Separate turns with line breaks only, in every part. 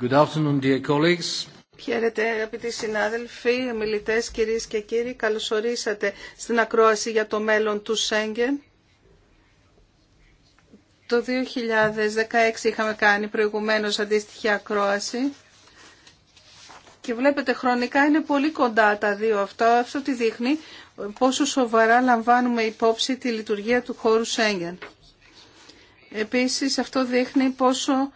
Good
Χαίρετε αγαπητοί συνάδελφοι, μιλητές, κυρίες και κύριοι. Καλωσορίσατε στην ακρόαση για το μέλλον του Σέγγεν. Το 2016 είχαμε κάνει προηγουμένως αντίστοιχη ακρόαση. Και βλέπετε χρονικά είναι πολύ κοντά τα δύο αυτά. Αυτό τη δείχνει πόσο σοβαρά λαμβάνουμε υπόψη τη λειτουργία του χώρου Σέγγεν. Επίσης αυτό δείχνει πόσο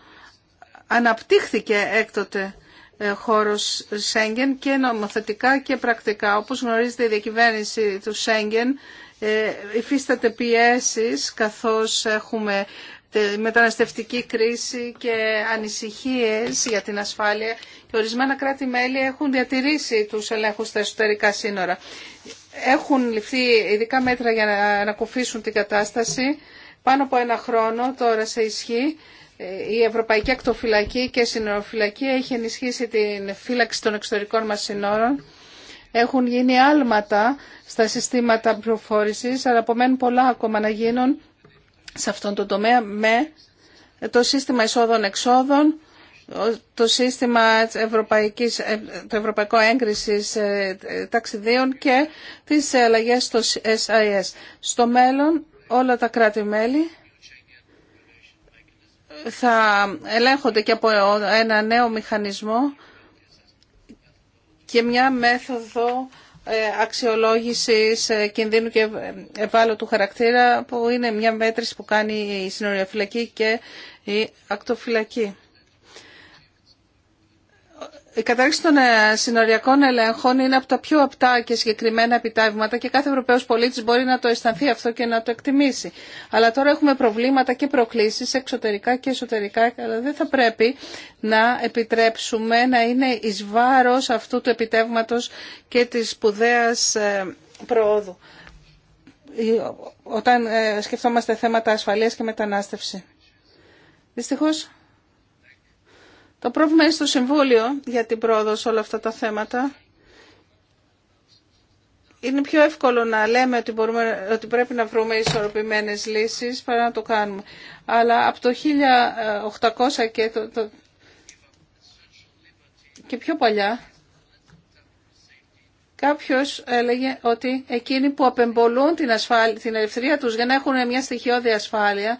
αναπτύχθηκε έκτοτε ε, χώρος Σέγγεν και νομοθετικά και πρακτικά. Όπως γνωρίζετε η διακυβέρνηση του Σέγγεν ε, υφίσταται πιέσεις καθώς έχουμε μεταναστευτική κρίση και ανησυχίες για την ασφάλεια και ορισμένα κράτη-μέλη έχουν διατηρήσει τους ελέγχους στα εσωτερικά σύνορα. Έχουν ληφθεί ειδικά μέτρα για να ανακουφίσουν την κατάσταση πάνω από ένα χρόνο τώρα σε ισχύ η Ευρωπαϊκή Ακτοφυλακή και Συνοροφυλακή έχει ενισχύσει την φύλαξη των εξωτερικών μας συνόρων. Έχουν γίνει άλματα στα συστήματα προφόρησης, αλλά απομένουν πολλά ακόμα να γίνουν σε αυτόν τον τομέα με το σύστημα εισόδων-εξόδων, το σύστημα ευρωπαϊκής, ε, το ευρωπαϊκό έγκρισης ε, ταξιδίων και τις αλλαγές στο SIS. Στο μέλλον όλα τα κράτη-μέλη θα ελέγχονται και από ένα νέο μηχανισμό και μια μέθοδο ε, αξιολόγησης ε, κινδύνου και ευάλωτου χαρακτήρα που είναι μια μέτρηση που κάνει η συνοριοφυλακή και η ακτοφυλακή. Η κατάρριξη των ε, συνοριακών ελέγχων είναι από τα πιο απτά και συγκεκριμένα επιτάγματα και κάθε Ευρωπαίο πολίτη μπορεί να το αισθανθεί αυτό και να το εκτιμήσει. Αλλά τώρα έχουμε προβλήματα και προκλήσει εξωτερικά και εσωτερικά, αλλά δεν θα πρέπει να επιτρέψουμε να είναι ει βάρο αυτού του επιτεύγματο και τη σπουδαία ε, προόδου. Όταν ε, σκεφτόμαστε θέματα ασφαλείας και μετανάστευση. Δυστυχώς το πρόβλημα είναι στο Συμβούλιο για την πρόοδο σε όλα αυτά τα θέματα. Είναι πιο εύκολο να λέμε ότι, μπορούμε, ότι πρέπει να βρούμε ισορροπημένες λύσεις παρά να το κάνουμε. Αλλά από το 1800 και, το, το, και πιο παλιά κάποιος έλεγε ότι εκείνοι που απεμπολούν την, ασφάλεια, την ελευθερία τους για να έχουν μια στοιχειώδη ασφάλεια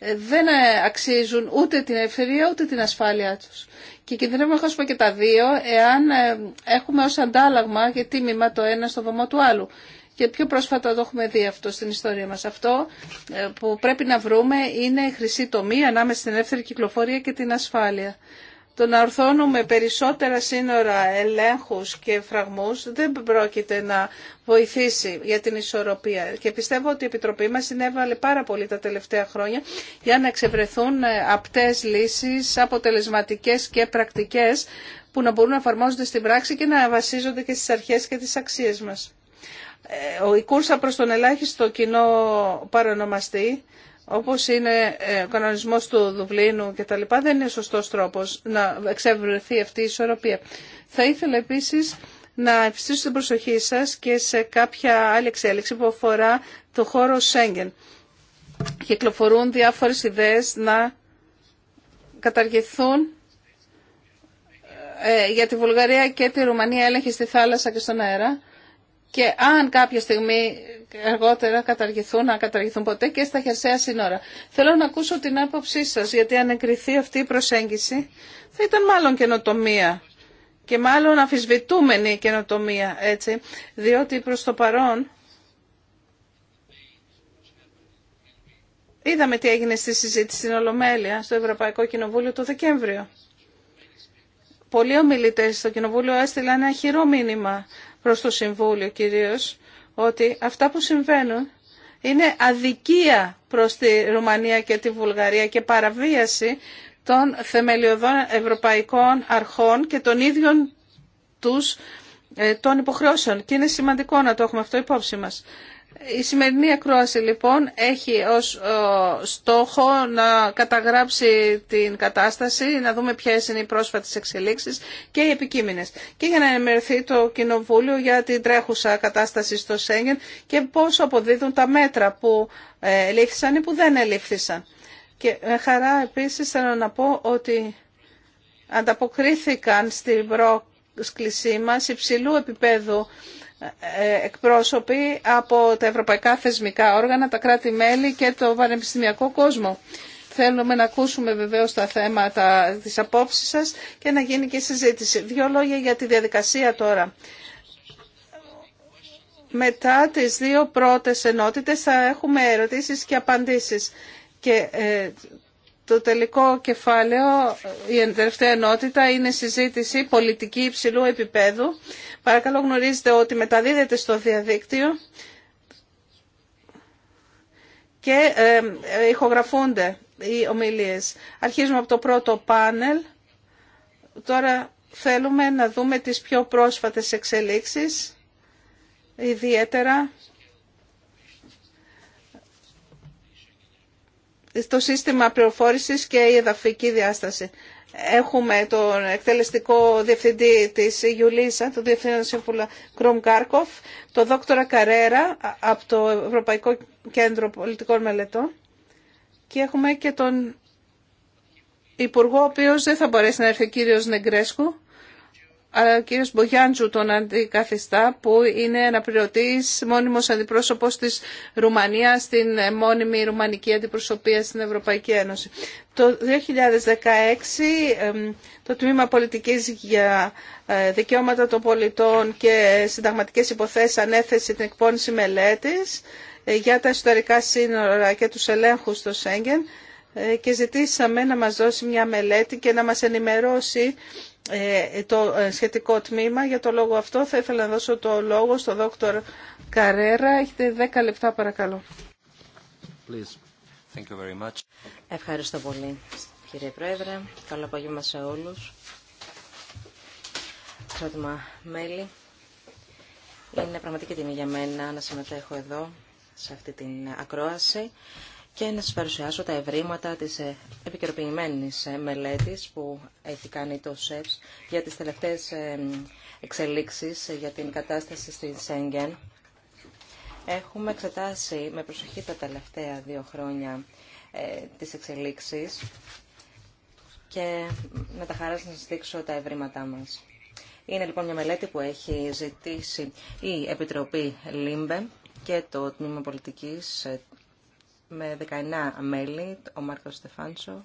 δεν αξίζουν ούτε την ελευθερία ούτε την ασφάλειά τους. Και κινδυνεύουμε να χάσουμε και τα δύο εάν ε, έχουμε ως αντάλλαγμα και τίμημα το ένα στο βωμό του άλλου. Και πιο πρόσφατα το έχουμε δει αυτό στην ιστορία μας. Αυτό ε, που πρέπει να βρούμε είναι η χρυσή τομή ανάμεσα στην ελεύθερη κυκλοφορία και την ασφάλεια το να ορθώνουμε περισσότερα σύνορα ελέγχους και φραγμούς δεν πρόκειται να βοηθήσει για την ισορροπία. Και πιστεύω ότι η Επιτροπή μας συνέβαλε πάρα πολύ τα τελευταία χρόνια για να εξευρεθούν ε, απτές λύσεις, αποτελεσματικές και πρακτικές που να μπορούν να εφαρμόζονται στην πράξη και να βασίζονται και στις αρχές και τις αξίες μας. Ε, ο κούρσα προς τον ελάχιστο κοινό παρονομαστή όπως είναι ε, ο κανονισμός του Δουβλίνου και τα λοιπά, δεν είναι σωστός τρόπος να εξευρεθεί αυτή η ισορροπία. Θα ήθελα επίσης να ευχαριστήσω την προσοχή σας και σε κάποια άλλη εξέλιξη που αφορά το χώρο Σέγγεν. Κυκλοφορούν διάφορες ιδέες να καταργηθούν ε, για τη Βουλγαρία και τη Ρουμανία έλεγχη στη θάλασσα και στον αέρα και αν κάποια στιγμή αργότερα καταργηθούν, να καταργηθούν ποτέ και στα χερσαία σύνορα. Θέλω να ακούσω την άποψή σας, γιατί αν εγκριθεί αυτή η προσέγγιση θα ήταν μάλλον καινοτομία και μάλλον αφισβητούμενη καινοτομία, έτσι, διότι προς το παρόν είδαμε τι έγινε στη συζήτηση στην Ολομέλεια, στο Ευρωπαϊκό Κοινοβούλιο το Δεκέμβριο. Πολλοί ομιλητέ στο Κοινοβούλιο έστειλαν ένα χειρό μήνυμα προς το Συμβούλιο κυρίως ότι αυτά που συμβαίνουν είναι αδικία προς τη Ρουμανία και τη Βουλγαρία και παραβίαση των θεμελιωδών ευρωπαϊκών αρχών και των ίδιων τους ε, των υποχρεώσεων. Και είναι σημαντικό να το έχουμε αυτό υπόψη μας. Η σημερινή ακρόαση λοιπόν έχει ως στόχο να καταγράψει την κατάσταση, να δούμε ποιες είναι οι πρόσφατες εξελίξεις και οι επικείμενες. Και για να ενημερωθεί το Κοινοβούλιο για την τρέχουσα κατάσταση στο Σέγγεν και πώς αποδίδουν τα μέτρα που ε, ελήφθησαν ή που δεν ελήφθησαν. Και με χαρά επίσης θέλω να πω ότι ανταποκρίθηκαν στην πρόσκλησή μας υψηλού επίπεδου ε, εκπρόσωποι από τα ευρωπαϊκά θεσμικά όργανα, τα κράτη-μέλη και το πανεπιστημιακό κόσμο. Θέλουμε να ακούσουμε βεβαίως τα θέματα της απόψης σας και να γίνει και συζήτηση. Δύο λόγια για τη διαδικασία τώρα. Μετά τις δύο πρώτες ενότητες θα έχουμε ερωτήσεις και απαντήσεις. Και ε, το τελικό κεφάλαιο, η τελευταία ενότητα, είναι συζήτηση πολιτική υψηλού επίπεδου. Παρακαλώ γνωρίζετε ότι μεταδίδεται στο διαδίκτυο και ε, ε, ηχογραφούνται οι ομιλίες. Αρχίζουμε από το πρώτο πάνελ. Τώρα θέλουμε να δούμε τις πιο πρόσφατες εξελίξεις, ιδιαίτερα το σύστημα πληροφόρησης και η εδαφική διάσταση. Έχουμε τον εκτελεστικό διευθυντή της Ιουλίσα, τον διευθύνων Σύμφουλα Κρομ Κάρκοφ, τον δόκτωρα Καρέρα από το Ευρωπαϊκό Κέντρο Πολιτικών Μελετών και έχουμε και τον Υπουργό, ο οποίος δεν θα μπορέσει να έρθει, ο κύριος Νεγκρέσκου, αλλά ε, ο κύριος Μπογιάντζου τον αντικαθιστά που είναι αναπληρωτής μόνιμος αντιπρόσωπος της Ρουμανίας στην μόνιμη ρουμανική αντιπροσωπεία στην Ευρωπαϊκή Ένωση. Το 2016 το Τμήμα Πολιτικής για ε, Δικαιώματα των Πολιτών και Συνταγματικές Υποθέσεις ανέθεσε την εκπόνηση μελέτης ε, για τα ιστορικά σύνορα και τους ελέγχους στο Σέγγεν και ζητήσαμε να μας δώσει μια μελέτη και να μας ενημερώσει ε, το ε, σχετικό τμήμα. Για το λόγο αυτό θα ήθελα να δώσω το λόγο στον δόκτωρ Καρέρα. Έχετε 10 λεπτά παρακαλώ.
Ευχαριστώ πολύ κύριε Πρόεδρε. Καλό απόγευμα σε όλους. Ξώτημα μέλη. Είναι πραγματική τιμή για μένα να συμμετέχω εδώ σε αυτή την ακρόαση και να σας παρουσιάσω τα ευρήματα της ε, επικαιροποιημένης ε, μελέτης που έχει κάνει το ΣΕΠΣ για τις τελευταίες ε, εξελίξεις για την κατάσταση στη Σέγγεν. Έχουμε εξετάσει με προσοχή τα τελευταία δύο χρόνια τις εξελίξεις και με τα χαρά να σας δείξω τα ευρήματά μας. Είναι λοιπόν μια μελέτη που έχει ζητήσει η Επιτροπή ΛΥΜΠΕ και το Τμήμα Πολιτικής με 19 μέλη, ο Μάρκος Στεφάνσο,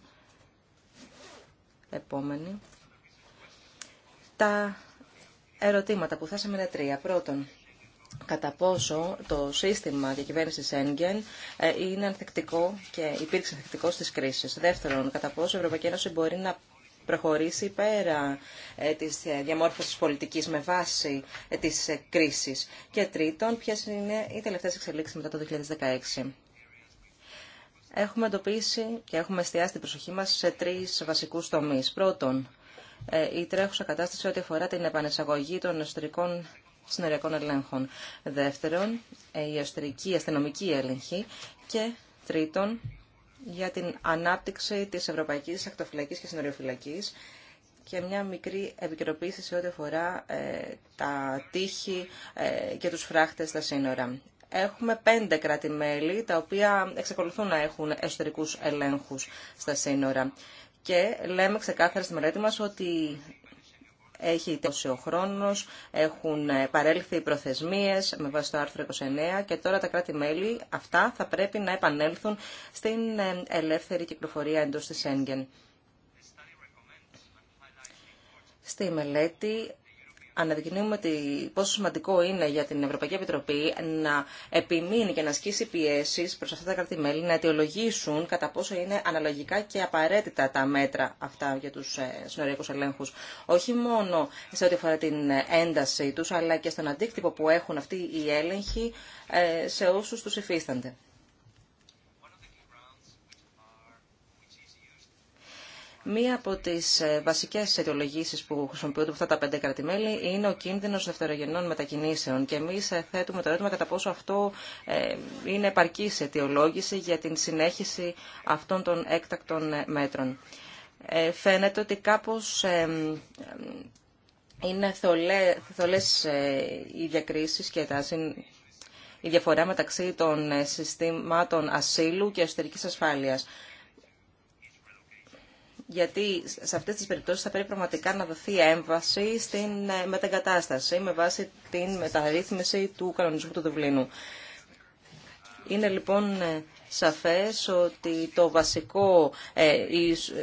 επόμενη. Τα ερωτήματα που θέσαμε είναι τρία. Πρώτον, κατά πόσο το σύστημα διακυβέρνηση Έγγεν είναι ανθεκτικό και υπήρξε ανθεκτικό στις κρίσεις. Δεύτερον, κατά πόσο η Ευρωπαϊκή Ένωση μπορεί να προχωρήσει πέρα ε, της διαμόρφωσης πολιτικής με βάση ε, της ε, κρίσης. Και τρίτον, ποιες είναι οι τελευταίες εξελίξεις μετά το 2016 έχουμε εντοπίσει και έχουμε εστιάσει την προσοχή μας σε τρεις βασικούς τομείς. Πρώτον, ε, η τρέχουσα κατάσταση ό,τι αφορά την επανεσαγωγή των εσωτερικών συνοριακών ελέγχων. Δεύτερον, ε, η εσωτερική αστυνομική έλεγχη. Και τρίτον, για την ανάπτυξη της Ευρωπαϊκής Ακτοφυλακής και Συνοριοφυλακής και μια μικρή επικαιροποίηση σε ό,τι αφορά ε, τα τείχη και τους φράχτες στα σύνορα έχουμε πέντε κράτη-μέλη τα οποία εξακολουθούν να έχουν εσωτερικούς ελέγχους στα σύνορα. Και λέμε ξεκάθαρα στη μελέτη μας ότι έχει τελειώσει ο χρόνος, έχουν παρέλθει οι προθεσμίες με βάση το άρθρο 29 και τώρα τα κράτη-μέλη αυτά θα πρέπει να επανέλθουν στην ε, ελεύθερη κυκλοφορία εντός της Σέγγεν. Στη μελέτη αναδεικνύουμε ότι πόσο σημαντικό είναι για την Ευρωπαϊκή Επιτροπή να επιμείνει και να ασκήσει πιέσει προ αυτά τα κράτη-μέλη να αιτιολογήσουν κατά πόσο είναι αναλογικά και απαραίτητα τα μέτρα αυτά για του ε, συνοριακού ελέγχου. Όχι μόνο σε ό,τι αφορά την ένταση του, αλλά και στον αντίκτυπο που έχουν αυτοί οι έλεγχοι ε, σε όσου του υφίστανται. Μία από τι ε, βασικέ αιτιολογήσει που χρησιμοποιούνται από αυτά τα πέντε κράτη-μέλη είναι ο κίνδυνο δευτερογενών μετακινήσεων. Και εμεί ε, θέτουμε το ερώτημα κατά πόσο αυτό ε, είναι επαρκή αιτιολόγηση για την συνέχιση αυτών των έκτακτων μέτρων. Φαίνεται ότι κάπω είναι θολέ οι διακρίσει και τα η διαφορά μεταξύ των συστήματων ασύλου και εσωτερικής ασφάλειας γιατί σε αυτές τις περιπτώσεις θα πρέπει πραγματικά να δοθεί έμβαση στην ε, μεταγκατάσταση με βάση την μεταρρύθμιση του κανονισμού του Δουβλίνου. Είναι λοιπόν ε, σαφές ότι το βασικό ε,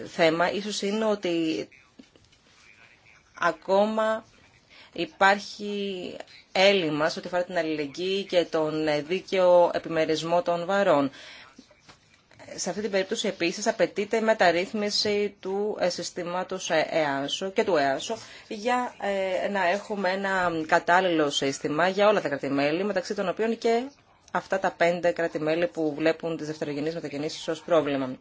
θέμα ίσως είναι ότι ακόμα υπάρχει έλλειμμα σε ό,τι αφορά την αλληλεγγύη και τον δίκαιο επιμερισμό των βαρών σε αυτή την περίπτωση επίσης απαιτείται η μεταρρύθμιση του ε, συστήματος ε, ΕΑΣΟ και του ΕΑΣΟ για ε, να έχουμε ένα κατάλληλο σύστημα για όλα τα κρατημέλη, μεταξύ των οποίων και αυτά τα πέντε κρατημέλη που βλέπουν τις δευτερογενείς μετακινήσεις ως πρόβλημα.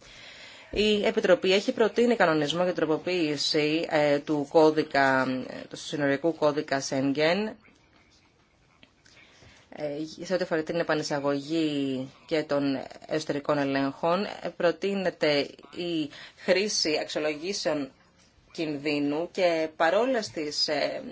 Η Επιτροπή έχει προτείνει κανονισμό για τροποποίηση του, κώδικα, του συνοριακού κώδικα ΣΕΝΓΕΝ ε, σε ό,τι αφορά την επανεισαγωγή και των εσωτερικών ελέγχων, προτείνεται η χρήση αξιολογήσεων κινδύνου και παρόλα στις ε,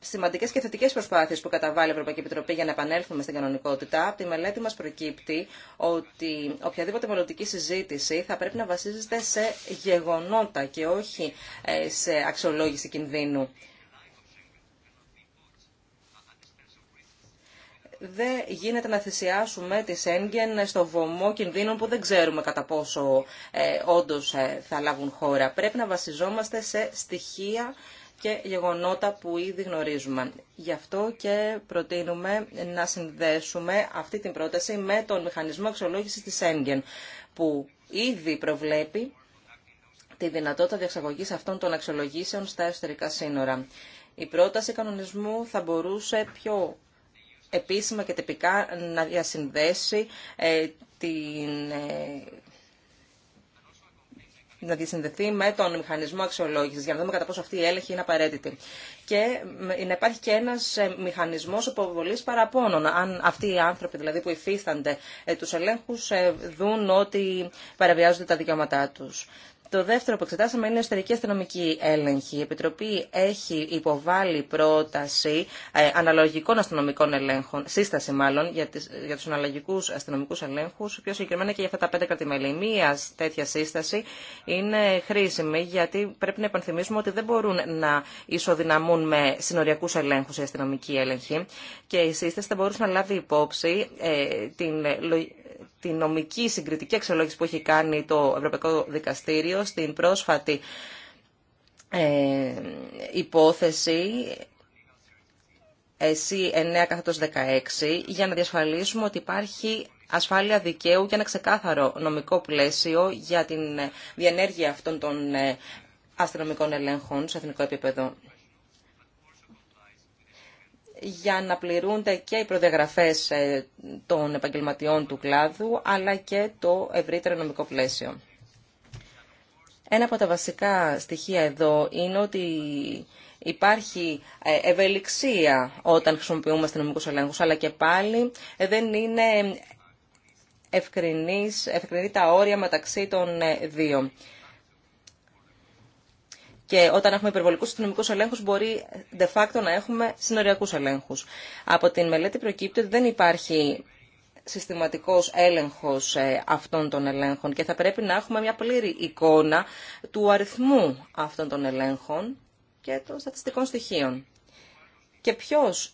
σημαντικέ και θετικέ προσπάθειε που καταβάλει η Ευρωπαϊκή Επιτροπή για να επανέλθουμε στην κανονικότητα, από τη μελέτη μα προκύπτει ότι οποιαδήποτε μελλοντική συζήτηση θα πρέπει να βασίζεται σε γεγονότα και όχι ε, σε αξιολόγηση κινδύνου. δεν γίνεται να θυσιάσουμε τη Σέγγεν στο βωμό κινδύνων που δεν ξέρουμε κατά πόσο ε, όντως ε, θα λάβουν χώρα. Πρέπει να βασιζόμαστε σε στοιχεία και γεγονότα που ήδη γνωρίζουμε. Γι' αυτό και προτείνουμε να συνδέσουμε αυτή την πρόταση με τον μηχανισμό αξιολόγησης της Σέγγεν που ήδη προβλέπει τη δυνατότητα διαξαγωγή αυτών των αξιολογήσεων στα εσωτερικά σύνορα. Η πρόταση κανονισμού θα μπορούσε πιο επίσημα και τυπικά να διασυνδέσει ε, την ε, να διασυνδεθεί με τον μηχανισμό αξιολόγηση για να δούμε κατά πόσο αυτή η έλεγχη είναι απαραίτητη. Και ε, να υπάρχει και ένα μηχανισμό υποβολή παραπώνων. Αν αυτοί οι άνθρωποι δηλαδή που υφίστανται του ελέγχου δουν ότι παραβιάζονται τα δικαιώματά του. Το δεύτερο που εξετάσαμε είναι η εσωτερική αστυνομική έλεγχη. Η Επιτροπή έχει υποβάλει πρόταση ε, αναλογικών αστυνομικών ελέγχων, σύσταση μάλλον, για, τις, για τους αναλογικούς αστυνομικούς ελέγχους, πιο συγκεκριμένα και για αυτά τα πέντε κρατημέλη. Μία τέτοια σύσταση είναι χρήσιμη, γιατί πρέπει να υπενθυμίσουμε ότι δεν μπορούν να ισοδυναμούν με συνοριακούς ελέγχους οι αστυνομικοί έλεγχοι και η σύσταση θα μπορούσε να λάβει υπόψη ε, την τη νομική συγκριτική αξιολόγηση που έχει κάνει το Ευρωπαϊκό Δικαστήριο στην πρόσφατη ε, υπόθεση ΕΣΥ 9 16 για να διασφαλίσουμε ότι υπάρχει ασφάλεια δικαίου και ένα ξεκάθαρο νομικό πλαίσιο για την ε, διενέργεια αυτών των ε, αστυνομικών ελέγχων σε εθνικό επίπεδο για να πληρούνται και οι προδιαγραφές ε, των επαγγελματιών του κλάδου, αλλά και το ευρύτερο νομικό πλαίσιο. Ένα από τα βασικά στοιχεία εδώ είναι ότι υπάρχει ε, ευελιξία όταν χρησιμοποιούμε αστυνομικούς ελέγχους, αλλά και πάλι δεν είναι ευκρινή τα όρια μεταξύ των ε, δύο. Και όταν έχουμε υπερβολικού αστυνομικού ελέγχου, μπορεί de facto να έχουμε συνοριακού ελέγχου. Από την μελέτη προκύπτει ότι δεν υπάρχει συστηματικός έλεγχος ε, αυτών των ελέγχων και θα πρέπει να έχουμε μια πλήρη εικόνα του αριθμού αυτών των ελέγχων και των στατιστικών στοιχείων. Και ποιος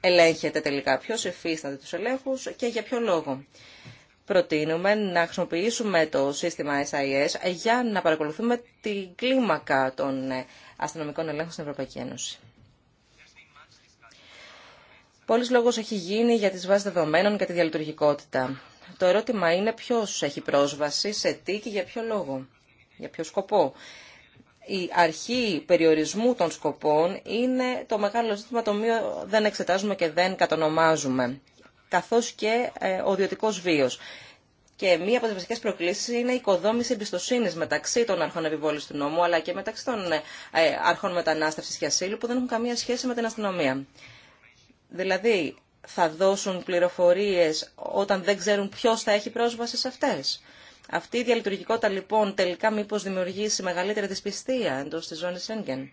ελέγχεται τελικά, ποιος εφίσταται τους ελέγχους και για ποιο λόγο προτείνουμε να χρησιμοποιήσουμε το σύστημα SIS για να παρακολουθούμε την κλίμακα των ε, αστυνομικών ελέγχων στην Ευρωπαϊκή Ένωση. Πολλής λόγος έχει γίνει για τις βάσεις δεδομένων και τη διαλειτουργικότητα. Το ερώτημα είναι ποιος έχει πρόσβαση, σε τι και για ποιο λόγο, για ποιο σκοπό. Η αρχή περιορισμού των σκοπών είναι το μεγάλο ζήτημα το οποίο δεν εξετάζουμε και δεν κατονομάζουμε καθώς και ε, ο ιδιωτικό βίος. Και μία από τι βασικέ προκλήσει είναι η οικοδόμηση εμπιστοσύνη μεταξύ των αρχών επιβόλη του νόμου αλλά και μεταξύ των ε, αρχών μετανάστευση και ασύλου που δεν έχουν καμία σχέση με την αστυνομία. Δηλαδή, θα δώσουν πληροφορίε όταν δεν ξέρουν ποιο θα έχει πρόσβαση σε αυτέ. Αυτή η διαλειτουργικότητα λοιπόν τελικά μήπω δημιουργήσει μεγαλύτερη δυσπιστία εντό τη ζώνη Σέγγεν.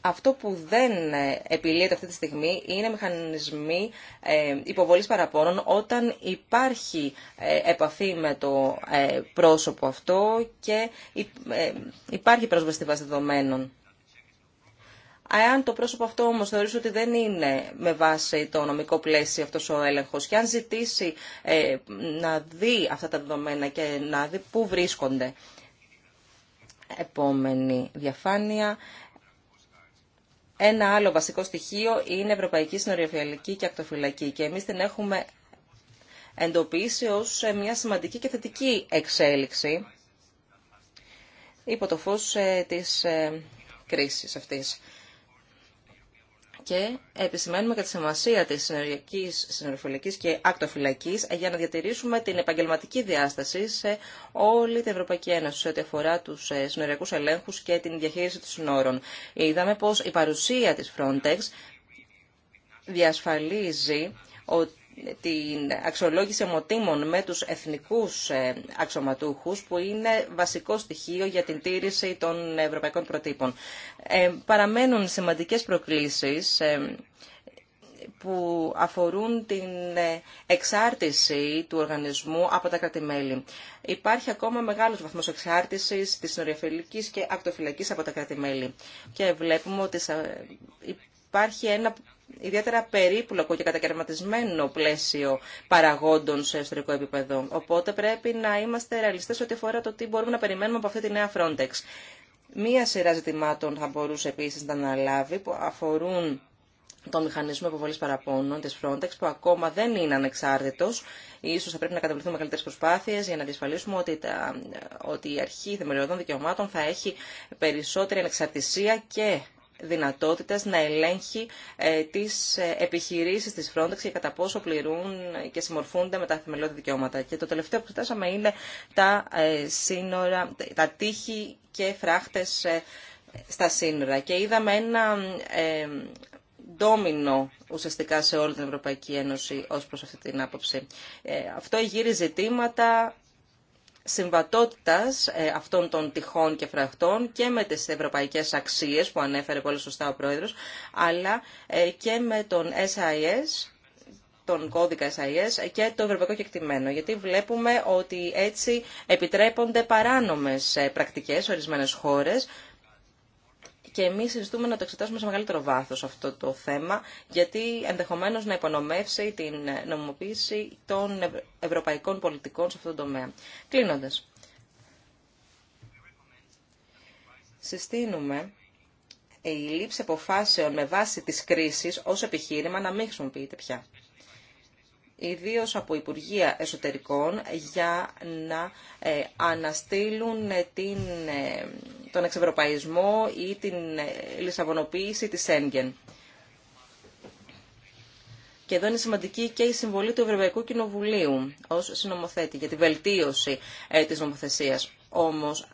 Αυτό που δεν ε, επιλύεται αυτή τη στιγμή είναι μηχανισμοί ε, υποβολής παραπώνων όταν υπάρχει ε, επαφή με το πρόσωπο αυτό και υπάρχει πρόσβαση στη βάση δεδομένων. Αν το πρόσωπο αυτό όμω θεωρήσει ότι δεν είναι με βάση το νομικό πλαίσιο αυτό ο έλεγχο και αν ζητήσει να δει αυτά τα δεδομένα και να δει πού βρίσκονται. Επόμενη διαφάνεια. Ένα άλλο βασικό στοιχείο είναι η ευρωπαϊκή συνοριοφυλακή και ακτοφυλακή και εμείς την έχουμε εντοπίσει ως μια σημαντική και θετική εξέλιξη υπό το φως ε, της ε, κρίσης αυτής και επισημαίνουμε και τη σημασία της συνοριακής, συνοροφυλακής και ακτοφυλακής για να διατηρήσουμε την επαγγελματική διάσταση σε όλη την Ευρωπαϊκή Ένωση σε ό,τι αφορά τους ε, συνοριακούς ελέγχους και την διαχείριση των συνόρων. Είδαμε πως η παρουσία της Frontex διασφαλίζει ότι την αξιολόγηση ομοτήμων με τους εθνικούς ε, αξιωματούχους που είναι βασικό στοιχείο για την τήρηση των ευρωπαϊκών προτύπων. Ε, παραμένουν σημαντικές προκλήσεις ε, που αφορούν την εξάρτηση του οργανισμού από τα κράτη-μέλη. Υπάρχει ακόμα μεγάλος βαθμός εξάρτησης της νοριαφιλικής και ακτοφυλακής από τα κράτη-μέλη. Και βλέπουμε ότι υπάρχει ένα ιδιαίτερα περίπλοκο και κατακαιρματισμένο πλαίσιο παραγόντων σε εσωτερικό επίπεδο. Οπότε πρέπει να είμαστε ρεαλιστέ ό,τι αφορά το τι μπορούμε να περιμένουμε από αυτή τη νέα Frontex. Μία σειρά ζητημάτων θα μπορούσε επίση να αναλάβει που αφορούν τον μηχανισμό υποβολή παραπώνων τη Frontex, που ακόμα δεν είναι ανεξάρτητο. Ίσως θα πρέπει να καταβληθούν μεγαλύτερε προσπάθειε για να διασφαλίσουμε ότι, τα, ότι η αρχή θεμελιωδών δικαιωμάτων θα έχει περισσότερη ανεξαρτησία και δυνατότητες να ελέγχει ε, τις ε, επιχειρήσεις της Frontex και κατά πόσο πληρούν και συμμορφούνται με τα θεμελιώδη δικαιώματα. Και το τελευταίο που κοιτάσαμε είναι τα ε, σύνορα, τα τείχη και φράχτες στα σύνορα. Και είδαμε ένα ντόμινο ουσιαστικά σε όλη την Ευρωπαϊκή Ένωση ως προς αυτή την άποψη. αυτό γύρει ζητήματα συμβατότητας ε, αυτών των τυχών και φραχτών και με τις ευρωπαϊκές αξίες που ανέφερε πολύ σωστά ο Πρόεδρος, αλλά ε, και με τον SIS, τον κώδικα SIS και το ευρωπαϊκό κεκτημένο. Γιατί βλέπουμε ότι έτσι επιτρέπονται παράνομες ε, πρακτικές σε ορισμένες χώρες, και εμείς συζητούμε να το εξετάσουμε σε μεγαλύτερο βάθος αυτό το θέμα, γιατί ενδεχομένω να υπονομεύσει την νομιμοποίηση των ευρωπαϊκών πολιτικών σε αυτό το τομέα. Κλείνοντα. συστήνουμε η λήψη αποφάσεων με βάση της κρίσης ως επιχείρημα να μην χρησιμοποιείται πια ιδίως από Υπουργεία Εσωτερικών, για να ε, αναστείλουν ε, την, ε, τον εξευρωπαϊσμό ή την λισαβονοποίηση της Σέγγεν. Και εδώ είναι σημαντική και η συμβολή του Ευρωπαϊκού Κοινοβουλίου ως συνομοθέτη για τη βελτίωση της νομοθεσίας. Όμως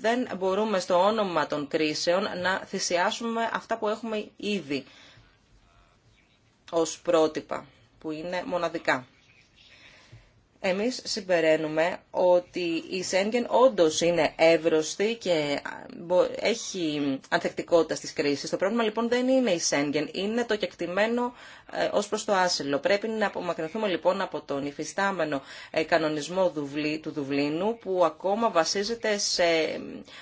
δεν μπορούμε στο όνομα των κρίσεων να θυσιάσουμε αυτά που έχουμε ήδη ως πρότυπα που είναι μοναδικά. Εμείς συμπεραίνουμε ότι η Σέγγεν όντως είναι εύρωστη και έχει ανθεκτικότητα στις κρίσεις. Το πρόβλημα λοιπόν δεν είναι η Σέγγεν, είναι το κεκτημένο ε, ως προς το άσυλο. Πρέπει να απομακρυνθούμε λοιπόν από τον υφιστάμενο ε, κανονισμό του Δουβλίνου που ακόμα βασίζεται σε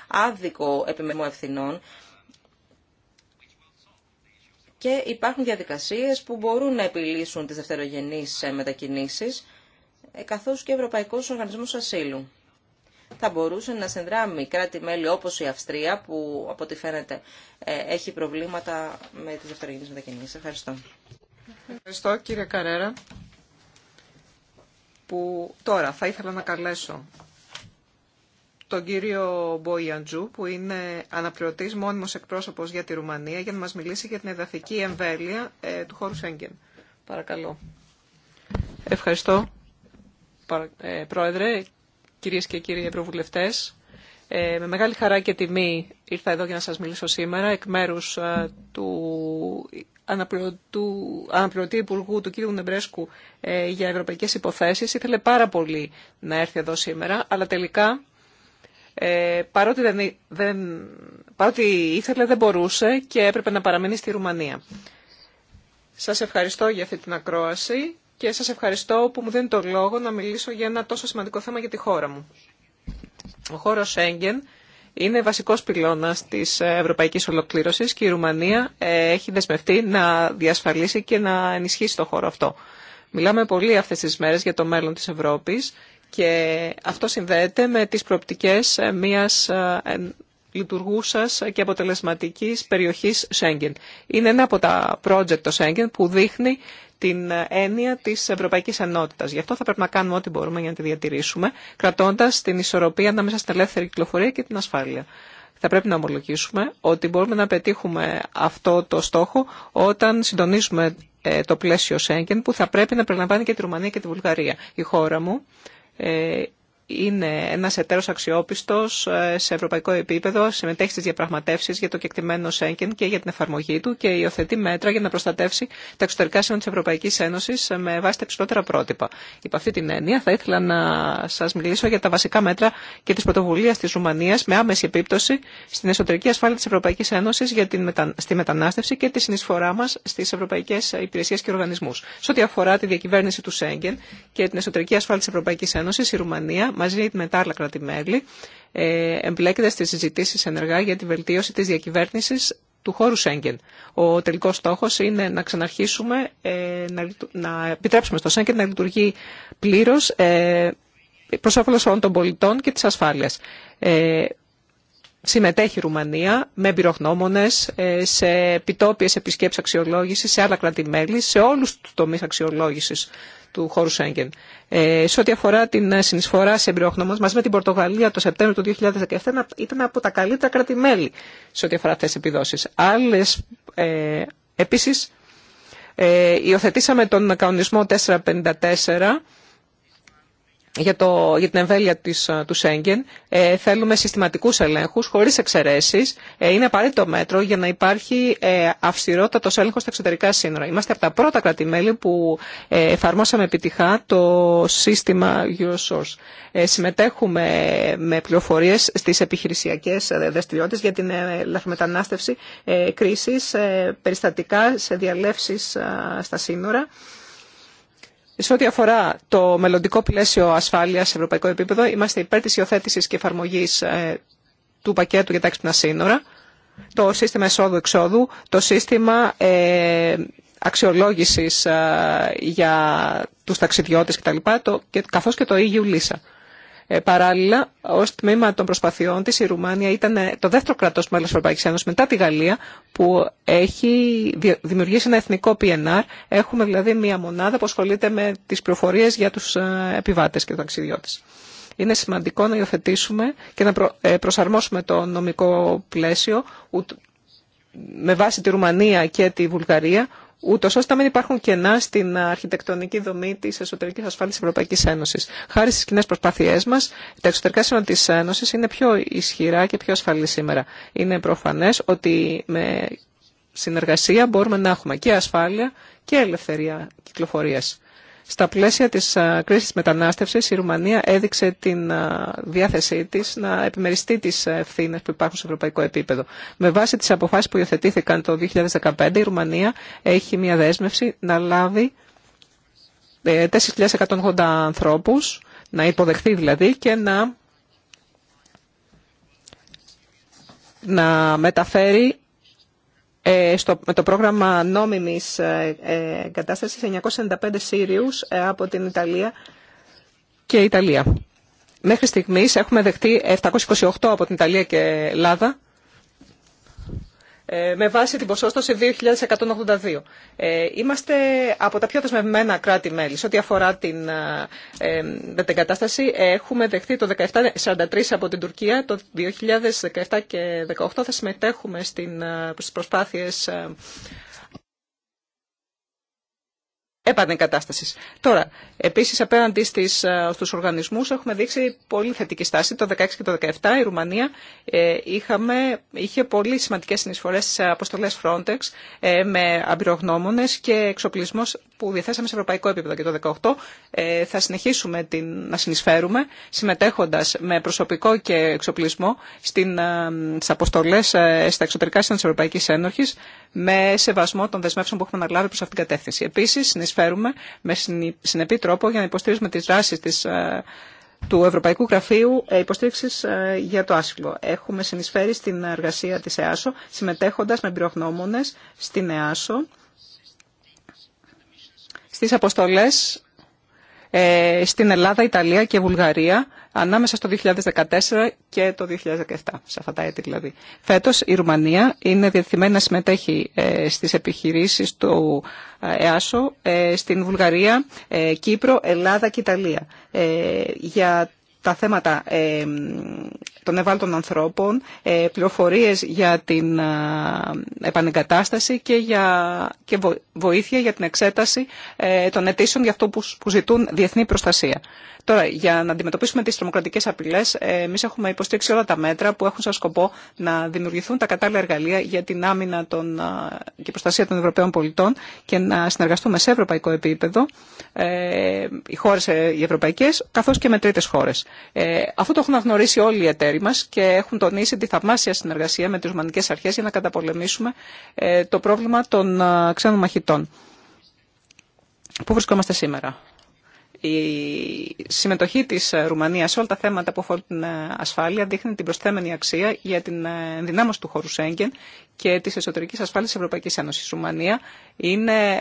άδικο επιμέμου ευθυνών και υπάρχουν διαδικασίες που μπορούν να επιλύσουν τις δευτερογενείς ε, μετακινήσεις, ε, καθώς και ο Ευρωπαϊκός Οργανισμός Ασύλου. Θα μπορούσε να συνδράμει κράτη-μέλη όπως η Αυστρία, που από ό,τι φαίνεται ε, έχει προβλήματα με τις δευτερογενείς μετακινήσεις. Ευχαριστώ. Ευχαριστώ κύριε Καρέρα, που τώρα θα ήθελα να καλέσω
τον κύριο Μποϊαντζού, που είναι αναπληρωτής μόνιμος εκπρόσωπος για τη Ρουμανία, για να μας μιλήσει για την εδαφική εμβέλεια ε, του χώρου Σέγγεν. Παρακαλώ. Ευχαριστώ, ε, Πρόεδρε, κυρίες και κύριοι Ευρωβουλευτές. Ε, με μεγάλη χαρά και τιμή ήρθα εδώ για να σας μιλήσω σήμερα εκ μέρους του αναπληρωτή Υπουργού του κύριου Νεμπρέσκου για ευρωπαϊκές υποθέσεις. Ήθελε πάρα πολύ να έρθει εδώ σήμερα, αλλά τελικά ε, παρότι, δεν, δεν, ήθελε δεν μπορούσε και έπρεπε να παραμείνει στη Ρουμανία. Σας ευχαριστώ για αυτή την ακρόαση και σας ευχαριστώ που μου δίνει το λόγο να μιλήσω για ένα τόσο σημαντικό θέμα για τη χώρα μου. Ο χώρος Σέγγεν είναι βασικός πυλώνας της ευρωπαϊκής ολοκλήρωσης και η Ρουμανία ε, έχει δεσμευτεί να διασφαλίσει και να ενισχύσει το χώρο αυτό. Μιλάμε πολύ αυτές τις μέρες για το μέλλον της Ευρώπης και αυτό συνδέεται με τις προοπτικές ε, μιας ε, ε, λειτουργούσας και αποτελεσματικής περιοχής Σέγγεν. Είναι ένα από τα project το Σέγγεν που δείχνει την έννοια της Ευρωπαϊκής Ενότητας. Γι' αυτό θα πρέπει να κάνουμε ό,τι μπορούμε για να τη διατηρήσουμε, κρατώντας την ισορροπία ανάμεσα στην ελεύθερη κυκλοφορία και την ασφάλεια. Θα πρέπει να ομολογήσουμε ότι μπορούμε να πετύχουμε αυτό το στόχο όταν συντονίζουμε το πλαίσιο Σέγγεν που θα πρέπει να περιλαμβάνει και τη Ρουμανία και τη Βουλγαρία. Η χώρα μου ε, είναι ένας εταίρος αξιόπιστος ε, σε ευρωπαϊκό επίπεδο, συμμετέχει στις διαπραγματεύσεις για το κεκτημένο Σέγγεν και για την εφαρμογή του και υιοθετεί μέτρα για να προστατεύσει τα εξωτερικά σύνορα της Ευρωπαϊκής Ένωσης με βάση τα υψηλότερα πρότυπα. Υπ' αυτή την έννοια θα ήθελα να σας μιλήσω για τα βασικά μέτρα και της Πρωτοβουλία της Ρουμανίας με άμεση επίπτωση στην εσωτερική ασφάλεια της Ευρωπαϊκής Ένωσης για την στη μετανάστευση και τη συνεισφορά μας στις ευρωπαϊκές υπηρεσίες και οργανισμούς. Σε ό,τι αφορά τη διακυβέρνηση του Σέγγεν και την εσωτερική ασφάλεια της Ευρωπαϊκής Ένωσης, η Ρουμανία μαζί με τα άλλα κράτη-μέλη ε, εμπλέκεται στις συζητήσεις ενεργά για τη βελτίωση της διακυβέρνησης του χώρου Σέγγεν. Ο τελικός στόχος είναι να ξαναρχίσουμε, ε, να επιτρέψουμε στο Σέγγεν να λειτουργεί πλήρως ε, προς όφελο όλων των πολιτών και της ασφάλειας συμμετέχει η Ρουμανία με εμπειρογνώμονε ε, σε επιτόπιε επισκέψει αξιολόγηση, σε άλλα κράτη-μέλη, σε όλου του τομεί αξιολόγηση του χώρου Σέγγεν. Ε, σε ό,τι αφορά την συνεισφορά σε εμπειρογνώμονε, μαζί με την Πορτογαλία το Σεπτέμβριο του 2017 ήταν από τα καλύτερα κράτη-μέλη σε ό,τι αφορά αυτέ τι επιδόσει. Άλλε, επίση, ε, υιοθετήσαμε τον κανονισμό 454 για, το, για την εμβέλεια της, ε, του Σέγγεν. Ε, θέλουμε συστηματικούς ελέγχους, χωρίς εξαιρέσει. Ε, είναι απαραίτητο μέτρο για να υπάρχει ε, αυστηρότατος έλεγχος στα εξωτερικά σύνορα. Είμαστε από τα πρώτα κρατημέλη που ε, εφαρμόσαμε επιτυχά το σύστημα Eurosource. συμμετέχουμε με πληροφορίες στις επιχειρησιακές δραστηριότητε, για την λαθρομετανάστευση ε, περιστατικά σε διαλέψεις στα σύνορα. Σε ό,τι αφορά το μελλοντικό πλαίσιο ασφάλεια σε ευρωπαϊκό επίπεδο, είμαστε υπέρ τη υιοθέτηση και εφαρμογή ε, του πακέτου για τα έξυπνα σύνορα, το σύστημα εσόδου-εξόδου, το σύστημα ε, αξιολόγηση ε, για του ταξιδιώτε κτλ. Το, και, καθώς και το EU LISA. Ε, παράλληλα, ω τμήμα των προσπαθειών τη, η Ρουμάνια ήταν ε, το δεύτερο κρατό τη Ευρωπαϊκή Ένωση μετά τη Γαλλία που έχει δημιουργήσει ένα εθνικό PNR. Έχουμε δηλαδή μία μονάδα που ασχολείται με τι πληροφορίε για του ε, επιβάτε και του ταξιδιώτε. Είναι σημαντικό να υιοθετήσουμε και να προσαρμόσουμε το νομικό πλαίσιο με βάση τη Ρουμανία και τη Βουλγαρία ούτως ώστε να μην υπάρχουν κενά στην αρχιτεκτονική δομή της εσωτερικής ασφάλειας της Ευρωπαϊκής Ένωσης. Χάρη στις κοινέ προσπάθειές μας, τα εξωτερικά σύνορα της Ένωσης είναι πιο ισχυρά και πιο ασφαλή σήμερα. Είναι προφανές ότι με συνεργασία μπορούμε να έχουμε και ασφάλεια και ελευθερία κυκλοφορία στα πλαίσια της κρίσης μετανάστευσης, η Ρουμανία έδειξε την διάθεσή της να επιμεριστεί τις ε, ευθύνες που υπάρχουν σε ευρωπαϊκό επίπεδο. Με βάση τις αποφάσεις που υιοθετήθηκαν το 2015, η Ρουμανία έχει μια δέσμευση να λάβει 4.180 ε, ανθρώπους, να υποδεχθεί δηλαδή και να να μεταφέρει ε, με το πρόγραμμα νόμιμης ε, ε, κατάστασης 995 Σύριους από την Ιταλία και Ιταλία. Μέχρι στιγμής έχουμε δεχτεί 728 από την Ιταλία και Ελλάδα ε, με βάση την ποσόστοση 2.182. Ε, είμαστε από τα πιο δεσμευμένα κράτη-μέλη. Σε ό,τι αφορά την ε, κατάσταση, έχουμε δεχθεί το 1743 από την Τουρκία. Το 2017 και 2018 θα συμμετέχουμε στις προσπάθειες κατάσταση. Τώρα, επίσης απέναντι ε, στου οργανισμού, έχουμε δείξει πολύ θετική στάση. Το 2016 και το 2017 η Ρουμανία ε, είχαμε, είχε πολύ σημαντικέ συνεισφορέ στι αποστολέ Frontex ε, με αμπειρογνώμονε και εξοπλισμό που διαθέσαμε σε ευρωπαϊκό επίπεδο. Και το 2018 ε, θα συνεχίσουμε την, να συνεισφέρουμε συμμετέχοντα με προσωπικό και εξοπλισμό στι ε, στις στα εξωτερικά σύνορα τη Ευρωπαϊκή Ένωση με σεβασμό των δεσμεύσεων που έχουμε αναλάβει προ αυτήν την κατεύθυνση με συνεπή τρόπο για να υποστήριζουμε τις δράσεις της, ε, του Ευρωπαϊκού Γραφείου ε, Υποστήριξη ε, για το Άσυλο. Έχουμε συνεισφέρει στην εργασία της ΕΑΣΟ, συμμετέχοντας με πυρογνώμονε στην ΕΑΣΟ, στις αποστολές ε, στην Ελλάδα, Ιταλία και Βουλγαρία ανάμεσα στο 2014 και το 2017, σε αυτά τα έτη δηλαδή. Φέτος η Ρουμανία είναι διεθυμένη να συμμετέχει ε, στις επιχειρήσεις του ε, ΕΑΣΟ στην Βουλγαρία, Κύπρο, Ελλάδα και Ιταλία. για τα θέματα ε, των ευάλωτων ανθρώπων, ε, πληροφορίες για την ε, επανεγκατάσταση και, για, και βοήθεια για την εξέταση των αιτήσεων για αυτό που, ζητούν διεθνή προστασία. Τώρα, για να αντιμετωπίσουμε τις τρομοκρατικές απειλές, εμείς έχουμε υποστήξει όλα τα μέτρα που έχουν σαν σκοπό να δημιουργηθούν τα κατάλληλα εργαλεία για την άμυνα των, και προστασία των Ευρωπαίων πολιτών και να συνεργαστούμε σε ευρωπαϊκό επίπεδο, οι χώρες οι ευρωπαϊκές, καθώς και με τρίτες χώρες. Ε, αυτό το έχουν αγνωρίσει όλοι οι εταίροι μας και έχουν τονίσει τη θαυμάσια συνεργασία με τι Ρουμανικέ Αρχές για να καταπολεμήσουμε ε, το πρόβλημα των ε, ξένων μαχητών. Πού βρισκόμαστε σήμερα η συμμετοχή της ε, Ρουμανίας σε όλα τα θέματα που αφορούν την ε, ασφάλεια δείχνει την προσθέμενη αξία για την ε, ενδυνάμωση του χώρου Σέγγεν και της εσωτερικής ασφάλειας της Ευρωπαϊκής Ένωσης. Η Ρουμανία είναι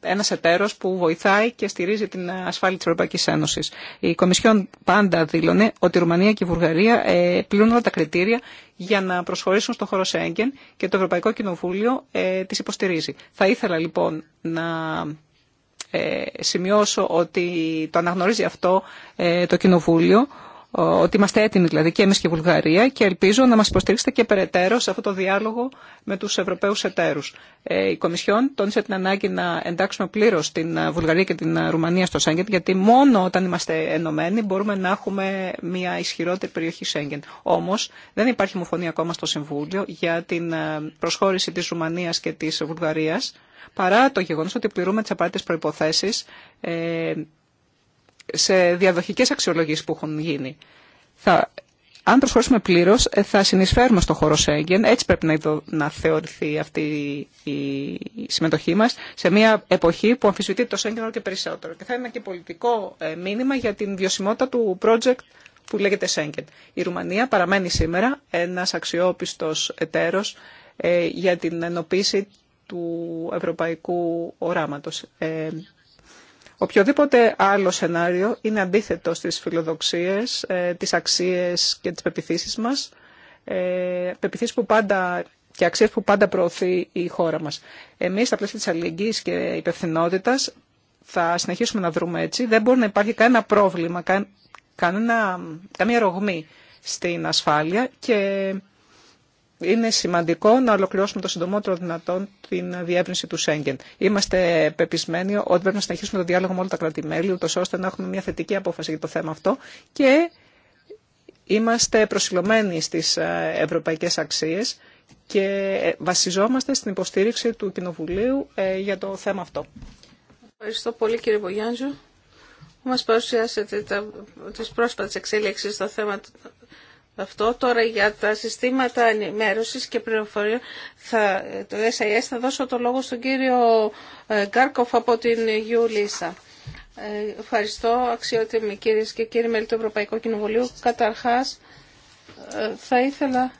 ένας εταίρος που βοηθάει και στηρίζει την ασφάλεια της Ευρωπαϊκής Ένωσης. Η Κομισιόν πάντα δήλωνε ότι η Ρουμανία και η Βουλγαρία πληρούν όλα τα κριτήρια για να προσχωρήσουν στο χώρο Σέγγεν και το Ευρωπαϊκό Κοινοβούλιο τις υποστηρίζει. Θα ήθελα λοιπόν να σημειώσω ότι το αναγνωρίζει αυτό ε, το Κοινοβούλιο ότι είμαστε έτοιμοι δηλαδή και εμείς και η Βουλγαρία και ελπίζω να μας υποστηρίξετε και περαιτέρω σε αυτό το διάλογο με τους Ευρωπαίους εταίρους. Ε, η Κομισιόν τόνισε την ανάγκη να εντάξουμε πλήρως την Βουλγαρία και την Ρουμανία στο Σέγγεν γιατί μόνο όταν είμαστε ενωμένοι μπορούμε να έχουμε μια ισχυρότερη περιοχή Σέγγεν. Όμως δεν υπάρχει ομοφωνία ακόμα στο Συμβούλιο για την ε, προσχώρηση της Ρουμανίας και της Βουλγαρίας παρά το γεγονός ότι πληρούμε τις απαραίτητες προϋποθέσεις ε, σε διαδοχικέ αξιολογίες που έχουν γίνει. Θα, αν προσχωρήσουμε πλήρω, ε, θα συνεισφέρουμε στο χώρο Σέγγεν. Έτσι πρέπει να, να θεωρηθεί αυτή η συμμετοχή μα, σε μια εποχή που αμφισβητείται το Σέγγεν όλο και περισσότερο. Και θα είναι και πολιτικό ε, μήνυμα για την βιωσιμότητα του project που λέγεται Σέγγεν. Η Ρουμανία παραμένει σήμερα ένας αξιόπιστος εταίρος ε, για την ενοποίηση του ευρωπαϊκού οράματος. Οποιοδήποτε άλλο σενάριο είναι αντίθετο στις φιλοδοξίες, ε, τις αξίες και τις πεπιθήσεις μας, ε, πεπιθήσεις που πάντα και αξίες που πάντα προωθεί η χώρα μας. Εμείς στα πλαίσια της αλληλεγγύης και υπευθυνότητα θα συνεχίσουμε να δρούμε έτσι. Δεν μπορεί να υπάρχει κανένα πρόβλημα, κανένα, καμία ρογμή στην ασφάλεια και είναι σημαντικό να ολοκληρώσουμε το συντομότερο δυνατόν την διεύρυνση του Σέγγεν. Είμαστε πεπισμένοι ότι πρέπει να συνεχίσουμε το διάλογο με όλα τα κράτη-μέλη, ούτω ώστε να έχουμε μια θετική απόφαση για το θέμα αυτό και είμαστε προσιλωμένοι στις ε, ευρωπαϊκές αξίες και ε, βασιζόμαστε στην υποστήριξη του Κοινοβουλίου ε, για το θέμα αυτό.
Ευχαριστώ πολύ κύριε που Μας παρουσιάσετε τα, τις πρόσφατες εξέλιξεις στο θέμα αυτό. Τώρα για τα συστήματα ενημέρωσης και πληροφοριών θα, το SIS θα δώσω το λόγο στον κύριο ε, Γκάρκοφ από την Λίσσα. Ε, ευχαριστώ αξιότιμοι κύριε και κύριοι μέλη του Ευρωπαϊκού Κοινοβουλίου. Καταρχάς ε, θα ήθελα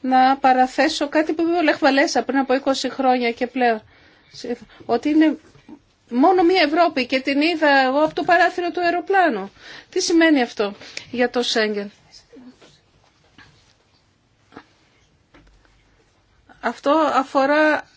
να παραθέσω κάτι που είπε ο πριν από 20 χρόνια και πλέον. Ότι είναι μόνο μία Ευρώπη και την είδα εγώ από το παράθυρο του αεροπλάνου. Τι σημαίνει αυτό για το Σέγγεν. Αυτό αφορά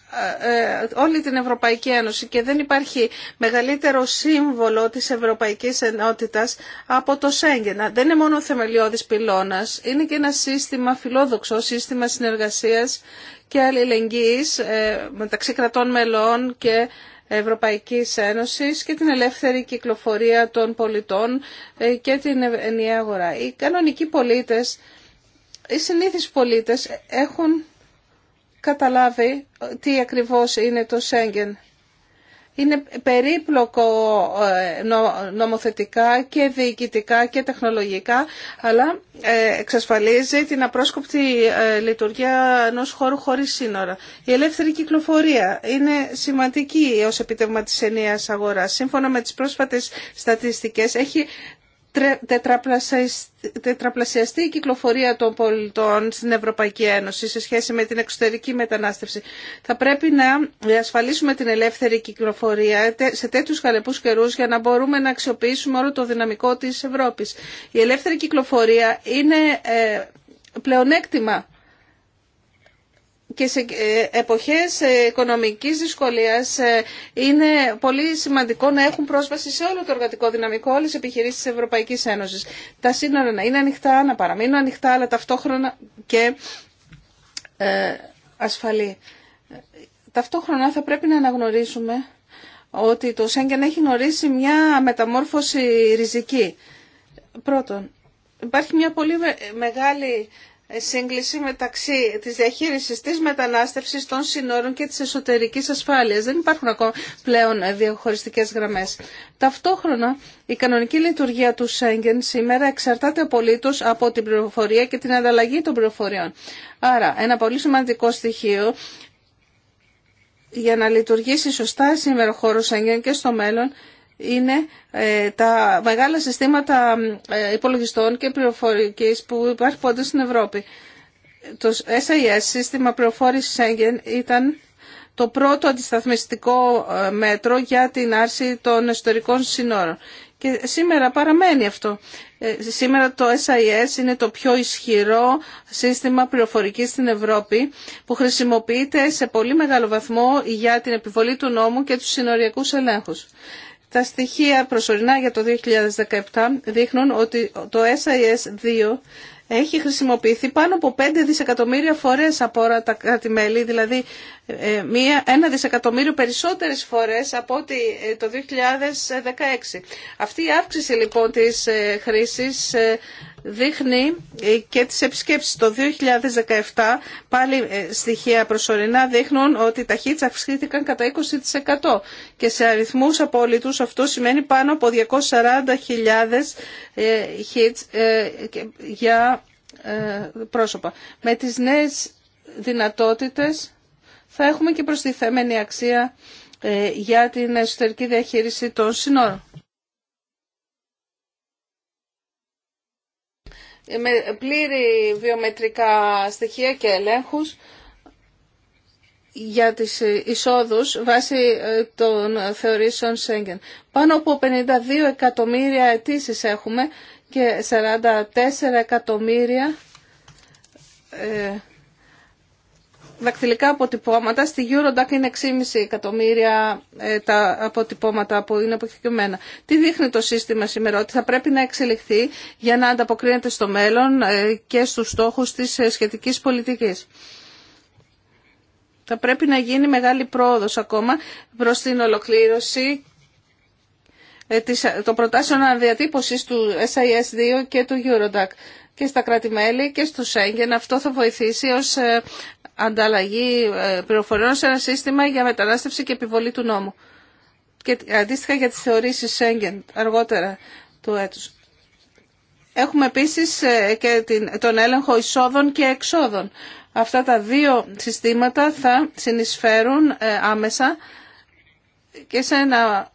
ε, ε, όλη την Ευρωπαϊκή Ένωση και δεν υπάρχει μεγαλύτερο σύμβολο της Ευρωπαϊκής Ενότητας από το Σέγγενα. Δεν είναι μόνο θεμελιώδης πυλώνας, είναι και ένα σύστημα φιλόδοξο, σύστημα συνεργασίας και αλληλεγγύης ε, μεταξύ κρατών μελών και Ευρωπαϊκής Ένωσης και την ελεύθερη κυκλοφορία των πολιτών και την ενιαία αγορά. Οι κανονικοί πολίτες, οι συνήθεις πολίτες έχουν καταλάβει ε, τι ακριβώς είναι το Σέγγεν. Είναι περίπλοκο ε, νομοθετικά και διοικητικά και τεχνολογικά, αλλά ε, εξασφαλίζει την απρόσκοπτη λειτουργία ενό χώρου χωρίς σύνορα. Η ελεύθερη κυκλοφορία είναι σημαντική ως επιτεύγμα της ενιαίας αγοράς. Σύμφωνα με τις πρόσφατες στατιστικές, έχει τετραπλασιαστεί η κυκλοφορία των πολιτών στην Ευρωπαϊκή Ένωση σε σχέση με την εξωτερική μετανάστευση. Θα πρέπει να ασφαλίσουμε την ελεύθερη κυκλοφορία σε τέτοιους χαλεπούς καιρούς για να μπορούμε να αξιοποιήσουμε όλο το δυναμικό της Ευρώπης. Η ελεύθερη κυκλοφορία είναι ε, πλεονέκτημα και σε ε, εποχές ε, οικονομικής δυσκολίας ε, είναι πολύ σημαντικό να έχουν πρόσβαση σε όλο το εργατικό δυναμικό όλες οι επιχειρήσεις της Ευρωπαϊκής Ένωσης. Τα σύνορα να είναι ανοιχτά, να παραμείνουν ανοιχτά, αλλά ταυτόχρονα και ασφαλή. Ταυτόχρονα θα πρέπει να αναγνωρίσουμε ότι το Σέγγεν έχει γνωρίσει μια μεταμόρφωση ριζική. Πρώτον, υπάρχει μια πολύ μεγάλη ε, σύγκληση μεταξύ της διαχείρισης της μετανάστευσης των συνόρων και της εσωτερικής ασφάλειας. Δεν υπάρχουν ακόμα πλέον ε, διαχωριστικές γραμμές. Ταυτόχρονα, η κανονική λειτουργία του Σέγγεν σήμερα εξαρτάται απολύτω από την πληροφορία και την ανταλλαγή των πληροφοριών. Άρα, ένα πολύ σημαντικό στοιχείο για να λειτουργήσει σωστά σήμερα ο χώρος Σέγγεν και στο μέλλον είναι ε, τα μεγάλα συστήματα ε, υπολογιστών και πληροφορικής που υπάρχουν πάντα στην Ευρώπη. Το SIS, σύστημα πληροφόρηση Schengen, ήταν το πρώτο αντισταθμιστικό ε, μέτρο για την άρση των εσωτερικών συνόρων. Και σήμερα παραμένει αυτό. Σήμερα το SIS είναι το πιο ισχυρό σύστημα πληροφορικής στην Ευρώπη που χρησιμοποιείται σε πολύ μεγάλο βαθμό για την επιβολή του νόμου και του συνοριακούς ελέγχους. Τα στοιχεία προσωρινά για το 2017 δείχνουν ότι το SIS 2 έχει χρησιμοποιηθεί πάνω από 5 δισεκατομμύρια φορές από όλα τα κράτη-μέλη, δηλαδή ε, μία, ένα δισεκατομμύριο περισσότερες φορές από ότι ε, το 2016. Αυτή η αύξηση λοιπόν της ε, χρήσης δείχνει ε, και τις επισκέψεις το 2017, πάλι ε, στοιχεία προσωρινά δείχνουν ότι τα hits αυξήθηκαν κατά 20% και σε αριθμούς απόλυτους αυτό σημαίνει πάνω από 240.000 ε, hits για πρόσωπα. Με τις νέες δυνατότητες θα έχουμε και προστιθέμενη αξία για την εσωτερική διαχείριση των συνόρων. με πλήρη βιομετρικά στοιχεία και ελέγχους για τις εισόδους βάσει ε, των θεωρήσεων Σέγγεν. Πάνω από 52 εκατομμύρια αιτήσει έχουμε και 44 εκατομμύρια ε, δακτυλικά αποτυπώματα. Στη Eurodac είναι 6,5 εκατομμύρια ε, τα αποτυπώματα που είναι αποκοινωμένα. Τι δείχνει το σύστημα σήμερα, ότι θα πρέπει να εξελιχθεί για να ανταποκρίνεται στο μέλλον ε, και στους στόχους της ε, σχετικής πολιτικής. Θα πρέπει να γίνει μεγάλη πρόοδος ακόμα προς την ολοκλήρωση των προτάσεων αναδιατύπωσης του SIS2 και του Eurodac και στα κράτη-μέλη και στο Σέγγεν. Αυτό θα βοηθήσει ως ανταλλαγή ε, πληροφοριών σε ένα σύστημα για μετανάστευση και επιβολή του νόμου. Και αντίστοιχα για τις θεωρήσεις Σέγγεν αργότερα του έτους. Έχουμε επίσης ε, και τον έλεγχο εισόδων και εξόδων. Αυτά τα δύο συστήματα θα συνεισφέρουν ε, άμεσα και σε ένα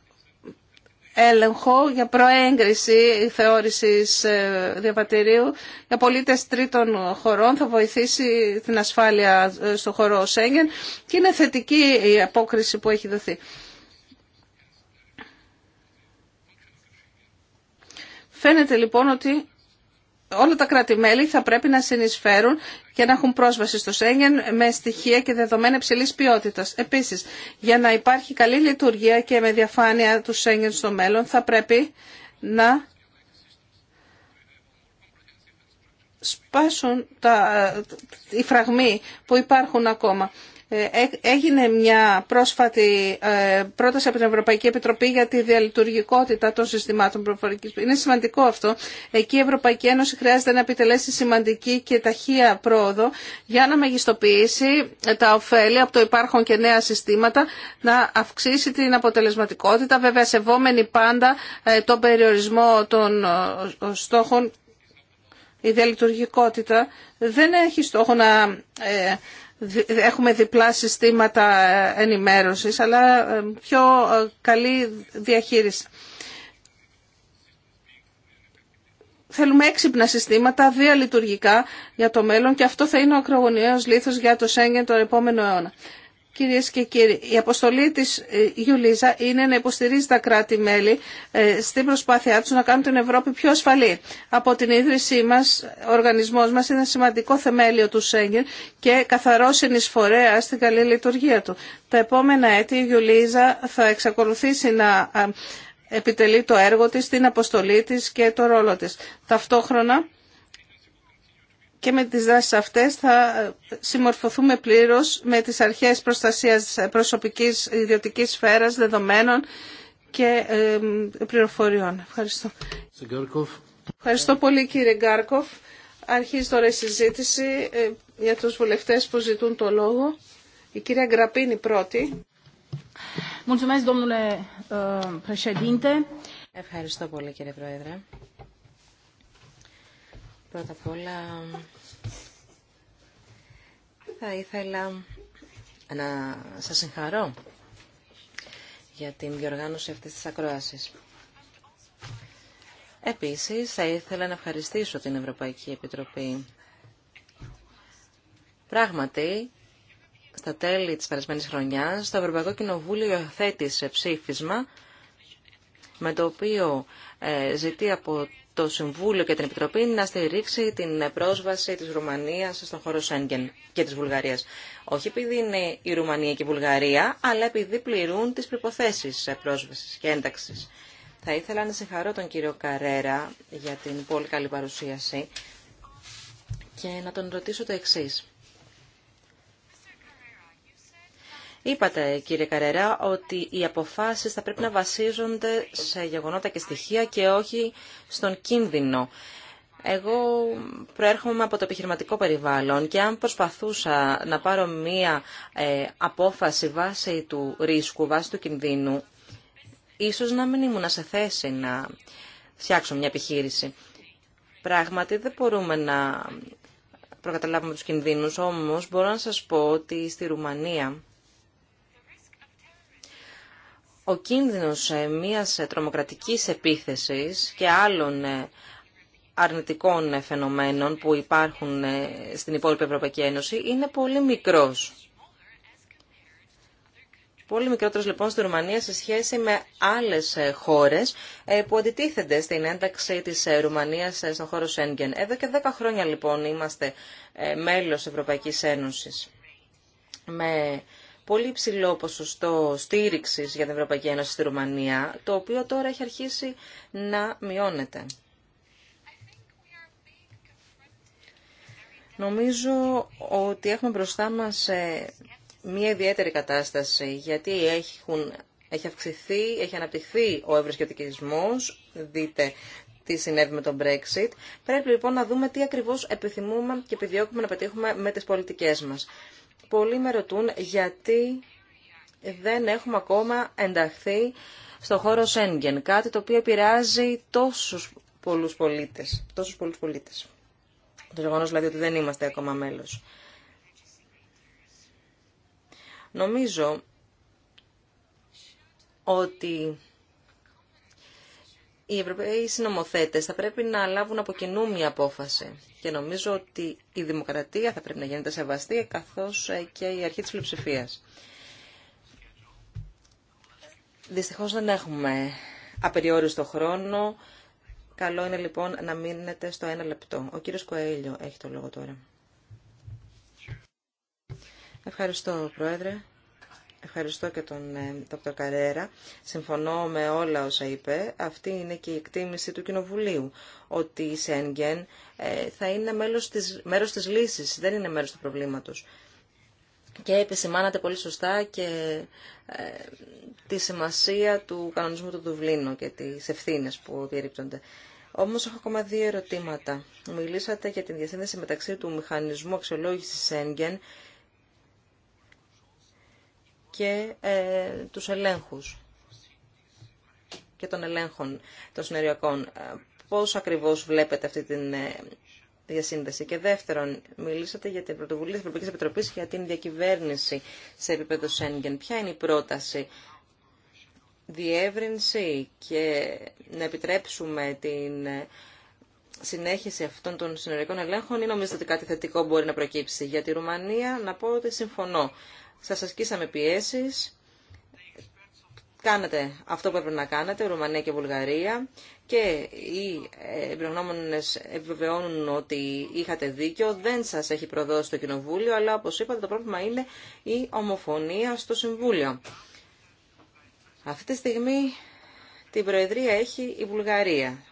έλεγχο για προέγκριση θεώρησης ε, διαβατηρίου για πολίτες τρίτων χωρών θα βοηθήσει την ασφάλεια ε, στο χώρο Σέγγεν και είναι θετική η απόκριση που έχει δοθεί. Φαίνεται λοιπόν ότι όλα τα κράτη-μέλη θα πρέπει να συνεισφέρουν και να έχουν πρόσβαση στο Σέγγεν με στοιχεία και δεδομένα υψηλή ποιότητα. Επίση, για να υπάρχει καλή λειτουργία και με διαφάνεια του Σέγγεν στο μέλλον, θα πρέπει να σπάσουν τα, ε, οι φραγμοί που υπάρχουν ακόμα. Ε, ε, έγινε μια πρόσφατη ε, πρόταση από την Ευρωπαϊκή Επιτροπή για τη διαλειτουργικότητα των συστημάτων προφορική. Είναι σημαντικό αυτό. Εκεί η Ευρωπαϊκή Ένωση χρειάζεται να επιτελέσει σημαντική και ταχεία πρόοδο για να μεγιστοποιήσει τα ωφέλη από το υπάρχον και νέα συστήματα, να αυξήσει την αποτελεσματικότητα, βέβαια σεβόμενη πάντα τον περιορισμό των στόχων η διαλειτουργικότητα δεν έχει στόχο να ε, έχουμε διπλά συστήματα ε, ενημέρωσης, αλλά ε, πιο καλή διαχείριση. Θέλουμε έξυπνα συστήματα, διαλειτουργικά για το μέλλον και αυτό θα είναι ο ακρογωνιαίος λήθος για το Σέγγεν τον επόμενο αιώνα. Κυρίες και κύριοι, η αποστολή της ε, Γιουλίζα είναι να υποστηρίζει τα κράτη-μέλη ε, στην προσπάθειά τους να κάνουν την Ευρώπη πιο ασφαλή. Από την ίδρυσή μας, ο οργανισμός μας είναι σημαντικό θεμέλιο του Σέγγεν και καθαρό συνεισφορέα στην καλή λειτουργία του. Τα επόμενα έτη η Γιουλίζα θα εξακολουθήσει να ε, επιτελεί το έργο της, την αποστολή της και το ρόλο της. Ταυτόχρονα και με τις δράσεις αυτές θα συμμορφωθούμε πλήρως με τις αρχές προστασίας προσωπικής ιδιωτικής σφαίρας, δεδομένων και ε, πληροφοριών. Ευχαριστώ. Ευχαριστώ πολύ κύριε Γκάρκοφ. Αρχίζει τώρα η συζήτηση ε, για τους βουλευτές που ζητούν το λόγο. Η κυρία Γκραπίνη πρώτη. Ε,
Ευχαριστώ πολύ κύριε Πρόεδρε. Πρώτα απ' όλα θα ήθελα να σας συγχαρώ για την διοργάνωση αυτής της ακρόασης. Επίσης, θα ήθελα να ευχαριστήσω την Ευρωπαϊκή Επιτροπή. Πράγματι, στα τέλη της περασμένης χρονιάς, το Ευρωπαϊκό Κοινοβούλιο θέτησε ψήφισμα με το οποίο ε, ζητεί από το Συμβούλιο και την Επιτροπή να στηρίξει την πρόσβαση της Ρουμανίας στον χώρο Σέγγεν και της Βουλγαρίας. Όχι επειδή είναι η Ρουμανία και η Βουλγαρία, αλλά επειδή πληρούν τις προϋποθέσεις πρόσβασης και ένταξης. Θα ήθελα να συγχαρώ τον κύριο Καρέρα για την πολύ καλή παρουσίαση και να τον ρωτήσω το εξής. Είπατε, κύριε Καρέρα, ότι οι αποφάσεις θα πρέπει να βασίζονται σε γεγονότα και στοιχεία και όχι στον κίνδυνο. Εγώ προέρχομαι από το επιχειρηματικό περιβάλλον και αν προσπαθούσα να πάρω μία ε, απόφαση βάσει του ρίσκου, βάσει του κινδύνου, ίσως να μην ήμουν σε θέση να φτιάξω μια επιχείρηση. Πράγματι δεν μπορούμε να προκαταλάβουμε τους κινδύνους, όμως μπορώ να σας πω ότι στη Ρουμανία ο κίνδυνος ε, μιας ε, τρομοκρατικής επίθεσης και άλλων ε, αρνητικών φαινομένων που υπάρχουν στην υπόλοιπη Ευρωπαϊκή Ένωση είναι πολύ μικρός. Πολύ μικρότερος λοιπόν στη Ρουμανία σε σχέση με άλλες χώρες που αντιτίθενται στην ένταξη της Ρουμανίας στον χώρο Σέγγεν. Εδώ και δέκα χρόνια λοιπόν είμαστε μέλος Ευρωπαϊκής Ένωσης. Με πολύ ψηλό ποσοστό στήριξη για την Ευρωπαϊκή Ένωση στη Ρουμανία, το οποίο τώρα έχει αρχίσει να μειώνεται. Νομίζω ότι έχουμε μπροστά μας ε, μια ιδιαίτερη κατάσταση, γιατί έχουν, έχει αυξηθεί, έχει αναπτυχθεί ο ευρωσκεπτικισμός, δείτε τι συνέβη με τον Brexit. Πρέπει λοιπόν να δούμε τι ακριβώς επιθυμούμε και επιδιώκουμε να πετύχουμε με τις πολιτικές μας. Πολλοί με ρωτούν γιατί δεν έχουμε ακόμα ενταχθεί στο χώρο Σέγγεν, κάτι το οποίο επηρεάζει τόσους πολλούς πολίτες. Τόσους πολλούς πολίτες. Το γεγονός δηλαδή ότι δεν είμαστε ακόμα μέλος. Νομίζω ότι οι Ευρωπαίοι συνομοθέτε θα πρέπει να λάβουν από κοινού μια απόφαση. Και νομίζω ότι η δημοκρατία θα πρέπει να γίνεται σεβαστή, καθώ ε, και η αρχή τη πλειοψηφία. Δυστυχώ δεν έχουμε απεριόριστο χρόνο. Καλό είναι λοιπόν να μείνετε στο ένα λεπτό. Ο κύριος Κοέλιο έχει το λόγο τώρα. Ευχαριστώ, Πρόεδρε. Ευχαριστώ και τον ε, Δ. Καρέρα. Συμφωνώ με όλα όσα είπε. Αυτή είναι και η εκτίμηση του Κοινοβουλίου, ότι η Σέγγεν ε, θα είναι μέλος της, μέρος της λύσης, δεν είναι μέρος του προβλήματος. Και επισημάνατε πολύ σωστά και ε, τη σημασία του κανονισμού του Δουβλίνου και τις ευθύνες που διερρύπτονται. Όμως έχω ακόμα δύο ερωτήματα. Μιλήσατε για την διασύνδεση μεταξύ του μηχανισμού αξιολόγησης Σέγγεν και ε, τους ελέγχους και των ελέγχων των συνεργειακών. Ε, πώς ακριβώς βλέπετε αυτή τη ε, διασύνδεση. Και δεύτερον, μιλήσατε για την πρωτοβουλία της Ευρωπαϊκής Επιτροπής για την διακυβέρνηση σε επίπεδο Σέγγεν. Ποια είναι η πρόταση διεύρυνση και να επιτρέψουμε την ε, συνέχιση αυτών των συνεργειακών ελέγχων ή νομίζετε ότι κάτι θετικό μπορεί να προκύψει. Για τη Ρουμανία να πω ότι συμφωνώ σας ασκήσαμε πιέσεις, κάνατε αυτό που έπρεπε να κάνετε, Ρουμανία και Βουλγαρία, και οι ε, εμπειρογνώμονες επιβεβαιώνουν ότι είχατε δίκιο, δεν σας έχει προδώσει το Κοινοβούλιο, αλλά όπως είπατε το πρόβλημα είναι η ομοφωνία στο Συμβούλιο. Αυτή τη στιγμή την Προεδρία έχει η Βουλγαρία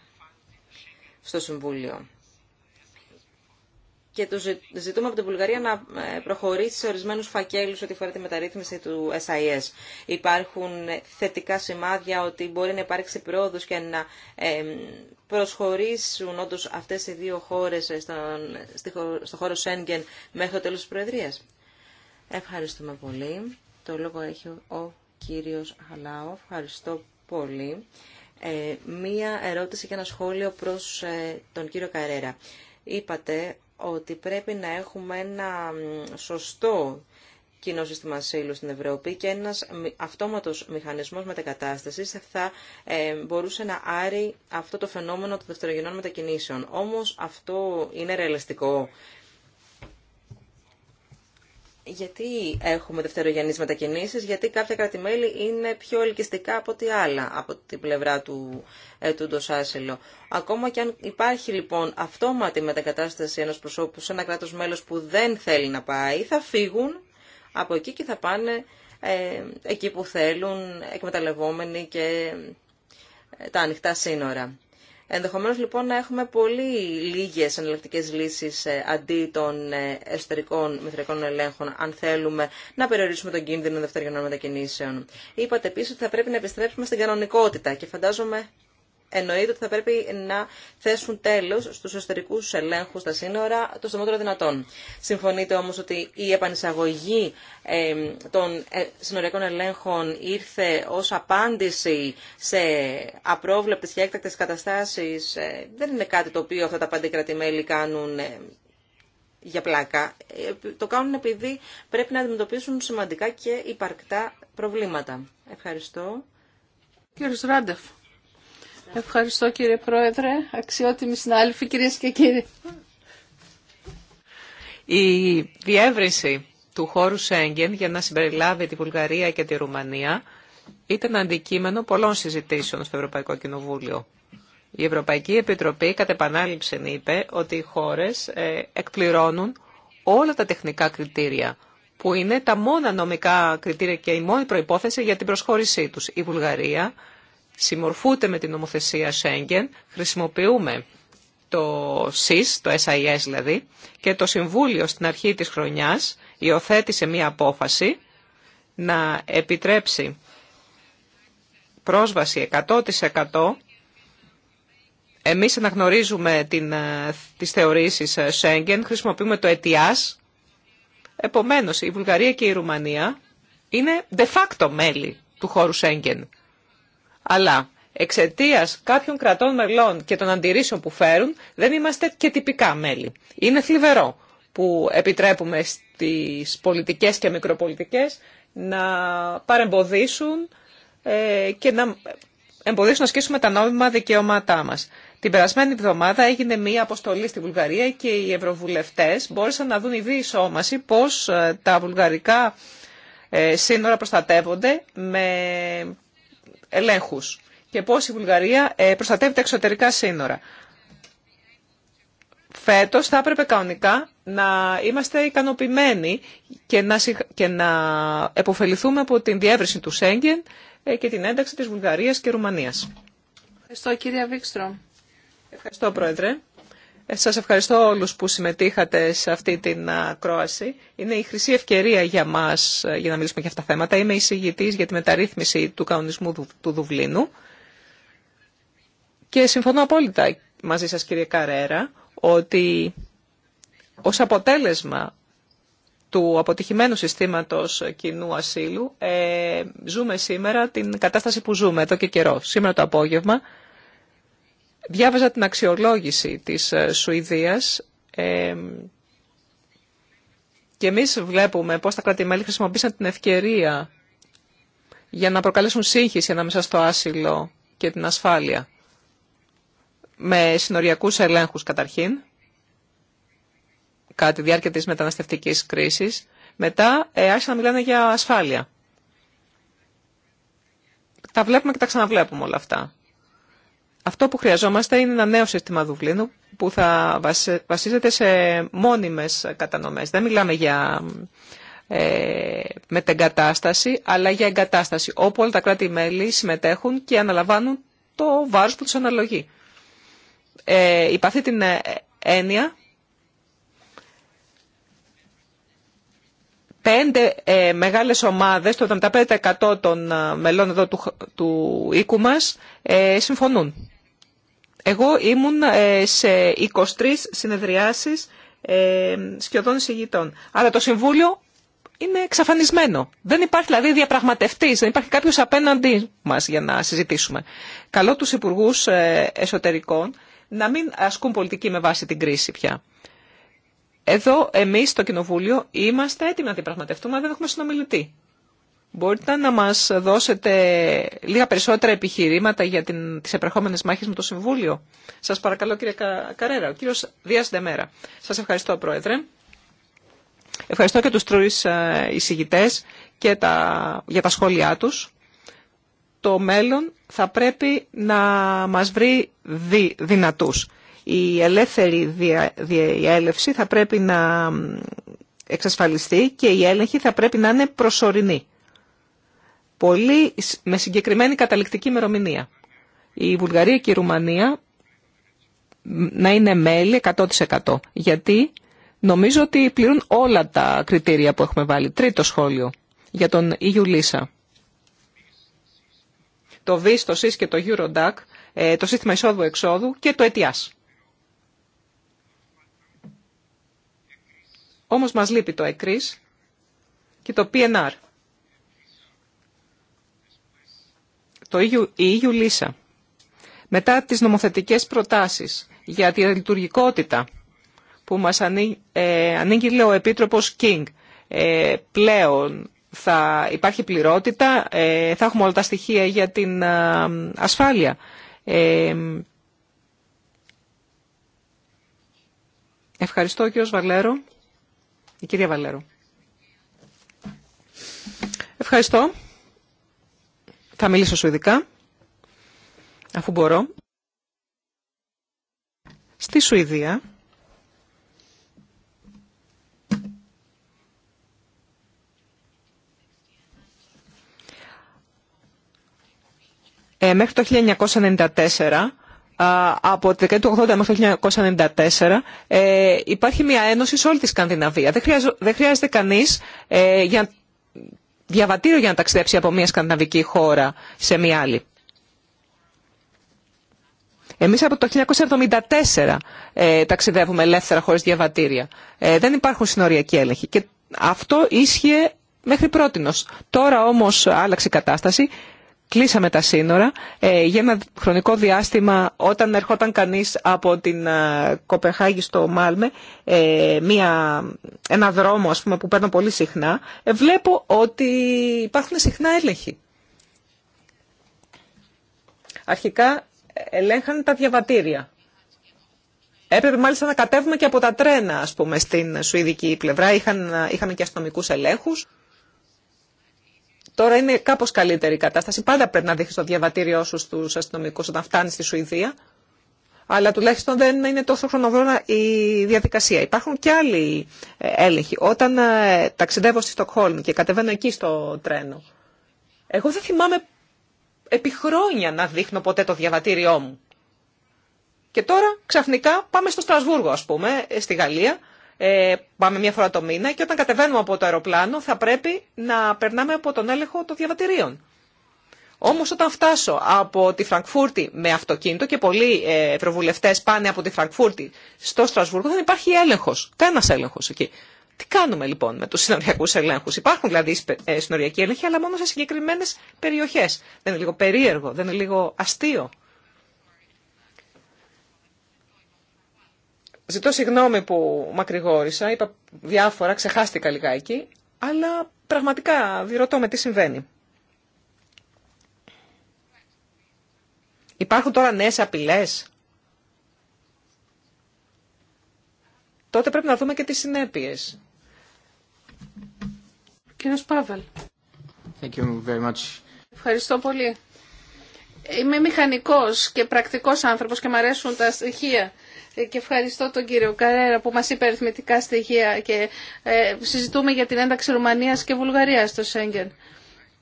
στο Συμβούλιο και το ζητούμε από την Βουλγαρία να ε, προχωρήσει σε ορισμένους φακέλους ό,τι αφορά τη μεταρρύθμιση του SIS. Υπάρχουν ε, θετικά σημάδια ότι μπορεί να υπάρξει πρόοδος και να προσχωρήσουν όντω αυτές οι δύο χώρες ε, στον, στο χώρο Σέγγεν μέχρι το τέλος της Προεδρίας. Ευχαριστούμε πολύ. Το λόγο έχει ο κύριος Χαλάο. Ευχαριστώ πολύ. μία ερώτηση και ένα σχόλιο προς τον κύριο Καρέρα. Είπατε ότι πρέπει να έχουμε ένα σωστό κοινό σύστημα ασύλου στην Ευρώπη και ένας αυτόματος μηχανισμός μετακατάστασης θα ε, μπορούσε να άρει αυτό το φαινόμενο των δευτερογενών μετακινήσεων. Όμως αυτό είναι ρεαλιστικό γιατί έχουμε δευτερογενείς μετακινήσεις, γιατί κάποια κράτη-μέλη είναι πιο ελκυστικά από ό,τι άλλα από την πλευρά του ε, του άσυλο. Ακόμα και αν υπάρχει λοιπόν αυτόματη μετακατάσταση ενός προσώπου σε ένα κράτος μέλος που δεν θέλει να πάει, θα φύγουν από εκεί και θα πάνε ε, εκεί που θέλουν, εκμεταλλευόμενοι και ε, τα ανοιχτά σύνορα. Ενδεχομένως λοιπόν να έχουμε πολύ λίγες εναλλακτικές λύσεις ε, αντί των ε, εσωτερικών μητρικών ελέγχων αν θέλουμε να περιορίσουμε τον κίνδυνο δευτερογενών μετακινήσεων. Είπατε επίσης ότι θα πρέπει να επιστρέψουμε στην κανονικότητα και φαντάζομαι εννοείται ότι θα πρέπει να θέσουν τέλο στου εσωτερικού ελέγχου στα σύνορα το στομότερο δυνατόν. Συμφωνείτε όμως ότι η επανεισαγωγή των ε, συνοριακών ελέγχων ήρθε ως απάντηση σε απρόβλεπτες και έκτακτες καταστάσεις. Ε, δεν είναι κάτι το οποίο αυτά τα πέντε κρατημέλη κάνουν ε, για πλάκα. Το κάνουν επειδή πρέπει να αντιμετωπίσουν σημαντικά και υπαρκτά προβλήματα. Ευχαριστώ. Κύριος Ράντεφ.
Ευχαριστώ κύριε Πρόεδρε, αξιότιμοι συνάδελφοι, κυρίες και κύριοι.
Η διεύρυνση του χώρου Σέγγεν για να συμπεριλάβει τη Βουλγαρία και τη Ρουμανία ήταν αντικείμενο πολλών συζητήσεων στο Ευρωπαϊκό Κοινοβούλιο. Η Ευρωπαϊκή Επιτροπή κατ' επανάληψη είπε ότι οι χώρες ε, εκπληρώνουν όλα τα τεχνικά κριτήρια που είναι τα μόνα νομικά κριτήρια και η μόνη προϋπόθεση για την προσχώρησή τους. Η συμμορφούνται με την νομοθεσία Schengen, χρησιμοποιούμε το SIS, το SIS δηλαδή, και το Συμβούλιο στην αρχή της χρονιάς υιοθέτησε μία απόφαση να επιτρέψει πρόσβαση 100% εμείς αναγνωρίζουμε την, ε, τις θεωρήσεις Schengen, ε, χρησιμοποιούμε το ETIAS. Επομένως, η Βουλγαρία και η Ρουμανία είναι de facto μέλη του χώρου Schengen. Αλλά εξαιτία κάποιων κρατών μελών και των αντιρρήσεων που φέρουν, δεν είμαστε και τυπικά μέλη. Είναι θλιβερό που επιτρέπουμε στις πολιτικές και μικροπολιτικές να παρεμποδίσουν ε, και να εμποδίσουν να ασκήσουμε τα νόμιμα δικαιώματά μας. Την περασμένη εβδομάδα έγινε μία αποστολή στη Βουλγαρία και οι ευρωβουλευτές μπόρεσαν να δουν δύο ισόμασοι πώς ε, τα βουλγαρικά ε, σύνορα προστατεύονται με ελέγχους και πώς η Βουλγαρία ε, προστατεύει τα εξωτερικά σύνορα. Φέτος θα έπρεπε κανονικά να είμαστε ικανοποιημένοι και να, και να επωφεληθούμε από την διεύρυνση του Σέγγεν ε, και την ένταξη της Βουλγαρίας και Ρουμανίας.
Ευχαριστώ κύριε Βίξτρο.
Ευχαριστώ πρόεδρε. Ε, σας ευχαριστώ όλους που συμμετείχατε σε αυτή την ακρόαση. Είναι η χρυσή ευκαιρία για μας ε, για να μιλήσουμε για αυτά τα θέματα. Είμαι εισηγητής για τη μεταρρύθμιση του κανονισμού του Δουβλίνου και συμφωνώ απόλυτα μαζί σας κύριε Καρέρα ότι ως αποτέλεσμα του αποτυχημένου συστήματος κοινού ασύλου ε, ζούμε σήμερα την κατάσταση που ζούμε εδώ και καιρό. Σήμερα το απόγευμα Διάβαζα την αξιολόγηση της ε, Σουηδίας ε, και εμείς βλέπουμε πώς τα κράτη-μέλη χρησιμοποίησαν την ευκαιρία για να προκαλέσουν σύγχυση ανάμεσα στο άσυλο και την ασφάλεια. Με συνοριακούς ελέγχους καταρχήν, κατά τη διάρκεια της μεταναστευτικής κρίσης, μετά ε, άρχισαν να μιλάνε για ασφάλεια. Τα βλέπουμε και τα ξαναβλέπουμε όλα αυτά. Αυτό που χρειαζόμαστε είναι ένα νέο σύστημα Δουβλίνου που θα βασίζεται σε μόνιμες κατανομές. Δεν μιλάμε για ε, μετεγκατάσταση, αλλά για εγκατάσταση, όπου όλα τα κράτη-μέλη συμμετέχουν και αναλαμβάνουν το βάρος που τους αναλογεί. Ε, την ε, έννοια πέντε ε, μεγάλες ομάδες, το 75% των ε, μελών εδώ του, του οίκου μας, ε, συμφωνούν. Εγώ ήμουν ε, σε 23 συνεδριάσεις ε, σκιωδών εισηγητών. Άρα το Συμβούλιο είναι εξαφανισμένο. Δεν υπάρχει δηλαδή διαπραγματευτής, δεν υπάρχει κάποιος απέναντί μας για να συζητήσουμε. Καλό τους υπουργούς εσωτερικών να μην ασκούν πολιτική με βάση την κρίση πια. Εδώ εμεί στο Κοινοβούλιο είμαστε έτοιμοι να διαπραγματευτούμε, αλλά δεν έχουμε συνομιλητή. Μπορείτε να μα δώσετε λίγα περισσότερα επιχειρήματα για τι επερχόμενε μάχε με το Συμβούλιο. Σα παρακαλώ, κύριε Καρέρα. Ο κύριο Δία Ντεμέρα. Σα ευχαριστώ, Πρόεδρε. Ευχαριστώ και του τρει ε, εισηγητέ και για τα σχόλιά τους. Το μέλλον θα πρέπει να μας βρει δυνατούς η ελεύθερη διέλευση θα πρέπει να εξασφαλιστεί και η έλεγχη θα πρέπει να είναι προσωρινή. Πολύ με συγκεκριμένη καταληκτική ημερομηνία. Η Βουλγαρία και η Ρουμανία να είναι μέλη 100%. Γιατί νομίζω ότι πληρούν όλα τα κριτήρια που έχουμε βάλει. Τρίτο σχόλιο για τον Ιουλίσσα. Το ΒΙΣ, το SIS και το Eurodac, ε, το σύστημα εισόδου-εξόδου και το ETIAS. Όμως μας λείπει το ΕΚΡΙΣ και το PNR. Το EU, η e Μετά τις νομοθετικές προτάσεις για τη λειτουργικότητα που μας ανή, ε, ο Επίτροπος King, ε, πλέον θα υπάρχει πληρότητα, ε, θα έχουμε όλα τα στοιχεία για την ασφάλεια. Ευχαριστώ, κύριο Βαλέρο. Η κυρία Βαλέρο. Ευχαριστώ. Θα μιλήσω σου ειδικά, αφού μπορώ. Στη Σουηδία, ε, μέχρι το 1994 από τη δεκαετία του 1980 μέχρι το 1994 ε, υπάρχει μια ένωση σε όλη τη Σκανδιναβία. Δεν χρειάζεται κανείς ε, για διαβατήριο για να ταξιδέψει από μια σκανδιναβική χώρα σε μια άλλη. Εμείς από το 1974 ε, ταξιδεύουμε ελεύθερα χωρίς διαβατήρια. δεν υπάρχουν συνοριακοί έλεγχοι. Και αυτό ίσχυε μέχρι πρότινος. Τώρα όμως άλλαξε η κατάσταση κλείσαμε τα σύνορα ε, για ένα χρονικό διάστημα όταν ερχόταν κανείς από την ε, Κοπεχάγη στο Μάλμε ε, μια, ένα δρόμο ας πούμε, που παίρνω πολύ συχνά βλέπω ότι υπάρχουν συχνά έλεγχοι. Αρχικά ελέγχαν τα διαβατήρια. Έπρεπε μάλιστα να κατέβουμε και από τα τρένα, ας πούμε, στην Σουηδική πλευρά. Είχαν, είχαμε και αστυνομικού ελέγχους. Τώρα είναι κάπως καλύτερη η κατάσταση. Πάντα πρέπει να δείχνει το διαβατήριό σου στους αστυνομικούς όταν φτάνει στη Σουηδία. Αλλά τουλάχιστον δεν είναι τόσο χρονοβόρα η διαδικασία. Υπάρχουν και άλλοι ε, έλεγχοι. Όταν ε, ταξιδεύω στη Στοκχόλμη και κατεβαίνω εκεί στο τρένο, εγώ δεν θυμάμαι επί χρόνια να δείχνω ποτέ το διαβατήριό μου. Και τώρα ξαφνικά πάμε στο Στρασβούργο, α πούμε, ε, στη Γαλλία ε, πάμε μία φορά το μήνα και όταν κατεβαίνουμε από το αεροπλάνο θα πρέπει να περνάμε από τον έλεγχο των διαβατηρίων. Όμως όταν φτάσω από τη Φραγκφούρτη με αυτοκίνητο και πολλοί ε, ευρωβουλευτές πάνε από τη Φραγκφούρτη στο Στρασβούργο δεν υπάρχει έλεγχος, κανένας έλεγχος εκεί. Τι κάνουμε λοιπόν με του συνοριακού ελέγχου. Υπάρχουν δηλαδή ε, συνοριακοί έλεγχοι, αλλά μόνο σε συγκεκριμένε περιοχέ. Δεν είναι λίγο περίεργο, δεν είναι λίγο αστείο. Ζητώ συγγνώμη που μακρηγόρησα, είπα διάφορα, ξεχάστηκα λιγάκι, αλλά πραγματικά διρωτώ με τι συμβαίνει. Υπάρχουν τώρα νέες απειλές. Τότε πρέπει να
δούμε και τις συνέπειες. Κύριος Ευχαριστώ πολύ. Είμαι μηχανικός και πρακτικός άνθρωπος και μου αρέσουν τα στοιχεία και ευχαριστώ τον κύριο Καρέρα που μας είπε αριθμητικά στοιχεία και ε, συζητούμε για την ένταξη Ρουμανίας και Βουλγαρίας στο Σέγγεν.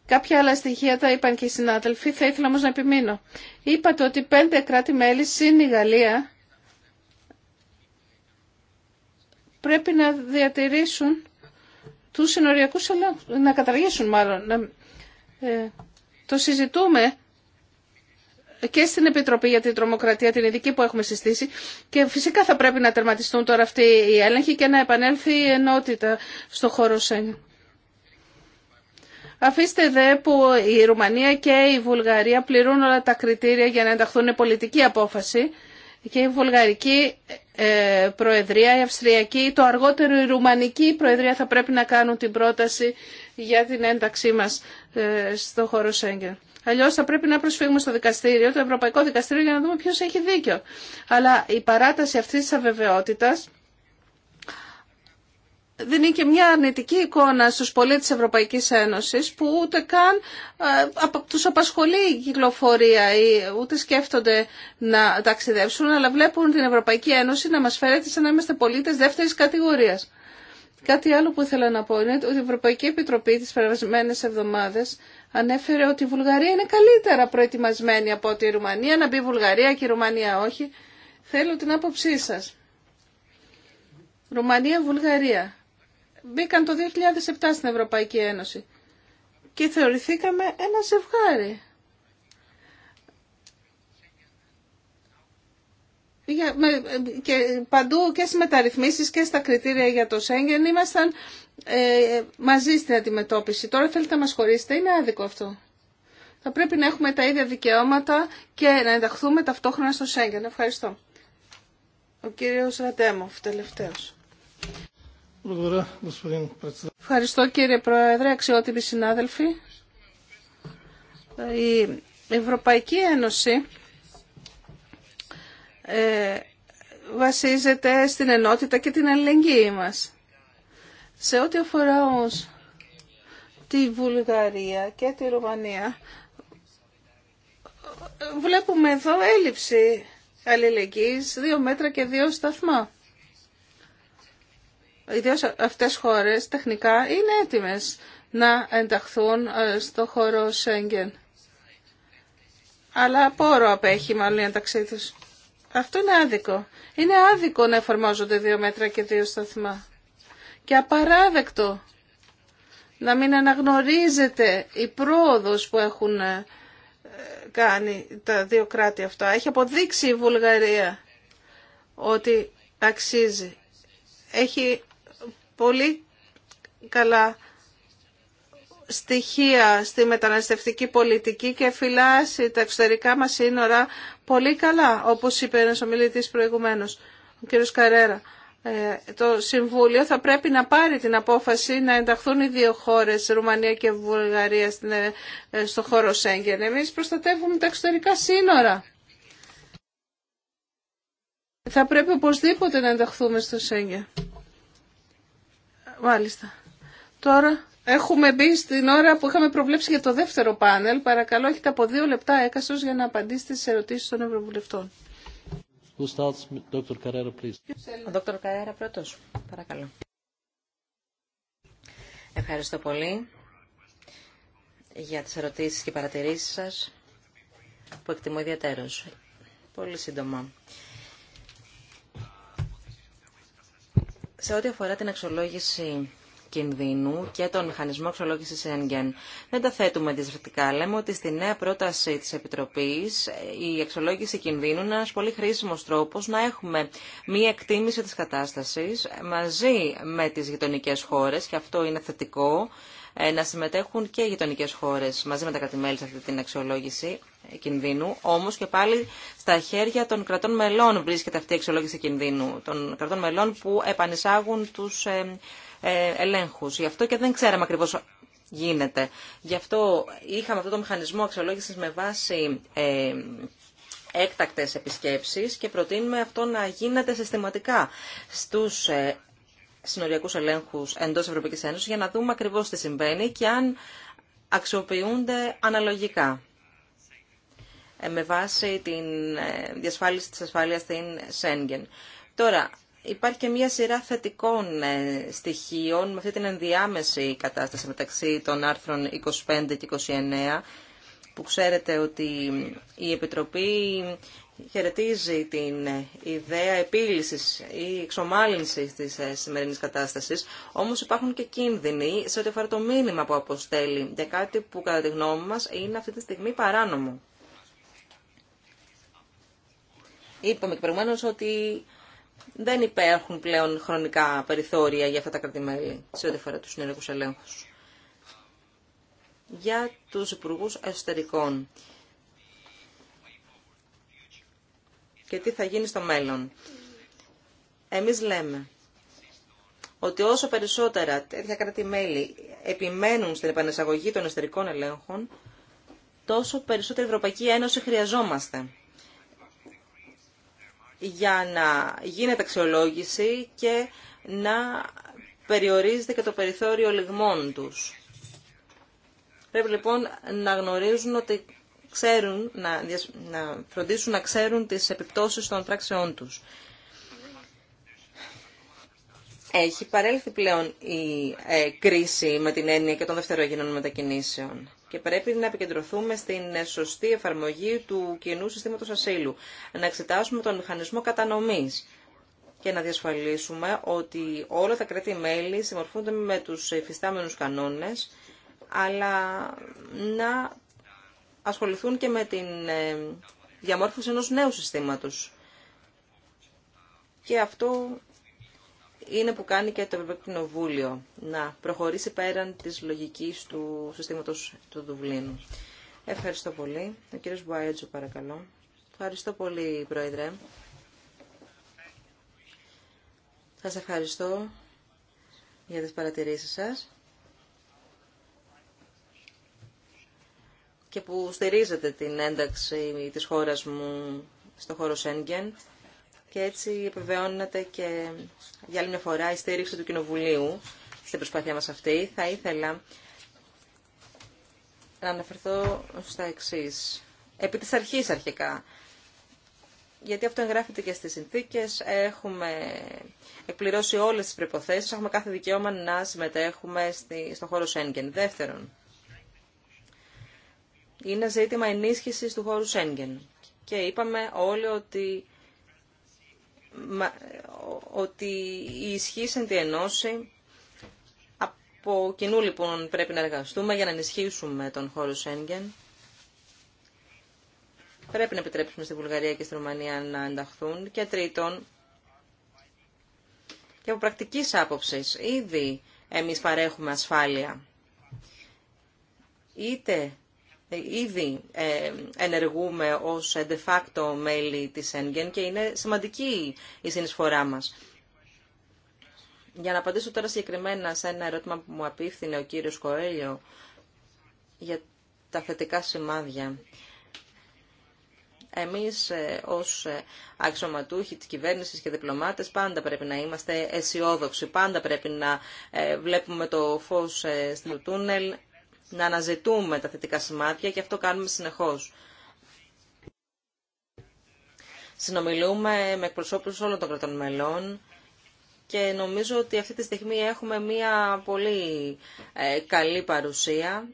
Κάποια άλλα στοιχεία τα είπαν και οι συνάδελφοι, θα ήθελα όμως να επιμείνω. Είπατε ότι πέντε κράτη-μέλη συν η Γαλλία πρέπει να διατηρήσουν τους συνοριακούς ελέγχους, να καταργήσουν μάλλον. Ε, το συζητούμε και στην Επιτροπή για την Τρομοκρατία, την ειδική που έχουμε συστήσει. Και φυσικά θα πρέπει να τερματιστούν τώρα αυτοί οι έλεγχοι και να επανέλθει η ενότητα στο χώρο Σέγγεν. Αφήστε δε που η Ρουμανία και η Βουλγαρία πληρούν όλα τα κριτήρια για να ενταχθούν πολιτική απόφαση και η Βουλγαρική ε, Προεδρία, η Αυστριακή, το αργότερο η Ρουμανική Προεδρία θα πρέπει να κάνουν την πρόταση για την ένταξή μας ε, στο χώρο Σέγγεν. Αλλιώ θα πρέπει να προσφύγουμε στο δικαστήριο, το Ευρωπαϊκό Δικαστήριο, για να δούμε ποιο έχει δίκιο. Αλλά η παράταση αυτή τη αβεβαιότητα δίνει και μια αρνητική εικόνα στους πολίτες της Ευρωπαϊκής Ένωσης που ούτε καν του ε, τους απασχολεί η κυκλοφορία ή ούτε σκέφτονται να ταξιδέψουν αλλά βλέπουν την Ευρωπαϊκή Ένωση να μας φέρεται σαν να είμαστε πολίτες δεύτερης κατηγορίας. Κάτι άλλο που ήθελα να πω είναι ότι η Ευρωπαϊκή Επιτροπή τις περασμένες εβδομάδες ανέφερε ότι η Βουλγαρία είναι καλύτερα προετοιμασμένη από ότι η Ρουμανία, να μπει η Βουλγαρία και η Ρουμανία όχι. Θέλω την άποψή σας. Ρουμανία-Βουλγαρία. Μπήκαν το 2007 στην Ευρωπαϊκή Ένωση και θεωρηθήκαμε ένα ζευγάρι. και παντού και στις μεταρρυθμίσεις και στα κριτήρια για το Σέγγεν ήμασταν ε, μαζί στην αντιμετώπιση. Τώρα θέλετε να μας χωρίσετε, είναι άδικο αυτό. Θα πρέπει να έχουμε τα ίδια δικαιώματα και να ενταχθούμε ταυτόχρονα στο Σέγγεν. Ευχαριστώ. Ο κύριος Ραντέμοφ, τελευταίος. Ευχαριστώ κύριε Πρόεδρε, αξιότιμοι συνάδελφοι. Η Ευρωπαϊκή Ένωση ε, βασίζεται στην ενότητα και την αλληλεγγύη μας. Σε ό,τι αφορά όμως τη Βουλγαρία και τη Ρουμανία, βλέπουμε εδώ έλλειψη αλληλεγγύης, δύο μέτρα και δύο σταθμά. Ιδίως αυτές χώρες τεχνικά είναι έτοιμες να ενταχθούν ε, στο χώρο Σέγγεν. Αλλά πόρο απέχει μάλλον η ενταξή τους. Αυτό είναι άδικο. Είναι άδικο να εφαρμόζονται δύο μέτρα και δύο σταθμά. Και απαράδεκτο να μην αναγνωρίζεται η πρόοδος που έχουν ε, κάνει τα δύο κράτη αυτά. Έχει αποδείξει η Βουλγαρία ότι αξίζει. Έχει πολύ καλά στοιχεία στη μεταναστευτική πολιτική και φυλάσει τα εξωτερικά μας σύνορα πολύ καλά, όπως είπε ένας ομιλητής προηγουμένως, ο κ. Καρέρα. Ε, το Συμβούλιο θα πρέπει να πάρει την απόφαση να ενταχθούν οι δύο χώρες, Ρουμανία και Βουλγαρία, στην, ε, ε, στο χώρο Σέγγεν. Εμείς προστατεύουμε τα εξωτερικά σύνορα. Θα πρέπει οπωσδήποτε να ενταχθούμε στο Σέγγεν. Μάλιστα. Τώρα Έχουμε μπει στην ώρα που είχαμε προβλέψει για το δεύτερο πάνελ. Παρακαλώ, έχετε από δύο λεπτά έκαστος για να απαντήσετε στι ερωτήσεις των
Ευρωβουλευτών. Ο Dr. Καρέρα πρώτος. Παρακαλώ. Ευχαριστώ πολύ για τις ερωτήσεις και παρατηρήσεις σας που εκτιμώ ιδιαίτερως. Πολύ σύντομα. Σε ό,τι αφορά την αξιολόγηση κινδύνου και τον μηχανισμό αξιολόγηση ΕΝΓΕΝ. Δεν τα θέτουμε δυσβευτικά. Λέμε ότι στη νέα πρόταση τη Επιτροπή η αξιολόγηση κινδύνου είναι ένα πολύ χρήσιμο τρόπο να έχουμε μία εκτίμηση τη κατάσταση μαζί με τι γειτονικέ χώρε και αυτό είναι θετικό ε, να συμμετέχουν και οι γειτονικέ χώρε μαζί με τα κρατημέλη σε αυτή την αξιολόγηση κινδύνου. Όμω και πάλι στα χέρια των κρατών μελών βρίσκεται αυτή η αξιολόγηση κινδύνου. Των κρατών μελών που επανεισάγουν του ε, ε, ελέγχους. Γι' αυτό και δεν ξέραμε ακριβώς γίνεται. Γι' αυτό είχαμε αυτό το μηχανισμό αξιολόγησης με βάση ε, έκτακτες επισκέψεις και προτείνουμε αυτό να γίνεται συστηματικά στους ε, συνοριακούς ελέγχους εντός Ευρωπαϊκής Ένωσης για να δούμε ακριβώς τι συμβαίνει και αν αξιοποιούνται αναλογικά ε, με βάση την ε, διασφάλιση της ασφάλειας στην Σέγγεν. Τώρα, υπάρχει και μια σειρά θετικών ε, στοιχείων με αυτή την ενδιάμεση κατάσταση μεταξύ των άρθρων 25 και 29 που ξέρετε ότι η Επιτροπή χαιρετίζει την ε, ιδέα επίλυσης ή εξομάλυνσης της ε, σημερινής κατάστασης, όμως υπάρχουν και κίνδυνοι σε ό,τι αφορά το μήνυμα που αποστέλει για κάτι που κατά τη γνώμη μας είναι αυτή τη στιγμή παράνομο. Είπαμε και ότι δεν υπάρχουν πλέον χρονικά περιθώρια για αυτά τα κρατημέλη σε ό,τι αφορά τους συνεργούς ελέγχους. Για τους υπουργούς εσωτερικών και τι θα γίνει στο μέλλον. Εμείς λέμε ότι όσο περισσότερα τέτοια επιμένουν στην επανεσαγωγή των εσωτερικών ελέγχων, τόσο περισσότερη Ευρωπαϊκή Ένωση χρειαζόμαστε για να γίνεται αξιολόγηση και να περιορίζεται και το περιθώριο λιγμών τους. Πρέπει λοιπόν να γνωρίζουν ότι ξέρουν, να, να φροντίσουν να ξέρουν τις επιπτώσεις των πράξεών τους. Έχει παρέλθει πλέον η ε, κρίση με την έννοια και των δευτερογενών μετακινήσεων και πρέπει να επικεντρωθούμε στην σωστή εφαρμογή του κοινού συστήματος ασύλου, να εξετάσουμε τον μηχανισμό κατανομής και να διασφαλίσουμε ότι όλα τα κράτη-μέλη συμμορφούνται με τους υφιστάμενους κανόνες, αλλά να ασχοληθούν και με την ε, διαμόρφωση ενός νέου συστήματος. Και αυτό είναι που κάνει και το Ευρωπαϊκό Κοινοβούλιο να προχωρήσει πέραν της λογικής του συστήματος του Δουβλίνου. Ευχαριστώ πολύ. Ο κύριος Μπουάιατζο παρακαλώ. Ευχαριστώ πολύ Πρόεδρε. Σας ευχαριστώ για τις παρατηρήσεις σας και που στηρίζετε την ένταξη της χώρας μου στο χώρο Σέγγεν και έτσι επιβεβαιώνεται και για άλλη μια φορά η στήριξη του Κοινοβουλίου στην προσπάθειά μας αυτή. Θα ήθελα να αναφερθώ στα εξή. Επί της αρχής αρχικά, γιατί αυτό εγγράφεται και στις συνθήκες, έχουμε εκπληρώσει όλες τις προϋποθέσεις, έχουμε κάθε δικαίωμα να συμμετέχουμε στη, στο χώρο Σέγγεν. Δεύτερον, είναι ζήτημα ενίσχυσης του χώρου Σέγγεν. Και είπαμε όλοι ότι ότι η τη ενώση από κοινού λοιπόν πρέπει να εργαστούμε για να ενισχύσουμε τον χώρο Σέγγεν. Πρέπει να επιτρέψουμε στη Βουλγαρία και στη Ρουμανία να ενταχθούν. Και τρίτον, και από πρακτικής άποψη, ήδη εμείς παρέχουμε ασφάλεια. Είτε ε, ήδη ε, ενεργούμε ως de facto μέλη της ΕΝΓΕΝ και είναι σημαντική η συνεισφορά μας. Για να απαντήσω τώρα συγκεκριμένα σε ένα ερώτημα που μου απίφθινε ο κύριος Κοέλιο για τα θετικά σημάδια. Εμείς ε, ως αξιωματούχοι της κυβέρνησης και διπλωμάτες πάντα πρέπει να είμαστε αισιόδοξοι, πάντα πρέπει να βλέπουμε το φως στο τούνελ να αναζητούμε τα θετικά σημάδια και αυτό κάνουμε συνεχώς. Συνομιλούμε με εκπροσώπους όλων των κρατών μελών και νομίζω ότι αυτή τη στιγμή έχουμε μια πολύ ε, καλή παρουσία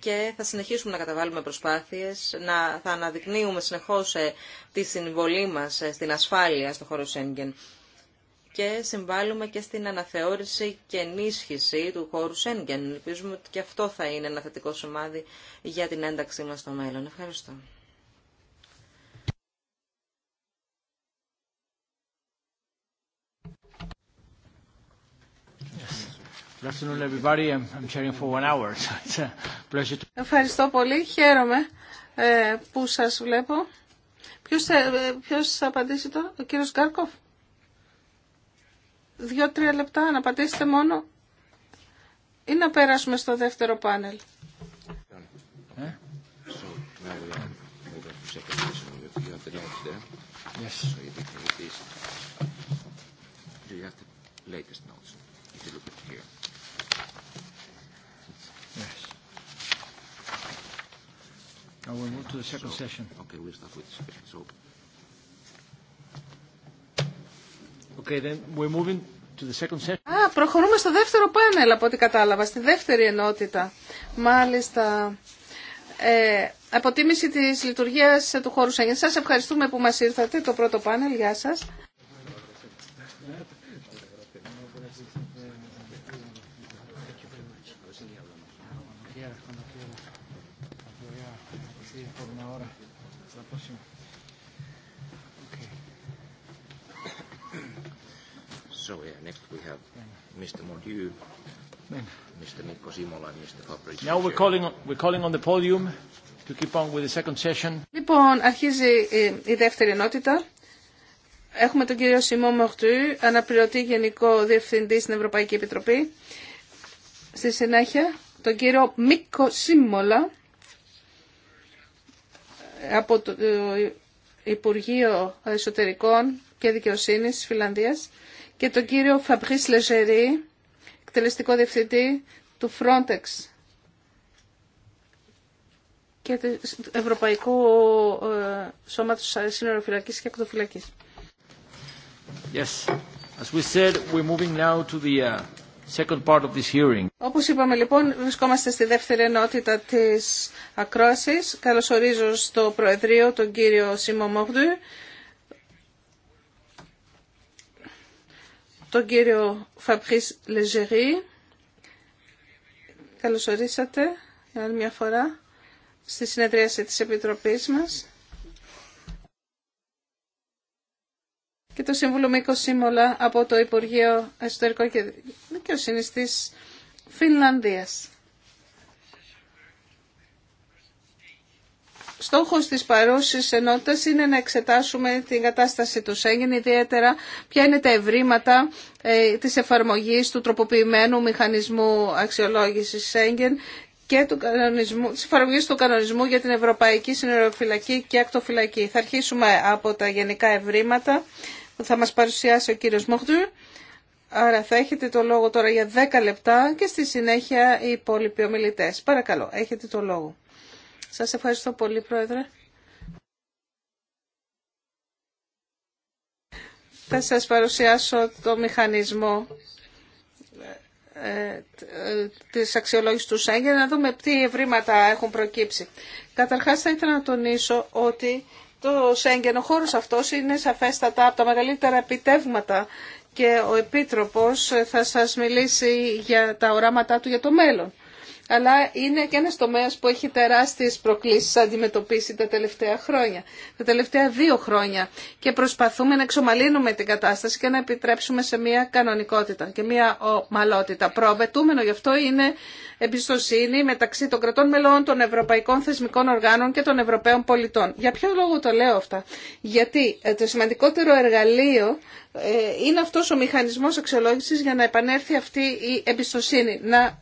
και θα συνεχίσουμε να καταβάλουμε προσπάθειες, να, θα αναδεικνύουμε συνεχώς ε, τη συμβολή μας ε, στην ασφάλεια στο χώρο Σέγγεν και συμβάλλουμε και στην αναθεώρηση και ενίσχυση του χώρου Σέγγεν. Ελπίζουμε ότι και αυτό θα είναι ένα θετικό σημάδι για την ένταξή μας στο μέλλον. Ευχαριστώ.
Ευχαριστώ πολύ. Χαίρομαι ε, που σας βλέπω. Ε, ποιος θα, απαντήσει τώρα, ο κύριος Γκάρκοφ. Δύο-τρία λεπτά να πατήσετε μόνο ή να περάσουμε στο δεύτερο πάνελ.
Now
move to the second session. Okay, we'll with Okay, then we're moving to the second
Α, προχωρούμε στο δεύτερο πάνελ από ό,τι κατάλαβα, στη δεύτερη ενότητα. Μάλιστα. Ε, αποτίμηση της λειτουργίας του χώρου Σέγγεν. Σας ευχαριστούμε που μας ήρθατε το πρώτο πάνελ. Γεια σας. Λοιπόν, αρχίζει η δεύτερη ενότητα. Έχουμε τον κύριο Σιμό Μοχτού, αναπληρωτή Γενικό Διευθυντή στην Ευρωπαϊκή Επιτροπή. Στη συνέχεια, τον κύριο Μίκο Σίμολα από το ε, Υπουργείο Εσωτερικών και Δικαιοσύνης της Φιλανδίας και τον κύριο Φαμπρίς Λεζερή, εκτελεστικό διευθυντή του Frontex και του Ευρωπαϊκού ε, Σώματος Σύνοροφυλακής και Ακτοφυλακής.
Yes. As we said, we're moving now to the uh, second part of this hearing.
Όπως είπαμε λοιπόν, βρισκόμαστε στη δεύτερη ενότητα της ακρόασης. Καλωσορίζω στο Προεδρείο τον κύριο Σίμω Μόγδου τον κύριο Φαμπρίς Λεζερή. Καλώς για άλλη μια φορά στη συνεδρίαση της Επιτροπής μας. Και το Σύμβουλο Μίκο Σίμολα από το Υπουργείο Εσωτερικών και ο συνιστής Φινλανδίας. Στόχος της παρούσης ενότητας είναι να εξετάσουμε την κατάσταση του Σέγγεν, ιδιαίτερα ποια είναι τα ευρήματα ε, της εφαρμογής του τροποποιημένου μηχανισμού αξιολόγησης Σέγγεν και του κανονισμού, της εφαρμογής του κανονισμού για την Ευρωπαϊκή Συνοριοφυλακή και Ακτοφυλακή. Θα αρχίσουμε από τα γενικά ευρήματα που θα μας παρουσιάσει ο κύριος Μοχτουρ. Άρα θα έχετε το λόγο τώρα για 10 λεπτά και στη συνέχεια οι υπόλοιποι ομιλητές. Παρακαλώ, έχετε το λόγο. Σας ευχαριστώ πολύ, Πρόεδρε. Θα σας παρουσιάσω το μηχανισμό ε, της αξιολόγησης του Σέγγεν, να δούμε τι ευρήματα έχουν προκύψει. Καταρχάς θα ήθελα να τονίσω ότι το Σέγγεν, ο χώρος αυτός είναι σαφέστατα από τα μεγαλύτερα επιτεύγματα και ο Επίτροπος θα σας μιλήσει για τα οράματά του για το μέλλον αλλά είναι και ένας τομέας που έχει τεράστιες προκλήσεις αντιμετωπίσει τα τελευταία χρόνια, τα τελευταία δύο χρόνια και προσπαθούμε να εξομαλύνουμε την κατάσταση και να επιτρέψουμε σε μια κανονικότητα και μια ομαλότητα. Προαπαιτούμενο γι' αυτό είναι εμπιστοσύνη μεταξύ των κρατών μελών, των ευρωπαϊκών θεσμικών οργάνων και των ευρωπαίων πολιτών. Για ποιο λόγο το λέω αυτά. Γιατί ε, το σημαντικότερο εργαλείο ε, είναι αυτός ο μηχανισμός αξιολόγησης για να επανέλθει αυτή η εμπιστοσύνη, να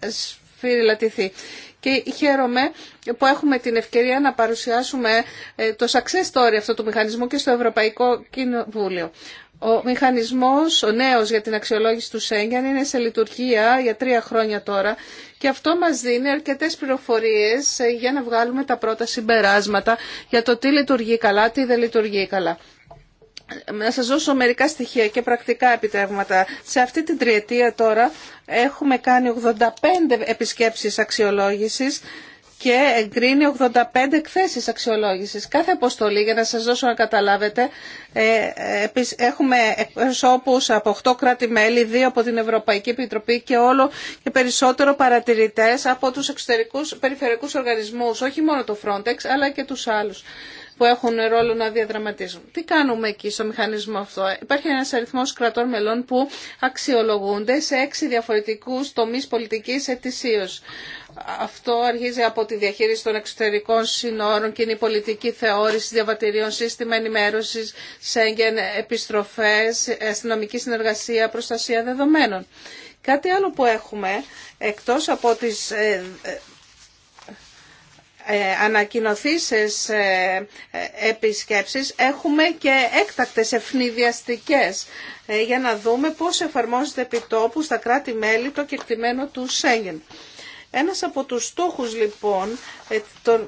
και χαίρομαι που έχουμε την ευκαιρία να παρουσιάσουμε ε, το success story αυτού του μηχανισμού και στο Ευρωπαϊκό Κοινοβούλιο. Ο μηχανισμός, ο νέος για την αξιολόγηση του Σέγγεν είναι σε λειτουργία για τρία χρόνια τώρα και αυτό μας δίνει αρκετές πληροφορίες ε, για να βγάλουμε τα πρώτα συμπεράσματα για το τι λειτουργεί καλά, τι δεν λειτουργεί καλά να σας δώσω μερικά στοιχεία και πρακτικά επιτεύγματα. Σε αυτή την τριετία τώρα έχουμε κάνει 85 επισκέψεις αξιολόγησης και εγκρίνει 85 εκθέσεις αξιολόγησης. Κάθε αποστολή, για να σας δώσω να καταλάβετε, ε, έχουμε εκπροσώπους από 8 κράτη-μέλη, 2 από την Ευρωπαϊκή Επιτροπή και όλο και περισσότερο παρατηρητές από τους εξωτερικούς περιφερειακούς οργανισμούς, όχι μόνο το Frontex, αλλά και τους άλλους που έχουν ρόλο να διαδραματίζουν. Τι κάνουμε εκεί στο μηχανισμό αυτό. Υπάρχει ένας αριθμός κρατών μελών που αξιολογούνται σε έξι διαφορετικούς τομείς πολιτικής ετησίω. Αυτό αρχίζει από τη διαχείριση των εξωτερικών συνόρων, κοινή πολιτική θεώρηση, διαβατηρίων, σύστημα ενημέρωση, σέγγεν, επιστροφές, αστυνομική συνεργασία, προστασία δεδομένων. Κάτι άλλο που έχουμε, εκτός από τις ε, ε, ε, ανακοινωθήσεις ε, ε, επισκέψεις έχουμε και έκτακτες ευνηδιαστικές για να δούμε πώς εφαρμόζεται επιτόπου στα κράτη-μέλη το κεκτημένο του Σέγγεν. Ένας από τους στόχους λοιπόν ε,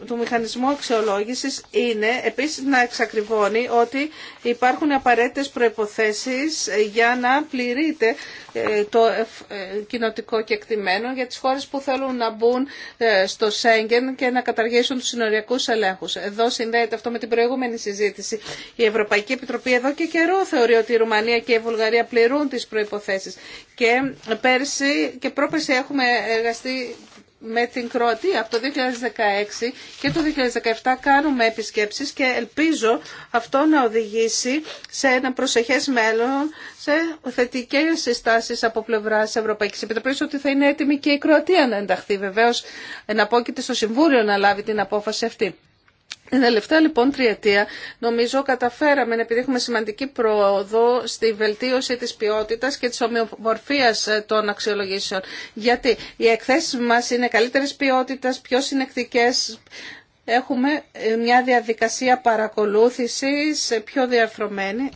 του μηχανισμού αξιολόγησης είναι επίσης να εξακριβώνει ότι υπάρχουν απαραίτητες προϋποθέσεις για να πληρείται ε, το ε, κοινοτικό κεκτημένο για τις χώρες που θέλουν να μπουν στο Σέγγεν και να καταργήσουν τους συνοριακούς ελέγχους. Εδώ συνδέεται αυτό με την προηγούμενη συζήτηση. Η Ευρωπαϊκή Επιτροπή εδώ και καιρό θεωρεί ότι η Ρουμανία και η Βουλγαρία πληρούν τις προϋποθέσεις. Και πέρσι και πρόπεση έχουμε εργαστεί με την Κροατία από το 2016 και το 2017 κάνουμε επισκέψεις και ελπίζω αυτό να οδηγήσει σε ένα προσεχές μέλλον σε θετικές συστάσεις από πλευράς Ευρωπαϊκής Επιτροπής ότι θα είναι έτοιμη και η Κροατία να ενταχθεί βεβαίως να στο Συμβούλιο να λάβει την απόφαση αυτή. Την τελευταία λοιπόν τριετία νομίζω καταφέραμε να επιδείχουμε σημαντική πρόοδο στη βελτίωση της ποιότητας και της ομοιομορφίας ε, των αξιολογήσεων. Γιατί οι εκθέσεις μας είναι καλύτερες ποιότητας, πιο συνεκτικές, έχουμε ε, μια διαδικασία παρακολούθησης ε, πιο διαρθρωμένη.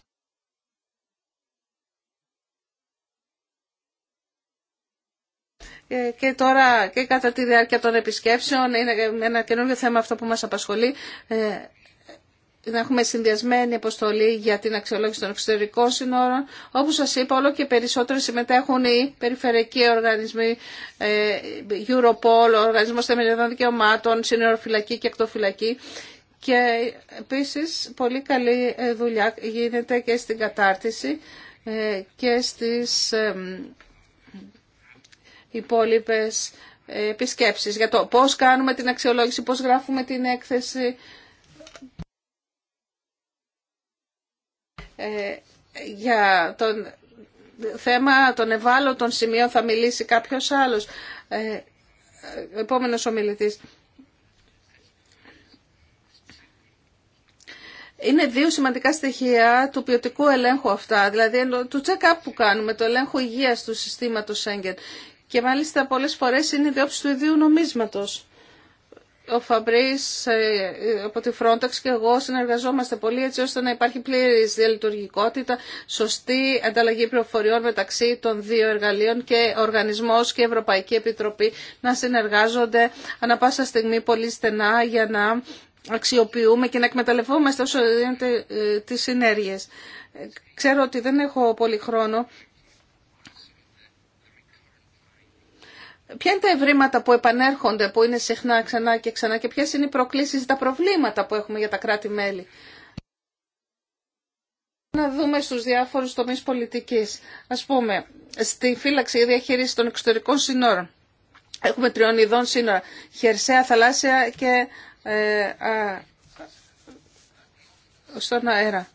Ε, και τώρα και κατά τη διάρκεια των επισκέψεων είναι ένα καινούργιο θέμα αυτό που μας απασχολεί ε, να έχουμε συνδυασμένη αποστολή για την αξιολόγηση των εξωτερικών συνόρων. Όπως σας είπα, όλο και περισσότερο συμμετέχουν οι περιφερειακοί οργανισμοί, ε, Europol, ο Οργανισμός Θεμελιωδών Δικαιωμάτων, Συνοροφυλακή και Ακτοφυλακή. Και επίσης πολύ καλή δουλειά γίνεται και στην κατάρτιση και στις υπόλοιπε ε, επισκέψεις για το πώς κάνουμε την αξιολόγηση, πώς γράφουμε την έκθεση. Ε, για το θέμα των ευάλωτων σημείων θα μιλήσει κάποιος άλλος. Ε, επόμενος ομιλητής. Είναι δύο σημαντικά στοιχεία του ποιοτικού ελέγχου αυτά, δηλαδή του check-up που κάνουμε, το ελέγχου υγείας του συστήματος Σέγγεν και μάλιστα πολλές φορές είναι διόψη του ιδίου νομίσματος. Ο Φαμπρίς ε, από τη Frontex και εγώ συνεργαζόμαστε πολύ έτσι ώστε να υπάρχει πλήρης διαλειτουργικότητα, σωστή ανταλλαγή πληροφοριών μεταξύ των δύο εργαλείων και οργανισμός και Ευρωπαϊκή Επιτροπή να συνεργάζονται ανα πάσα στιγμή πολύ στενά για να αξιοποιούμε και να εκμεταλλευόμαστε όσο δίνεται ε, τις συνέργειες. Ξέρω ότι δεν έχω πολύ χρόνο. Ποια είναι τα ευρήματα που επανέρχονται, που είναι συχνά ξανά και ξανά και ποιες είναι οι προκλήσεις, τα προβλήματα που έχουμε για τα κράτη-μέλη. Να δούμε στους διάφορους τομείς πολιτικής. Ας πούμε, στη φύλαξη ή διαχείριση των εξωτερικών σύνορων. Έχουμε τριών ειδών σύνορα. Χερσαία, θαλάσσια και ε, στον αέρα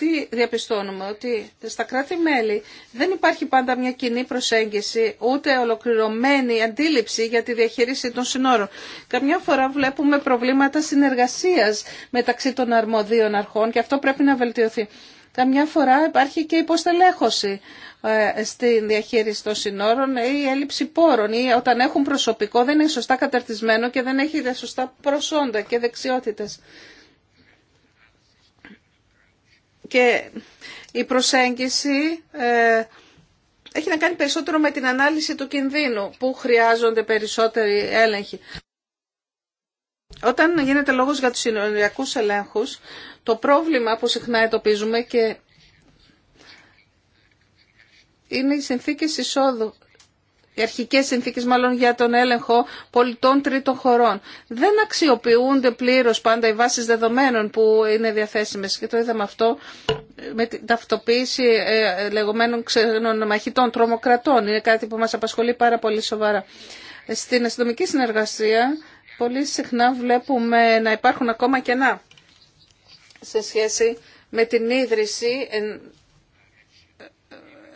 τι διαπιστώνουμε, ότι στα κράτη-μέλη δεν υπάρχει πάντα μια κοινή προσέγγιση, ούτε ολοκληρωμένη αντίληψη για τη διαχείριση των συνόρων. Καμιά φορά βλέπουμε προβλήματα συνεργασίας μεταξύ των αρμοδίων αρχών και αυτό πρέπει να βελτιωθεί. Καμιά φορά υπάρχει και υποστελέχωση ε, στην διαχείριση των συνόρων ή έλλειψη πόρων ή όταν έχουν προσωπικό δεν είναι σωστά καταρτισμένο και δεν έχει σωστά προσόντα και δεξιότητες. Και η προσέγγιση ε, έχει να κάνει περισσότερο με την ανάλυση του κινδύνου που χρειάζονται περισσότεροι έλεγχοι. Όταν γίνεται λόγος για τους συνοριακούς ελέγχους, το πρόβλημα που συχνά εντοπίζουμε και είναι οι συνθήκες εισόδου οι αρχικές συνθήκες μάλλον για τον έλεγχο πολιτών τρίτων χωρών. Δεν αξιοποιούνται πλήρως πάντα οι βάσεις δεδομένων που είναι διαθέσιμες και το είδαμε αυτό με την ταυτοποίηση ε, λεγόμενων ξένων μαχητών, τρομοκρατών. Είναι κάτι που μας απασχολεί πάρα πολύ σοβαρά. Στην αστυνομική συνεργασία πολύ συχνά βλέπουμε να υπάρχουν ακόμα κενά σε σχέση με την ίδρυση ε,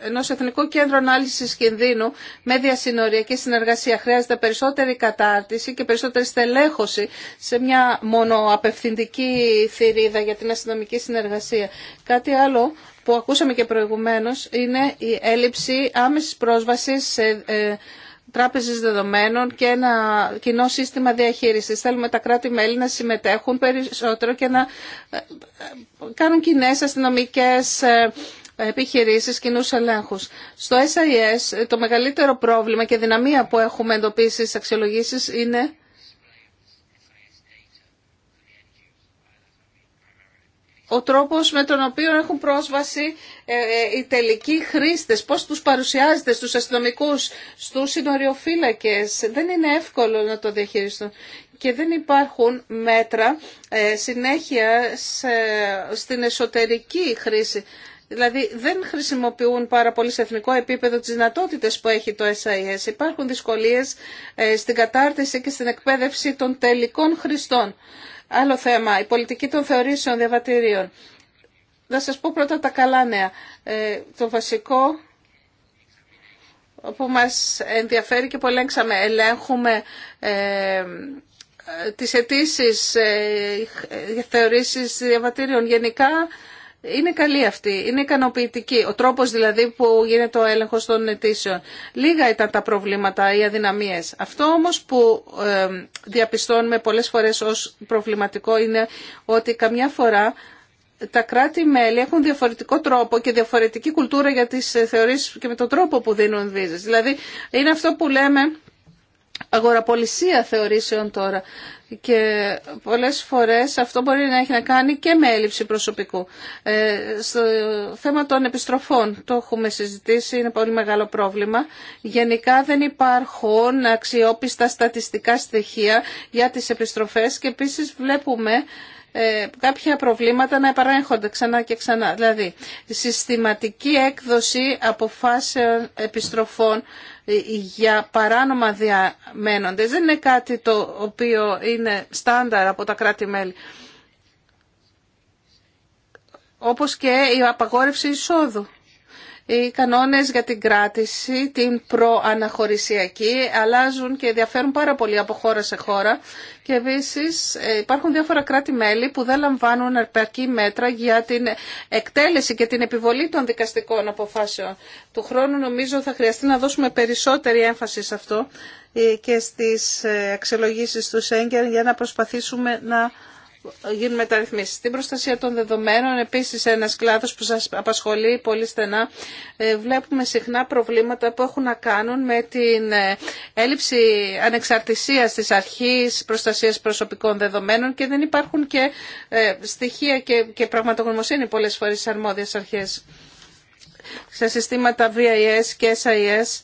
Ενό Εθνικού Κέντρου Ανάλυσης Κινδύνου με διασυνοριακή συνεργασία. Χρειάζεται περισσότερη κατάρτιση και περισσότερη στελέχωση σε μια μονοαπευθυντική θηρίδα για την αστυνομική συνεργασία. Κάτι άλλο που ακούσαμε και προηγουμένως είναι η έλλειψη άμεσης πρόσβασης σε ε, τράπεζες δεδομένων και ένα κοινό σύστημα διαχείρισης. Θέλουμε τα κράτη-μέλη να συμμετέχουν περισσότερο και να ε, ε, κάνουν κοινέ αστυνομικές Επιχειρήσει κοινού ελέγχου. Στο SIS το μεγαλύτερο πρόβλημα και δυναμία που έχουμε εντοπίσει στις αξιολογήσεις είναι ο τρόπος με τον οποίο έχουν πρόσβαση ε, ε, οι τελικοί χρήστες, πώς τους παρουσιάζεται στους αστυνομικούς, στους συνοριοφύλακες. Δεν είναι εύκολο να το διαχειριστούν και δεν υπάρχουν μέτρα ε, συνέχεια στην εσωτερική χρήση Δηλαδή δεν χρησιμοποιούν πάρα πολύ σε εθνικό επίπεδο τις δυνατότητες που έχει το SIS. Υπάρχουν δυσκολίες ε, στην κατάρτιση και στην εκπαίδευση των τελικών χρηστών. Άλλο θέμα, η πολιτική των θεωρήσεων διαβατηρίων. Να σας πω πρώτα τα καλά νέα. Ε, το βασικό που μας ενδιαφέρει και που ελέγξαμε, ελέγχουμε ε, τις αιτήσει ε, ε διαβατήριων γενικά είναι καλή αυτή, είναι ικανοποιητική. Ο τρόπος δηλαδή που γίνεται ο έλεγχο των αιτήσεων. Λίγα ήταν τα προβλήματα, οι αδυναμίε. Αυτό όμως που ε, διαπιστώνουμε πολλές φορές ως προβληματικό είναι ότι καμιά φορά τα κράτη-μέλη έχουν διαφορετικό τρόπο και διαφορετική κουλτούρα για τις θεωρήσει και με τον τρόπο που δίνουν βίζες. Δηλαδή είναι αυτό που λέμε αγοραπολισία θεωρήσεων τώρα και πολλές φορές αυτό μπορεί να έχει να κάνει και με έλλειψη προσωπικού. Ε, στο θέμα των επιστροφών το έχουμε συζητήσει, είναι πολύ μεγάλο πρόβλημα. Γενικά δεν υπάρχουν αξιόπιστα στατιστικά στοιχεία για τις επιστροφές και επίσης βλέπουμε ε, κάποια προβλήματα να επαρέχονται ξανά και ξανά. Δηλαδή, συστηματική έκδοση αποφάσεων επιστροφών για παράνομα διαμένοντες. Δεν είναι κάτι το οποίο είναι στάνταρ από τα κράτη-μέλη. Όπως και η απαγόρευση εισόδου. Οι κανόνες για την κράτηση, την προαναχωρησιακή, αλλάζουν και διαφέρουν πάρα πολύ από χώρα σε χώρα και επίση ε, υπάρχουν διάφορα κράτη-μέλη που δεν λαμβάνουν αρπακή μέτρα για την εκτέλεση και την επιβολή των δικαστικών αποφάσεων. Του χρόνου νομίζω θα χρειαστεί να δώσουμε περισσότερη έμφαση σε αυτό ε, και στις ε, αξιολογήσεις του Σέγγερ για να προσπαθήσουμε να γίνουν μεταρρυθμίσεις. Στην προστασία των δεδομένων, επίσης ένας κλάδος που σας απασχολεί πολύ στενά, ε, βλέπουμε συχνά προβλήματα που έχουν να κάνουν με την ε, έλλειψη ανεξαρτησίας της αρχής προστασίας προσωπικών δεδομένων και δεν υπάρχουν και ε, στοιχεία και πραγματογνωμοσύνη πολλές φορές στις αρμόδιες αρχές. Σε συστήματα VIS και SIS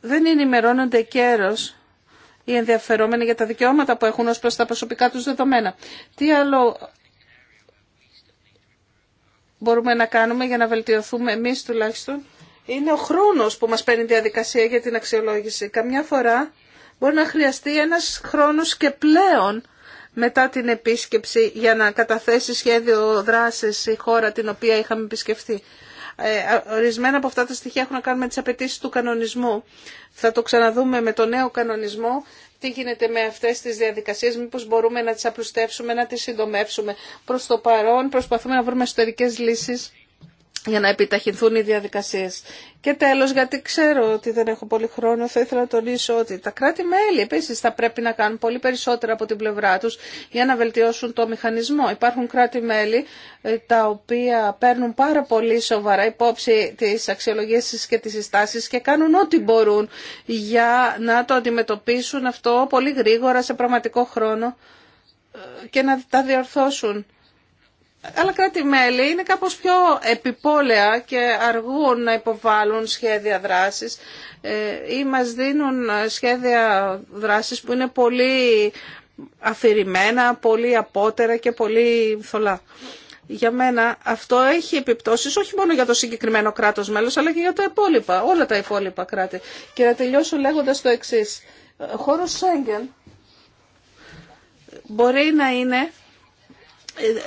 δεν ενημερώνονται καιρός οι ενδιαφερόμενοι για τα δικαιώματα που έχουν ως προς τα προσωπικά τους δεδομένα. Τι άλλο μπορούμε να κάνουμε για να βελτιωθούμε εμείς τουλάχιστον. Είναι ο χρόνος που μας παίρνει η διαδικασία για την αξιολόγηση. Καμιά φορά μπορεί να χρειαστεί ένας χρόνος και πλέον μετά την επίσκεψη για να καταθέσει σχέδιο δράσης η χώρα την οποία είχαμε επισκεφθεί. Ε, ορισμένα από αυτά τα στοιχεία έχουν να κάνουν με τις απαιτήσει του κανονισμού. Θα το ξαναδούμε με το νέο κανονισμό, τι γίνεται με αυτές τις διαδικασίες, μήπως μπορούμε να τις απλουστεύσουμε, να τις συντομεύσουμε. Προς το παρόν προσπαθούμε να βρούμε εσωτερικές λύσεις για να επιταχυνθούν οι διαδικασίες. Και τέλος, γιατί ξέρω ότι δεν έχω πολύ χρόνο, θα ήθελα να τονίσω ότι τα κράτη-μέλη επίσης θα πρέπει να κάνουν πολύ περισσότερα από την πλευρά τους για να βελτιώσουν το μηχανισμό. Υπάρχουν κράτη-μέλη ε, τα οποία παίρνουν πάρα πολύ σοβαρά υπόψη τις αξιολογήσεις και τις συστάσεις και κάνουν ό,τι μπορούν για να το αντιμετωπίσουν αυτό πολύ γρήγορα σε πραγματικό χρόνο ε, και να τα διορθώσουν άλλα κράτη-μέλη είναι κάπως πιο επιπόλαια και αργούν να υποβάλουν σχέδια δράσης ε, ή μας δίνουν σχέδια δράσης που είναι πολύ αφηρημένα, πολύ απότερα και πολύ θολά. Για μένα αυτό έχει επιπτώσεις όχι μόνο για το συγκεκριμένο κράτος μέλος αλλά και για τα υπόλοιπα, όλα τα υπόλοιπα κράτη. Και να τελειώσω λέγοντας το εξής. Ο χώρος Σέγγεν μπορεί να είναι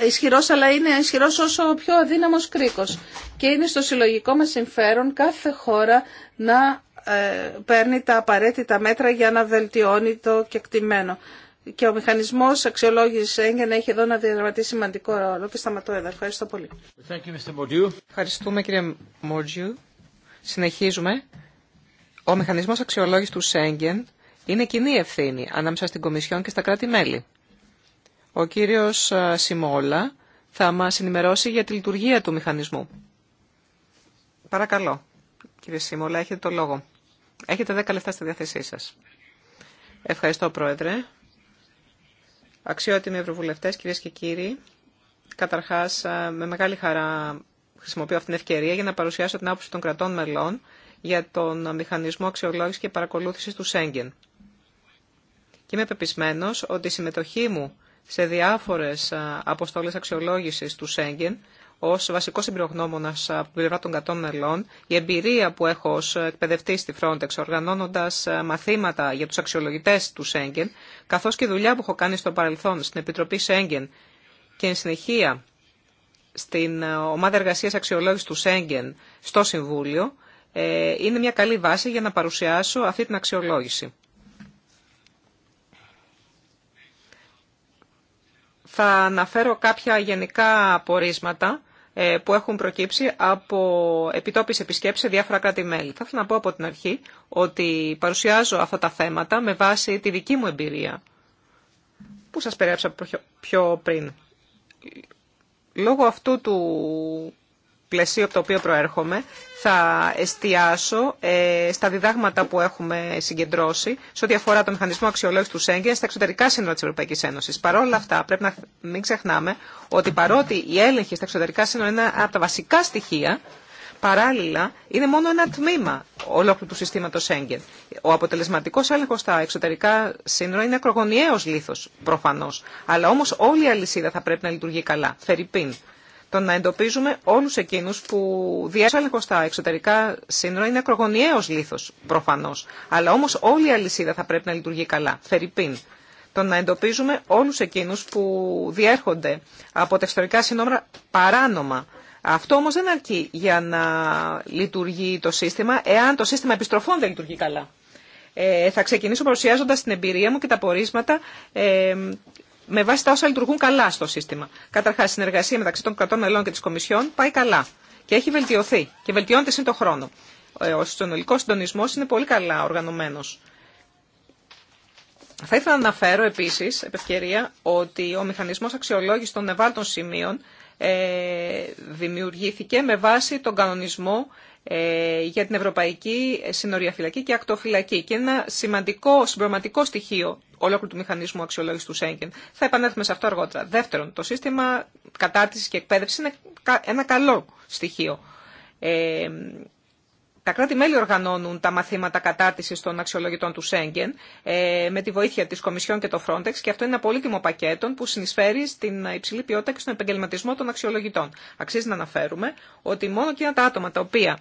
ε, ισχυρό, αλλά είναι ισχυρό όσο ο πιο αδύναμος κρίκο. Και είναι στο συλλογικό μα συμφέρον κάθε χώρα να ε, παίρνει τα απαραίτητα μέτρα για να βελτιώνει το κεκτημένο. Και ο μηχανισμό αξιολόγηση έγκαινα έχει εδώ να διαδραματίσει σημαντικό ρόλο. Και σταματώ εδώ. Ευχαριστώ πολύ.
Ευχαριστούμε κύριε Μόρτζιου. Συνεχίζουμε. Ο μηχανισμός αξιολόγησης του Σέγγεν είναι κοινή ευθύνη ανάμεσα στην Κομισιόν και στα κράτη-μέλη. Ο κύριος Σιμόλα θα μας ενημερώσει για τη λειτουργία του μηχανισμού. Παρακαλώ, κύριε Σιμόλα, έχετε το λόγο. Έχετε 10 λεφτά στη διάθεσή σας. Ευχαριστώ, Πρόεδρε. Αξιότιμοι Ευρωβουλευτές, κυρίες και κύριοι, καταρχάς με μεγάλη χαρά χρησιμοποιώ αυτήν την ευκαιρία για να παρουσιάσω την άποψη των κρατών μελών για τον μηχανισμό αξιολόγηση και παρακολούθησης του Σέγγεν. Και είμαι πεπισμένο ότι η συμμετοχή μου σε διάφορες αποστολές αξιολόγησης του Σέγγεν ως βασικός εμπειρογνώμονας από την πλευρά των κατών μελών, η εμπειρία που έχω ως εκπαιδευτή στη Frontex οργανώνοντας μαθήματα για τους αξιολογητές του Σέγγεν, καθώς και η δουλειά που έχω κάνει στο παρελθόν στην Επιτροπή Σέγγεν και εν συνεχεία στην Ομάδα Εργασίας Αξιολόγησης του Σέγγεν στο Συμβούλιο, ε, είναι μια καλή βάση για να παρουσιάσω αυτή την αξιολόγηση. Θα αναφέρω κάποια γενικά πορίσματα ε, που έχουν προκύψει από επιτόπιες επισκέψεις σε διάφορα κράτη-μέλη. Θα ήθελα να πω από την αρχή ότι παρουσιάζω αυτά τα θέματα με βάση τη δική μου εμπειρία που σας περιέψα πιο πριν. Λόγω αυτού του πλαισίο από το οποίο προέρχομαι, θα εστιάσω ε, στα διδάγματα που έχουμε συγκεντρώσει σε ό,τι αφορά το μηχανισμό αξιολόγηση του Σέγγεν στα εξωτερικά σύνορα τη Ευρωπαϊκή Ένωση. Παρόλα αυτά, πρέπει να μην ξεχνάμε ότι παρότι η έλεγχη στα εξωτερικά σύνορα είναι ένα από τα βασικά στοιχεία, παράλληλα είναι μόνο ένα τμήμα ολόκληρου του συστήματο Σέγγεν. Ο αποτελεσματικό έλεγχο στα εξωτερικά σύνορα είναι ακρογωνιαίο λήθο προφανώ. Αλλά όμω όλη η αλυσίδα θα πρέπει να λειτουργεί καλά. Φερρυπίν το να εντοπίζουμε όλους εκείνους που διέσαλεχο στα εξωτερικά σύνορα είναι ακρογωνιαίος λίθος προφανώς. Αλλά όμως όλη η αλυσίδα θα πρέπει να λειτουργεί καλά. Φερρυπίν. Το να εντοπίζουμε όλους εκείνους που διέρχονται από τα εξωτερικά σύνορα παράνομα. Αυτό όμως δεν αρκεί για να λειτουργεί το σύστημα, εάν το σύστημα επιστροφών δεν λειτουργεί καλά. Ε, θα ξεκινήσω παρουσιάζοντας την εμπειρία μου και τα πορίσματα ε, με βάση τα όσα λειτουργούν καλά στο σύστημα. Καταρχά, η συνεργασία μεταξύ των κρατών μελών και τη Κομισιόν πάει καλά και έχει βελτιωθεί και βελτιώνεται σύν το χρόνο. Ε, ο συνολικό συντονισμό είναι πολύ καλά οργανωμένο. Θα ήθελα να αναφέρω επίση, επευκαιρία, ότι ο μηχανισμό αξιολόγηση των ευάλωτων σημείων ε, δημιουργήθηκε με βάση τον κανονισμό ε, για την Ευρωπαϊκή Συνοριαφυλακή και Ακτοφυλακή και ένα σημαντικό συμπροματικό στοιχείο ολόκληρου του μηχανισμού αξιολόγηση του Σέγγεν. Θα επανέλθουμε σε αυτό αργότερα. Δεύτερον, το σύστημα κατάρτισης και εκπαίδευση είναι ένα καλό στοιχείο. Ε, τα κράτη-μέλη οργανώνουν τα μαθήματα κατάρτισης των αξιολογητών του Σέγγεν ε, με τη βοήθεια της Κομισιόν και το Frontex και αυτό είναι ένα πολύτιμο πακέτο που συνεισφέρει στην υψηλή ποιότητα και στον επαγγελματισμό των αξιολογητών. Αξίζει να αναφέρουμε ότι μόνο εκείνα τα άτομα τα οποία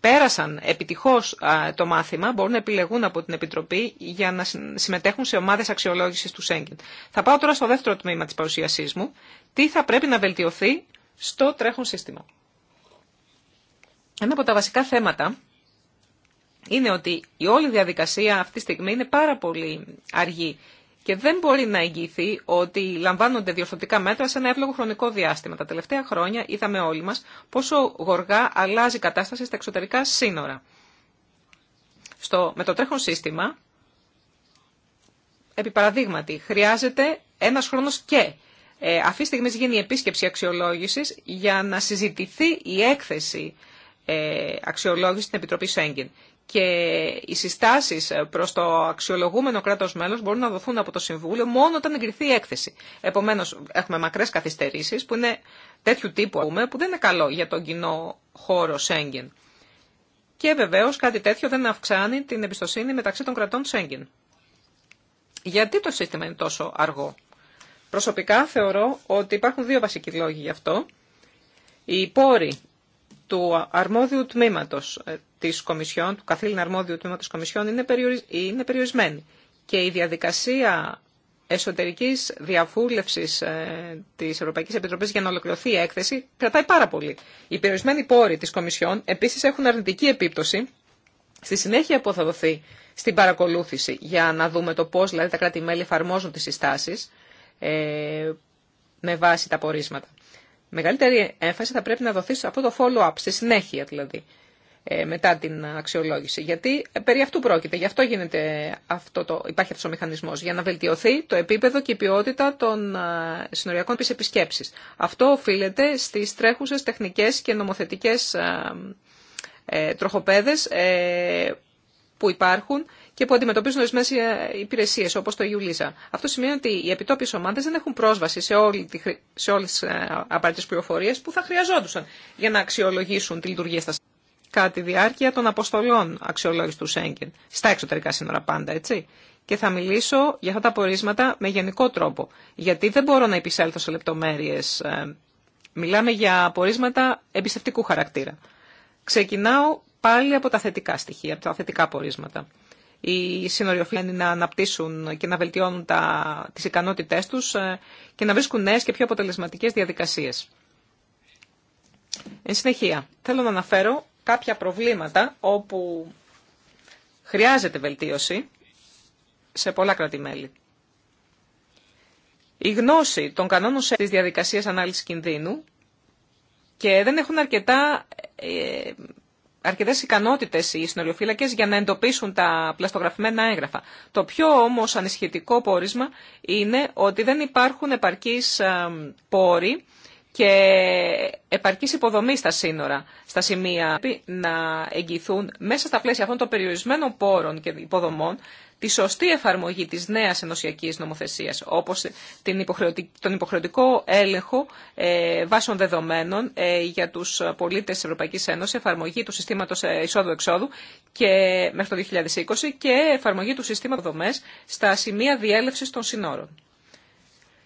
πέρασαν επιτυχώς το μάθημα μπορούν να επιλεγούν από την Επιτροπή για να συμμετέχουν σε ομάδες αξιολόγησης του Σέγγεν. Θα πάω τώρα στο δεύτερο τμήμα της παρουσίασής μου. Τι θα πρέπει να βελτιωθεί στο τρέχον σύστημα. Ένα από τα βασικά θέματα είναι ότι η όλη διαδικασία αυτή τη στιγμή είναι πάρα πολύ αργή και δεν μπορεί να εγγυηθεί ότι λαμβάνονται διορθωτικά μέτρα σε ένα εύλογο χρονικό διάστημα. Τα τελευταία χρόνια είδαμε όλοι μας πόσο γοργά αλλάζει η κατάσταση στα εξωτερικά σύνορα. Στο, με το τρέχον σύστημα, επί παραδείγματι, χρειάζεται ένας χρόνος και. Ε, αυτή τη στιγμή γίνει η επίσκεψη αξιολόγησης για να συζητηθεί η έκθεση ε, αξιολόγηση στην Επιτροπή Σέγγιν. Και οι συστάσεις ε, προς το αξιολογούμενο κράτος μέλος μπορούν να δοθούν από το Συμβούλιο μόνο όταν εγκριθεί η έκθεση. Επομένως, έχουμε μακρές καθυστερήσεις που είναι τέτοιου τύπου, που δεν είναι καλό για τον κοινό χώρο Σέγγιν. Και βεβαίως κάτι τέτοιο δεν αυξάνει την εμπιστοσύνη μεταξύ των κρατών Σέγγιν. Γιατί το σύστημα είναι τόσο αργό. Προσωπικά θεωρώ ότι υπάρχουν δύο βασικοί λόγοι γι' αυτό. Οι πόροι του αρμόδιου τμήματος ε, της Κομισιόν, του καθήλυνα αρμόδιου τμήματος Κομισιόν είναι, περιορισ... είναι περιορισμένη. Και η διαδικασία εσωτερικής διαφούλευσης ε, της Ευρωπαϊκής Επιτροπής για να ολοκληρωθεί η έκθεση κρατάει πάρα πολύ. Οι περιορισμένοι πόροι της Κομισιόν επίσης έχουν αρνητική επίπτωση στη συνέχεια που θα δοθεί στην παρακολούθηση για να δούμε το πώς δηλαδή, τα κράτη-μέλη εφαρμόζουν τις συστάσεις ε, με βάση τα πορίσματα. Μεγαλύτερη έμφαση θα πρέπει να δοθεί σε αυτό το follow-up, στη συνέχεια δηλαδή, ε, μετά την αξιολόγηση. Γιατί ε, περί αυτού πρόκειται, γι' αυτό γίνεται αυτό το, υπάρχει αυτός ο μηχανισμός, για να βελτιωθεί το επίπεδο και η ποιότητα των ε, συνοριακών της επισκέψης. Αυτό οφείλεται στις τρέχουσες τεχνικές και νομοθετικές τροχοπέδες που υπάρχουν και που αντιμετωπίζουν ορισμένε υπηρεσίε, όπω το Ιουλίζα. Αυτό σημαίνει ότι οι επιτόπιε ομάδε δεν έχουν πρόσβαση σε, όλη τη, σε όλε τι ε, απαραίτητε πληροφορίε που θα χρειαζόντουσαν για να αξιολογήσουν τη λειτουργία στα κατά τη διάρκεια των αποστολών αξιολόγηση του Σέγγεν, στα εξωτερικά σύνορα πάντα, έτσι. Και θα μιλήσω για αυτά τα πορίσματα με γενικό τρόπο, γιατί δεν μπορώ να επισέλθω σε λεπτομέρειε. Ε, μιλάμε για πορίσματα εμπιστευτικού χαρακτήρα. Ξεκινάω πάλι από τα θετικά στοιχεία, από τα θετικά πορίσματα οι σύνοριοφύλακοι να αναπτύσσουν και να βελτιώνουν τα, τις ικανότητές τους ε, και να βρίσκουν νέες και πιο αποτελεσματικές διαδικασίες. Εν συνεχεία, θέλω να αναφέρω κάποια προβλήματα όπου χρειάζεται βελτίωση σε πολλά κράτη-μέλη. Η γνώση των κανόνων σε της διαδικασίας ανάλυσης κινδύνου και δεν έχουν αρκετά ε, αρκετέ ικανότητε οι συνολιοφύλακε για να εντοπίσουν τα πλαστογραφημένα έγγραφα. Το πιο όμω ανησυχητικό πόρισμα είναι ότι δεν υπάρχουν επαρκεί ε, πόροι και επαρκή υποδομή στα σύνορα, στα σημεία να εγγυηθούν μέσα στα πλαίσια αυτών των περιορισμένων πόρων και υποδομών τη σωστή εφαρμογή της νέας ενωσιακής νομοθεσίας, όπως την τον υποχρεωτικό έλεγχο ε, βάσεων δεδομένων ε, για τους πολίτες της Ευρωπαϊκής Ένωσης, εφαρμογή του συστήματος ε, εισόδου-εξόδου και, μέχρι το 2020 και εφαρμογή του συστήματος δομές στα σημεία διέλευσης των συνόρων.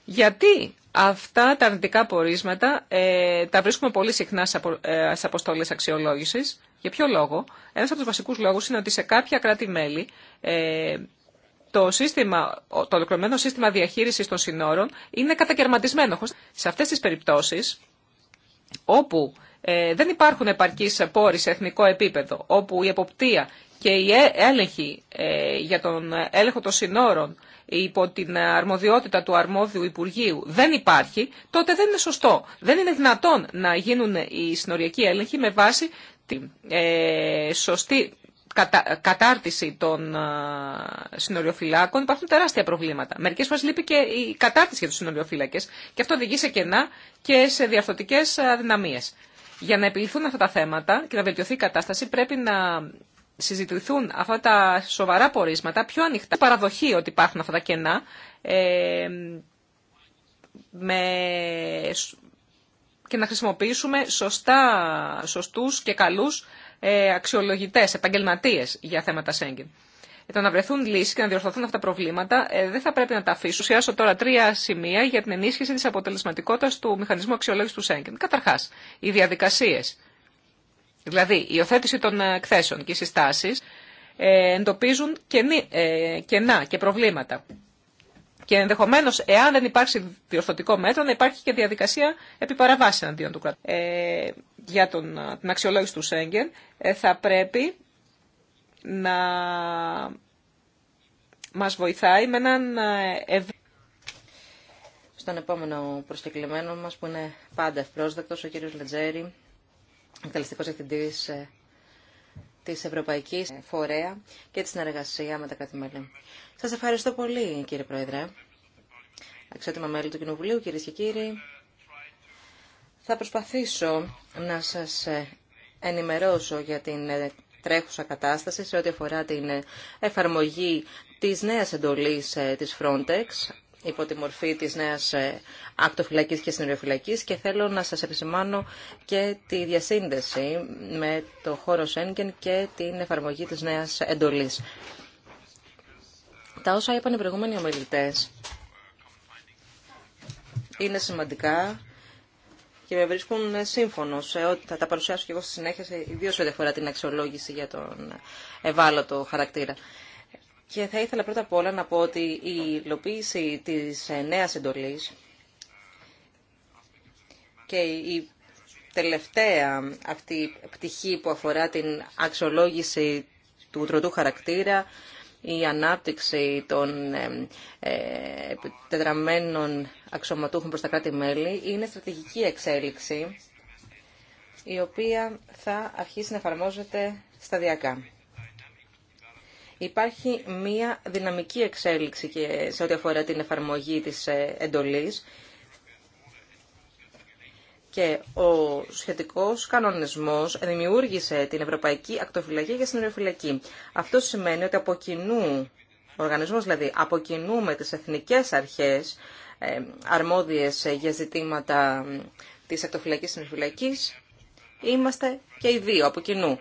Γιατί αυτά τα αρνητικά πορίσματα ε, τα βρίσκουμε πολύ συχνά ε, σε αποστολές αξιολόγησης. Για ποιο λόγο. Ένας από τους βασικούς λόγους είναι ότι σε κάποια κράτη-μέλη ε, το, σύστημα, το ολοκληρωμένο σύστημα διαχείρισης των συνόρων είναι κατακαιρματισμένο. Σε αυτές τις περιπτώσεις, όπου ε, δεν υπάρχουν επαρκείς πόροι σε εθνικό επίπεδο, όπου η εποπτεία και η ε, έλεγχη ε, για τον έλεγχο των συνόρων υπό την αρμοδιότητα του αρμόδιου Υπουργείου δεν υπάρχει, τότε δεν είναι σωστό. Δεν είναι δυνατόν να γίνουν οι συνοριακοί έλεγχοι με βάση τη ε, σωστή κατάρτιση των συνοριοφυλάκων. Υπάρχουν τεράστια προβλήματα. Μερικές φορές λείπει και η κατάρτιση για τους συνοριοφύλακες και αυτό οδηγεί σε κενά και σε διαρθωτικές αδυναμίες. Για να επιληθούν αυτά τα θέματα και να βελτιωθεί η κατάσταση πρέπει να συζητηθούν αυτά τα σοβαρά πορίσματα πιο ανοιχτά. Παραδοχή ότι υπάρχουν αυτά τα κενά ε, με, και να χρησιμοποιήσουμε σωστά, σωστούς και καλούς ε, αξιολογητές, επαγγελματίες για θέματα Σέγγεν. Ε, το να βρεθούν λύσει και να διορθωθούν αυτά τα προβλήματα ε, δεν θα πρέπει να τα αφήσω. Σειράσω τώρα τρία σημεία για την ενίσχυση τη αποτελεσματικότητα του μηχανισμού αξιολόγηση του Σέγγεν. Καταρχά, οι διαδικασίε Δηλαδή, η υιοθέτηση των ε, εκθέσεων και οι συστάσεις ε, εντοπίζουν ε, κενά και προβλήματα. Και ενδεχομένω, εάν δεν υπάρξει διορθωτικό μέτρο, να υπάρχει και διαδικασία επιπαραβάσης του κράτου. Ε, για τον, την αξιολόγηση του Σέγγεν, θα πρέπει να
μας βοηθάει με έναν ευρύ. Στον επόμενο προσκεκλημένο μας που είναι πάντα ευπρόσδεκτο ο κύριος Λετζέρη, εκτελεστικός διευθυντής ε, της Ευρωπαϊκής Φορέα και τη συνεργασία με τα κράτη-μέλη. Σας ευχαριστώ πολύ, κύριε Πρόεδρε. Αξιότιμα μέλη του Κοινοβουλίου, κυρίε και κύριοι, θα προσπαθήσω να σας ε, ενημερώσω για την ε, τρέχουσα κατάσταση σε ό,τι αφορά την εφαρμογή της νέας εντολής της Frontex υπό τη μορφή της νέας ε, ακτοφυλακής και συνεργοφυλακή και θέλω να σας επισημάνω και τη διασύνδεση με το χώρο Σένγκεν και την εφαρμογή της νέας εντολής. Τα όσα είπαν οι προηγούμενοι ομιλητές είναι σημαντικά και με βρίσκουν σύμφωνο σε ό,τι θα τα παρουσιάσω και εγώ στη συνέχεια, ιδίω ό,τι αφορά την αξιολόγηση για τον ευάλωτο χαρακτήρα. Και θα ήθελα πρώτα απ' όλα να πω ότι η υλοποίηση της ε, νέας εντολής και η τελευταία αυτή πτυχή που αφορά την αξιολόγηση του τροτού χαρακτήρα, η ανάπτυξη των ε, ε τετραμένων αξιωματούχων προς τα κράτη-μέλη είναι στρατηγική εξέλιξη η οποία θα αρχίσει να εφαρμόζεται σταδιακά υπάρχει μία δυναμική εξέλιξη και σε ό,τι αφορά την εφαρμογή της ε, εντολής και ο σχετικός κανονισμός δημιούργησε την Ευρωπαϊκή Ακτοφυλακή για Συνοριοφυλακή. Αυτό σημαίνει ότι από κοινού, ο οργανισμός δηλαδή, από κοινού με τις εθνικές αρχές ε, αρμόδιες για ζητήματα της ακτοφυλακής και είμαστε και οι δύο από κοινού.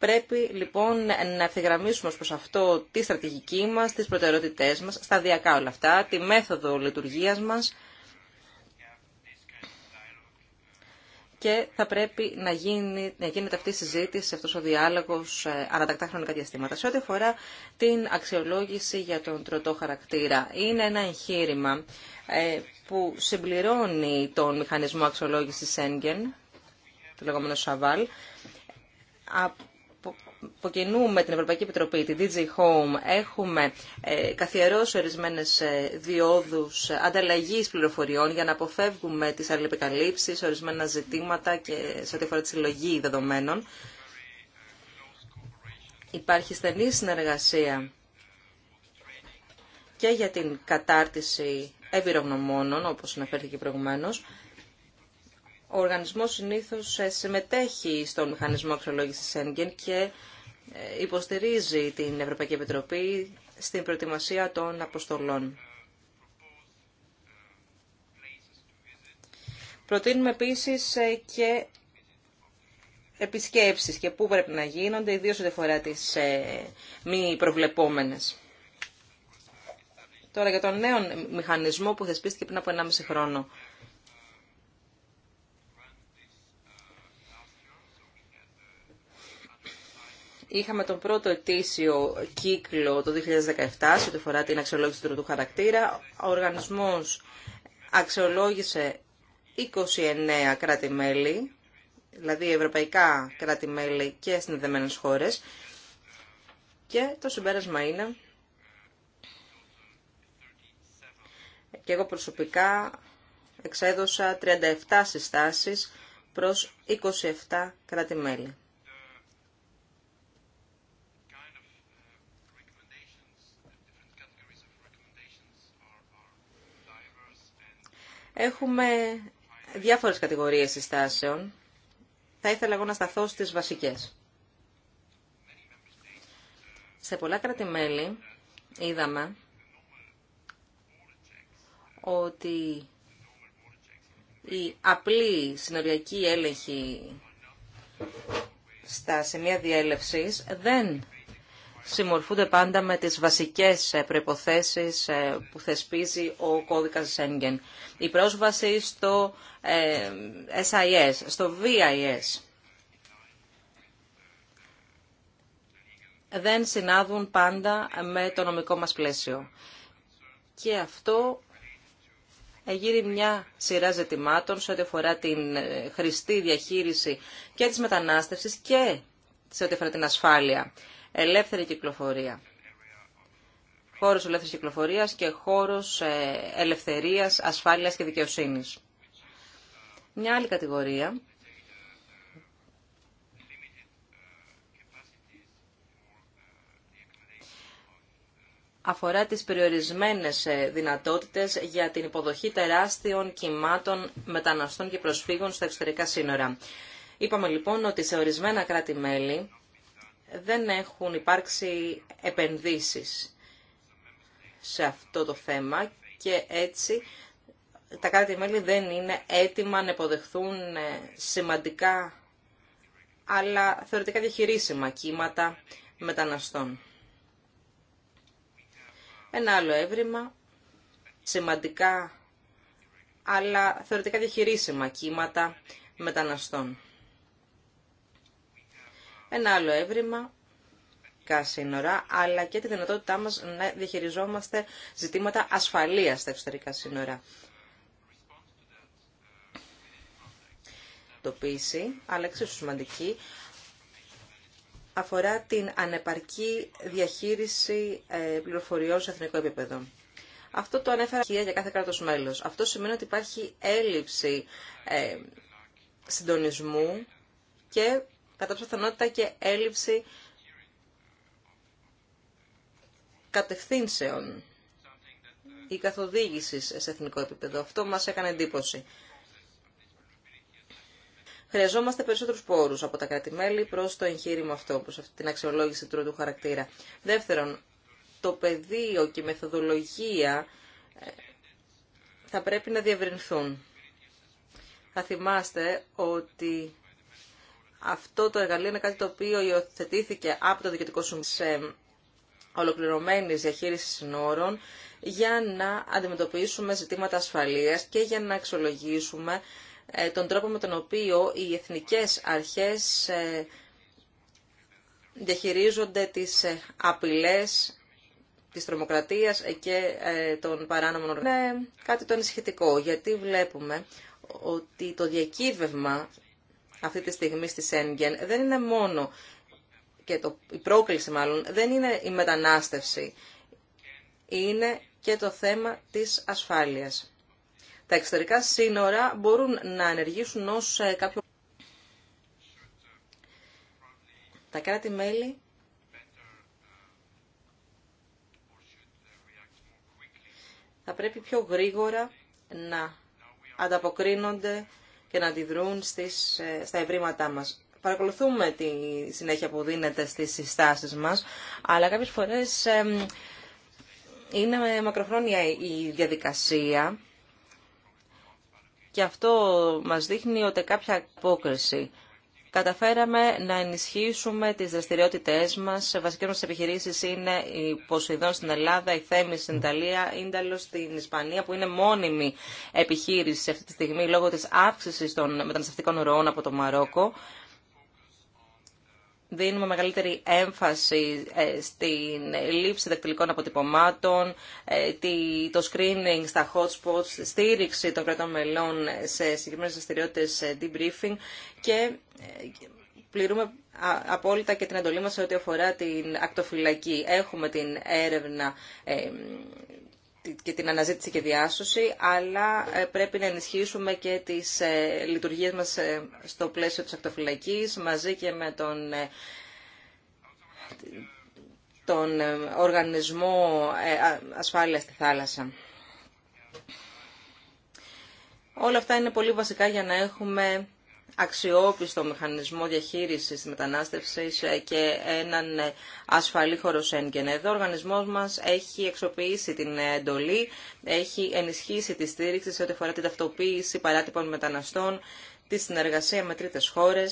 Πρέπει λοιπόν να ευθυγραμμίσουμε προς αυτό τη στρατηγική μας, τις προτεραιότητές μας, σταδιακά όλα αυτά, τη μέθοδο λειτουργίας μας και θα πρέπει να, γίνει, να γίνεται αυτή η συζήτηση, αυτός ο διάλογος ε, ανατακτά χρονικά διαστήματα. Σε ό,τι αφορά την αξιολόγηση για τον τροτό χαρακτήρα, είναι ένα εγχείρημα ε, που συμπληρώνει τον μηχανισμό αξιολόγησης Σέγγεν, το λεγόμενο Σαβάλ, από με την Ευρωπαϊκή Επιτροπή, την DG Home, έχουμε ε, καθιερώσει ορισμένε ε, διόδου ανταλλαγή πληροφοριών για να αποφεύγουμε τι αλληλεπικαλύψει, ορισμένα ζητήματα και σε ό,τι αφορά τη συλλογή δεδομένων. Υπάρχει στενή συνεργασία και για την κατάρτιση εμπειρογνωμόνων, όπως αναφέρθηκε προηγουμένως, ο οργανισμός συνήθως ε, συμμετέχει στον μηχανισμό αξιολόγησης Σέγγεν και ε, υποστηρίζει την Ευρωπαϊκή Επιτροπή στην προετοιμασία των αποστολών. Προτείνουμε επίσης ε, και επισκέψεις και πού πρέπει να γίνονται, ιδίως ό,τι αφορά τις μη προβλεπόμενες. Τώρα για τον νέο μηχανισμό που θεσπίστηκε πριν από 1,5 χρόνο. Είχαμε τον πρώτο ετήσιο κύκλο το 2017 σε ό,τι αφορά την αξιολόγηση του χαρακτήρα. Ο οργανισμός αξιολόγησε 29 κράτη-μέλη, δηλαδή ευρωπαϊκά κράτη-μέλη και συνδεδεμένες χώρες. Και το συμπέρασμα είναι, και εγώ προσωπικά εξέδωσα 37 συστάσεις προς 27 κράτη-μέλη. Έχουμε διάφορες κατηγορίες συστάσεων. Θα ήθελα εγώ να σταθώ στις βασικές. Σε πολλά κράτη-μέλη είδαμε ότι η απλή συνοριακή έλεγχη στα σημεία διέλευσης δεν συμμορφούνται πάντα με τις βασικές ε, προϋποθέσεις ε, που θεσπίζει ο κώδικας Σέγγεν. Η πρόσβαση στο SIS, ε, στο VIS, δεν συνάδουν πάντα με το νομικό μας πλαίσιο. Και αυτό γύρει μια σειρά ζητημάτων σε ό,τι αφορά την χρηστή διαχείριση και της μετανάστευσης και σε ό,τι αφορά την ασφάλεια ελεύθερη κυκλοφορία. Χώρος ελεύθερης κυκλοφορίας και χώρος ε, ελευθερίας, ασφάλειας και δικαιοσύνης. Μια άλλη κατηγορία αφορά τις περιορισμένες ε, δυνατότητες για την υποδοχή τεράστιων κυμάτων μεταναστών και προσφύγων στα εξωτερικά σύνορα. Είπαμε λοιπόν ότι σε ορισμένα κράτη-μέλη δεν έχουν υπάρξει επενδύσεις σε αυτό το θέμα και έτσι τα κράτη-μέλη δεν είναι έτοιμα να υποδεχθούν ε, σημαντικά αλλά θεωρητικά διαχειρίσιμα κύματα μεταναστών. Ένα άλλο έβριμα, σημαντικά αλλά θεωρητικά διαχειρίσιμα κύματα μεταναστών ένα άλλο έβριμα σύνορα, αλλά και τη δυνατότητά μας να διαχειριζόμαστε ζητήματα ασφαλείας στα εξωτερικά σύνορα. Το πίση, αλλά εξίσου σημαντική, αφορά την ανεπαρκή διαχείριση ε, πληροφοριών σε εθνικό επίπεδο. Αυτό το ανέφερα για κάθε κράτος μέλος. Αυτό σημαίνει ότι υπάρχει έλλειψη ε, συντονισμού και κατά πιθανότητα και έλλειψη κατευθύνσεων ή καθοδήγηση σε εθνικό επίπεδο. Αυτό μας έκανε εντύπωση. Χρειαζόμαστε περισσότερους πόρους από τα κράτη-μέλη προ το εγχείρημα αυτό, προ την αξιολόγηση του ροτού χαρακτήρα. Δεύτερον, το πεδίο και η μεθοδολογία ε, θα πρέπει να διευρυνθούν. Θα θυμάστε ότι αυτό το εργαλείο είναι κάτι το οποίο υιοθετήθηκε από το Διοικητικό σε ολοκληρωμένη διαχείριση συνόρων για να αντιμετωπίσουμε ζητήματα ασφαλείας και για να αξιολογήσουμε ε, τον τρόπο με τον οποίο οι εθνικές αρχές ε, διαχειρίζονται τις ε, απειλές της τρομοκρατίας και των παράνομων οργανών. Είναι κάτι το ανησυχητικό, γιατί βλέπουμε ότι το διακύβευμα αυτή τη στιγμή στη Σένγκεν δεν είναι μόνο, και το, η πρόκληση μάλλον, δεν είναι η μετανάστευση. Είναι και το θέμα της ασφάλειας. Τα εξωτερικά σύνορα μπορούν να ενεργήσουν ως ε, κάποιο... Τα κράτη-μέλη θα πρέπει πιο γρήγορα να ανταποκρίνονται και να αντιδρούν στις, ε, στα ευρήματά μας. Παρακολουθούμε τη συνέχεια που δίνεται στις συστάσεις μας, αλλά κάποιες φορές είναι μακροχρόνια η διαδικασία και αυτό μας δείχνει ότι κάποια απόκριση καταφέραμε να ενισχύσουμε τις δραστηριότητε μας. Σε βασικές μας επιχειρήσεις είναι η Ποσειδόν στην Ελλάδα, η Θέμη στην Ιταλία, η Ίνταλο στην Ισπανία, που είναι μόνιμη επιχείρηση αυτή τη στιγμή λόγω της αύξηση των μεταναστευτικών ροών από το Μαρόκο δίνουμε μεγαλύτερη έμφαση ε, στην λήψη δεκτυλικών αποτυπωμάτων, ε, το screening στα hotspots, spots, στήριξη των κρατών μελών σε συγκεκριμένες δραστηριότητε ε, debriefing και πληρούμε απόλυτα και την εντολή μας σε ό,τι αφορά την ακτοφυλακή. Έχουμε την έρευνα και την αναζήτηση και διάσωση, αλλά ε, πρέπει να ενισχύσουμε και τις ε, λειτουργίες μας ε, στο πλαίσιο της ακτοφυλακής, μαζί και με τον, τον Οργανισμό Ασφάλειας στη Θάλασσα. Όλα αυτά είναι πολύ βασικά για να έχουμε αξιόπιστο μηχανισμό διαχείριση τη μετανάστευση ε, και έναν ε, ασφαλή χώρο Σέγγεν. Εδώ ο οργανισμός μας έχει εξοπλίσει την ε, εντολή, έχει ενισχύσει τη στήριξη σε ό,τι αφορά την ταυτοποίηση παράτυπων μεταναστών, τη συνεργασία με τρίτες χώρε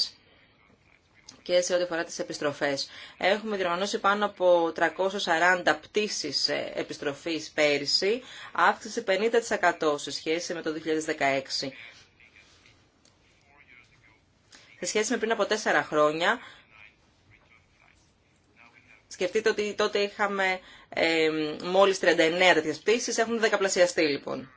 και σε ό,τι αφορά τις επιστροφές. Έχουμε διοργανώσει πάνω από 340 πτήσεις επιστροφής πέρυσι, αύξηση 50% σε σχέση με το 2016 σε σχέση με πριν από τέσσερα χρόνια. Σκεφτείτε ότι τότε είχαμε ε, μόλις 39 τέτοιε πτήσεις, έχουν δεκαπλασιαστεί λοιπόν.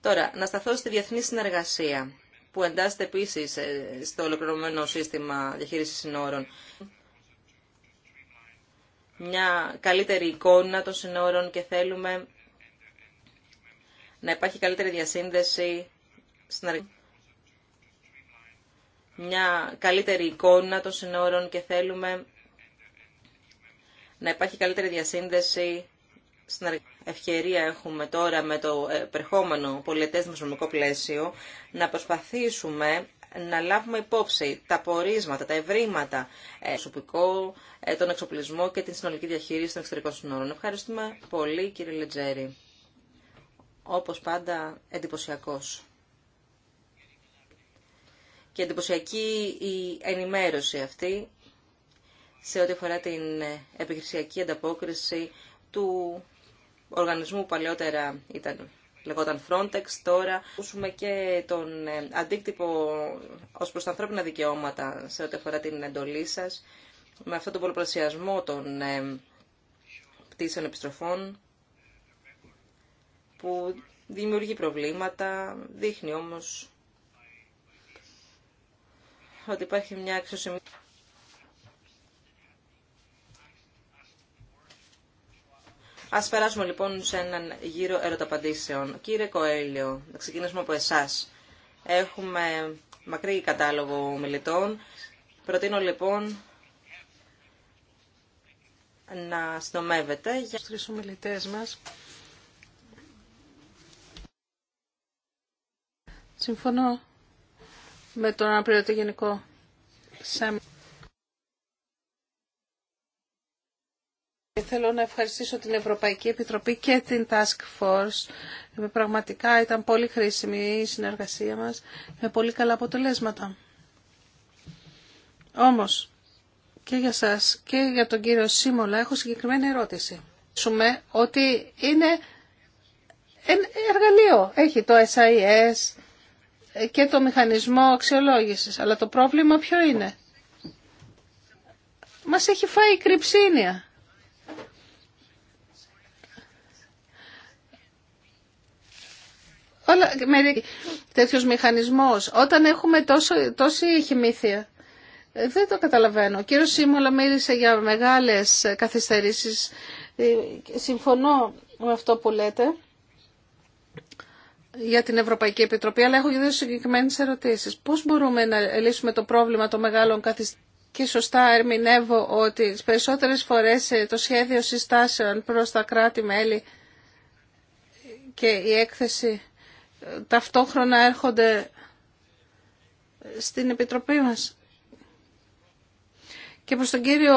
Τώρα, να σταθώ στη διεθνή συνεργασία, που εντάσσεται επίση ε, στο ολοκληρωμένο σύστημα διαχείρισης συνόρων. Μια καλύτερη εικόνα των συνόρων και θέλουμε να υπάρχει καλύτερη διασύνδεση στην μια καλύτερη εικόνα των συνόρων και θέλουμε να υπάρχει καλύτερη διασύνδεση. Στην ευκαιρία έχουμε τώρα με το ε, περχόμενο πολιτές δημοσιονομικό πλαίσιο να προσπαθήσουμε να λάβουμε υπόψη τα πορίσματα, τα ευρήματα, το ε, ε, τον εξοπλισμό και την συνολική διαχείριση των εξωτερικών συνόρων. Ευχαριστούμε πολύ κύριε Λετζέρη. Όπως πάντα εντυπωσιακός και εντυπωσιακή η ενημέρωση αυτή σε ό,τι αφορά την επιχειρησιακή ανταπόκριση του οργανισμού που παλαιότερα ήταν, λεγόταν Frontex, τώρα ακούσουμε και τον ε, αντίκτυπο ως προς τα ανθρώπινα δικαιώματα σε ό,τι αφορά την εντολή σας, με αυτόν τον πολλαπλασιασμό των ε, πτήσεων επιστροφών που δημιουργεί προβλήματα, δείχνει όμως ότι υπάρχει μια Ας περάσουμε λοιπόν σε έναν γύρο ερωταπαντήσεων. Κύριε Κοέλιο, να ξεκινήσουμε από εσάς. Έχουμε μακρύ κατάλογο μιλητών. Προτείνω λοιπόν να συνομεύετε για τους τρεις ομιλητές μας.
Συμφωνώ με τον αναπληρωτή γενικό Σέμ. Θέλω να ευχαριστήσω την Ευρωπαϊκή Επιτροπή και την Task Force. Ε, πραγματικά ήταν πολύ χρήσιμη η συνεργασία μας με πολύ καλά αποτελέσματα. Όμως, και για σας και για τον κύριο Σίμολα έχω συγκεκριμένη ερώτηση. Σούμε ότι είναι εργαλείο. Έχει το SIS, ε, και το μηχανισμό αξιολόγησης. Αλλά το πρόβλημα ποιο είναι. Μας έχει φάει η κρυψίνια. Όλα, με τέτοιος μηχανισμός, όταν έχουμε τόσο, τόση χημήθεια, ε, δεν το καταλαβαίνω. Ο κύριος Σίμουλα μίλησε για μεγάλες καθυστερήσεις. Ε, συμφωνώ με αυτό που λέτε για την Ευρωπαϊκή Επιτροπή, αλλά έχω δύο συγκεκριμένε ερωτήσει. Πώς μπορούμε να λύσουμε το πρόβλημα των μεγάλων καθυστερήσεων και σωστά ερμηνεύω ότι τι περισσότερε φορές ε, το σχέδιο συστάσεων προ τα κράτη-μέλη και η έκθεση ε, ταυτόχρονα έρχονται ε, στην Επιτροπή μας. Και προς τον κύριο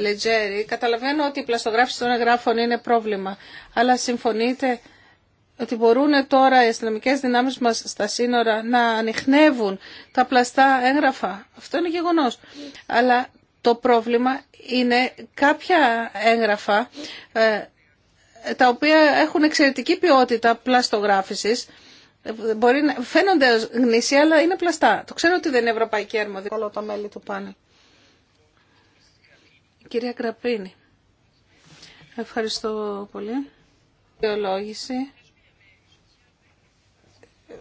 Λετζέρη, καταλαβαίνω ότι η πλαστογράφηση των εγγράφων είναι πρόβλημα, αλλά συμφωνείτε ότι μπορούν τώρα οι αστυνομικέ δυνάμεις μας στα σύνορα να ανοιχνεύουν τα πλαστά έγγραφα. Αυτό είναι γεγονός. Αλλά το πρόβλημα είναι κάποια έγγραφα ε, τα οποία έχουν εξαιρετική ποιότητα πλαστογράφησης. Μπορεί να φαίνονται γνήσια, αλλά είναι πλαστά. Το ξέρω ότι δεν είναι ευρωπαϊκή αρμοδιότητα. Όλο το μέλη του πάνε. Κυρία Κραπίνη. Ευχαριστώ πολύ. Βιολόγηση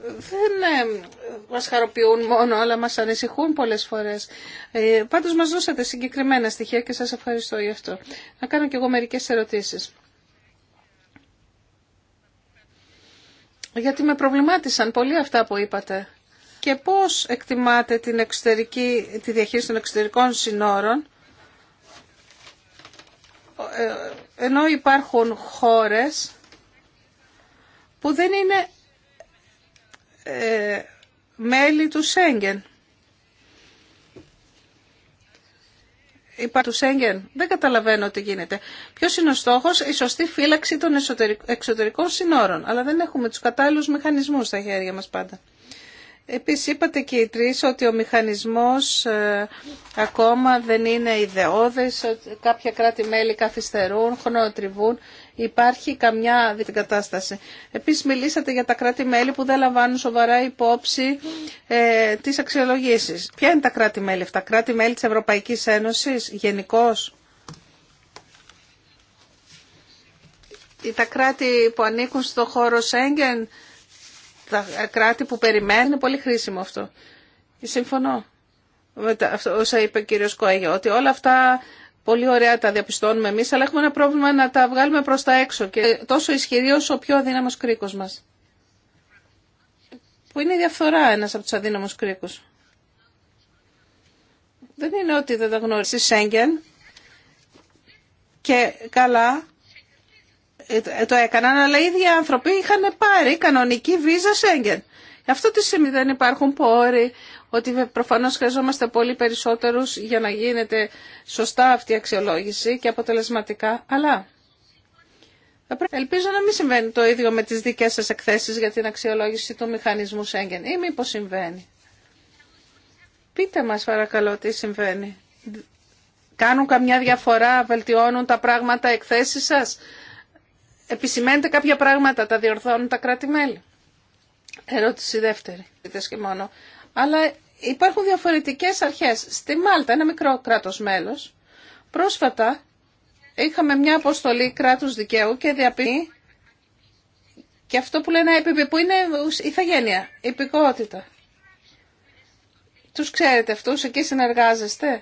δεν ε, μας χαροποιούν μόνο, αλλά μας ανησυχούν πολλές φορές. Ε, πάντως μας δώσατε συγκεκριμένα στοιχεία και σας ευχαριστώ γι' αυτό. Να κάνω κι εγώ μερικές ερωτήσεις. Γιατί με προβλημάτισαν πολύ αυτά που είπατε. Και πώς εκτιμάτε την εξωτερική, τη διαχείριση των εξωτερικών συνόρων, ε, ενώ υπάρχουν χώρες που δεν είναι ε, μέλη του Σέγγεν. Είπα του Σέγγεν. Δεν καταλαβαίνω τι γίνεται. Ποιο είναι ο στόχο, η σωστή φύλαξη των εξωτερικών συνόρων. Αλλά δεν έχουμε του κατάλληλου μηχανισμού στα χέρια μα πάντα. Επίση, είπατε και οι τρει ότι ο μηχανισμό ε, ακόμα δεν είναι ιδεώδε, κάποια κράτη-μέλη καθυστερούν, χρονοτριβούν υπάρχει καμιά κατάσταση. Επίσης μιλήσατε για τα κράτη-μέλη που δεν λαμβάνουν σοβαρά υπόψη ε, τις αξιολογήσεις. Ποια είναι τα κράτη-μέλη αυτά, κράτη-μέλη της Ευρωπαϊκής Ένωσης γενικώ. Τα κράτη που ανήκουν στο χώρο Σέγγεν, τα κράτη που περιμένουν, είναι πολύ χρήσιμο αυτό. Συμφωνώ με αυτό, όσα είπε ο κύριος Κοέγιο, ότι όλα αυτά Πολύ ωραία τα διαπιστώνουμε εμείς, αλλά έχουμε ένα πρόβλημα να τα βγάλουμε προς τα έξω και τόσο ισχυρή όσο ο πιο αδύναμος κρίκος μας. Που είναι η διαφθορά ένας από τους αδύναμους κρίκους. Δεν είναι ότι δεν τα γνώρισε Σέγγεν και καλά ε, ε, το έκαναν, αλλά οι ίδιοι άνθρωποι είχαν πάρει κανονική βίζα Σέγγεν. Αυτό τι σημαίνει, δεν υπάρχουν πόροι, ότι προφανώς χρειαζόμαστε πολύ περισσότερους για να γίνεται σωστά αυτή η αξιολόγηση και αποτελεσματικά, αλλά ελπίζω να μην συμβαίνει το ίδιο με τις δικές σας εκθέσεις για την αξιολόγηση του μηχανισμού Σέγγεν ή μήπως συμβαίνει. Πείτε μας παρακαλώ τι συμβαίνει. Κάνουν καμιά διαφορά, βελτιώνουν τα πράγματα εκθέσεις σας. Επισημαίνετε κάποια πράγματα, τα διορθώνουν τα κράτη-μέλη. Ερώτηση δεύτερη. Και μόνο. Αλλά υπάρχουν διαφορετικές αρχές. Στη Μάλτα, ένα μικρό κράτος μέλος, πρόσφατα είχαμε μια αποστολή κράτους δικαίου και διαπί. και αυτό που λένε έπιπη που είναι ηθαγένεια, υπηκότητα. Τους ξέρετε αυτούς, εκεί συνεργάζεστε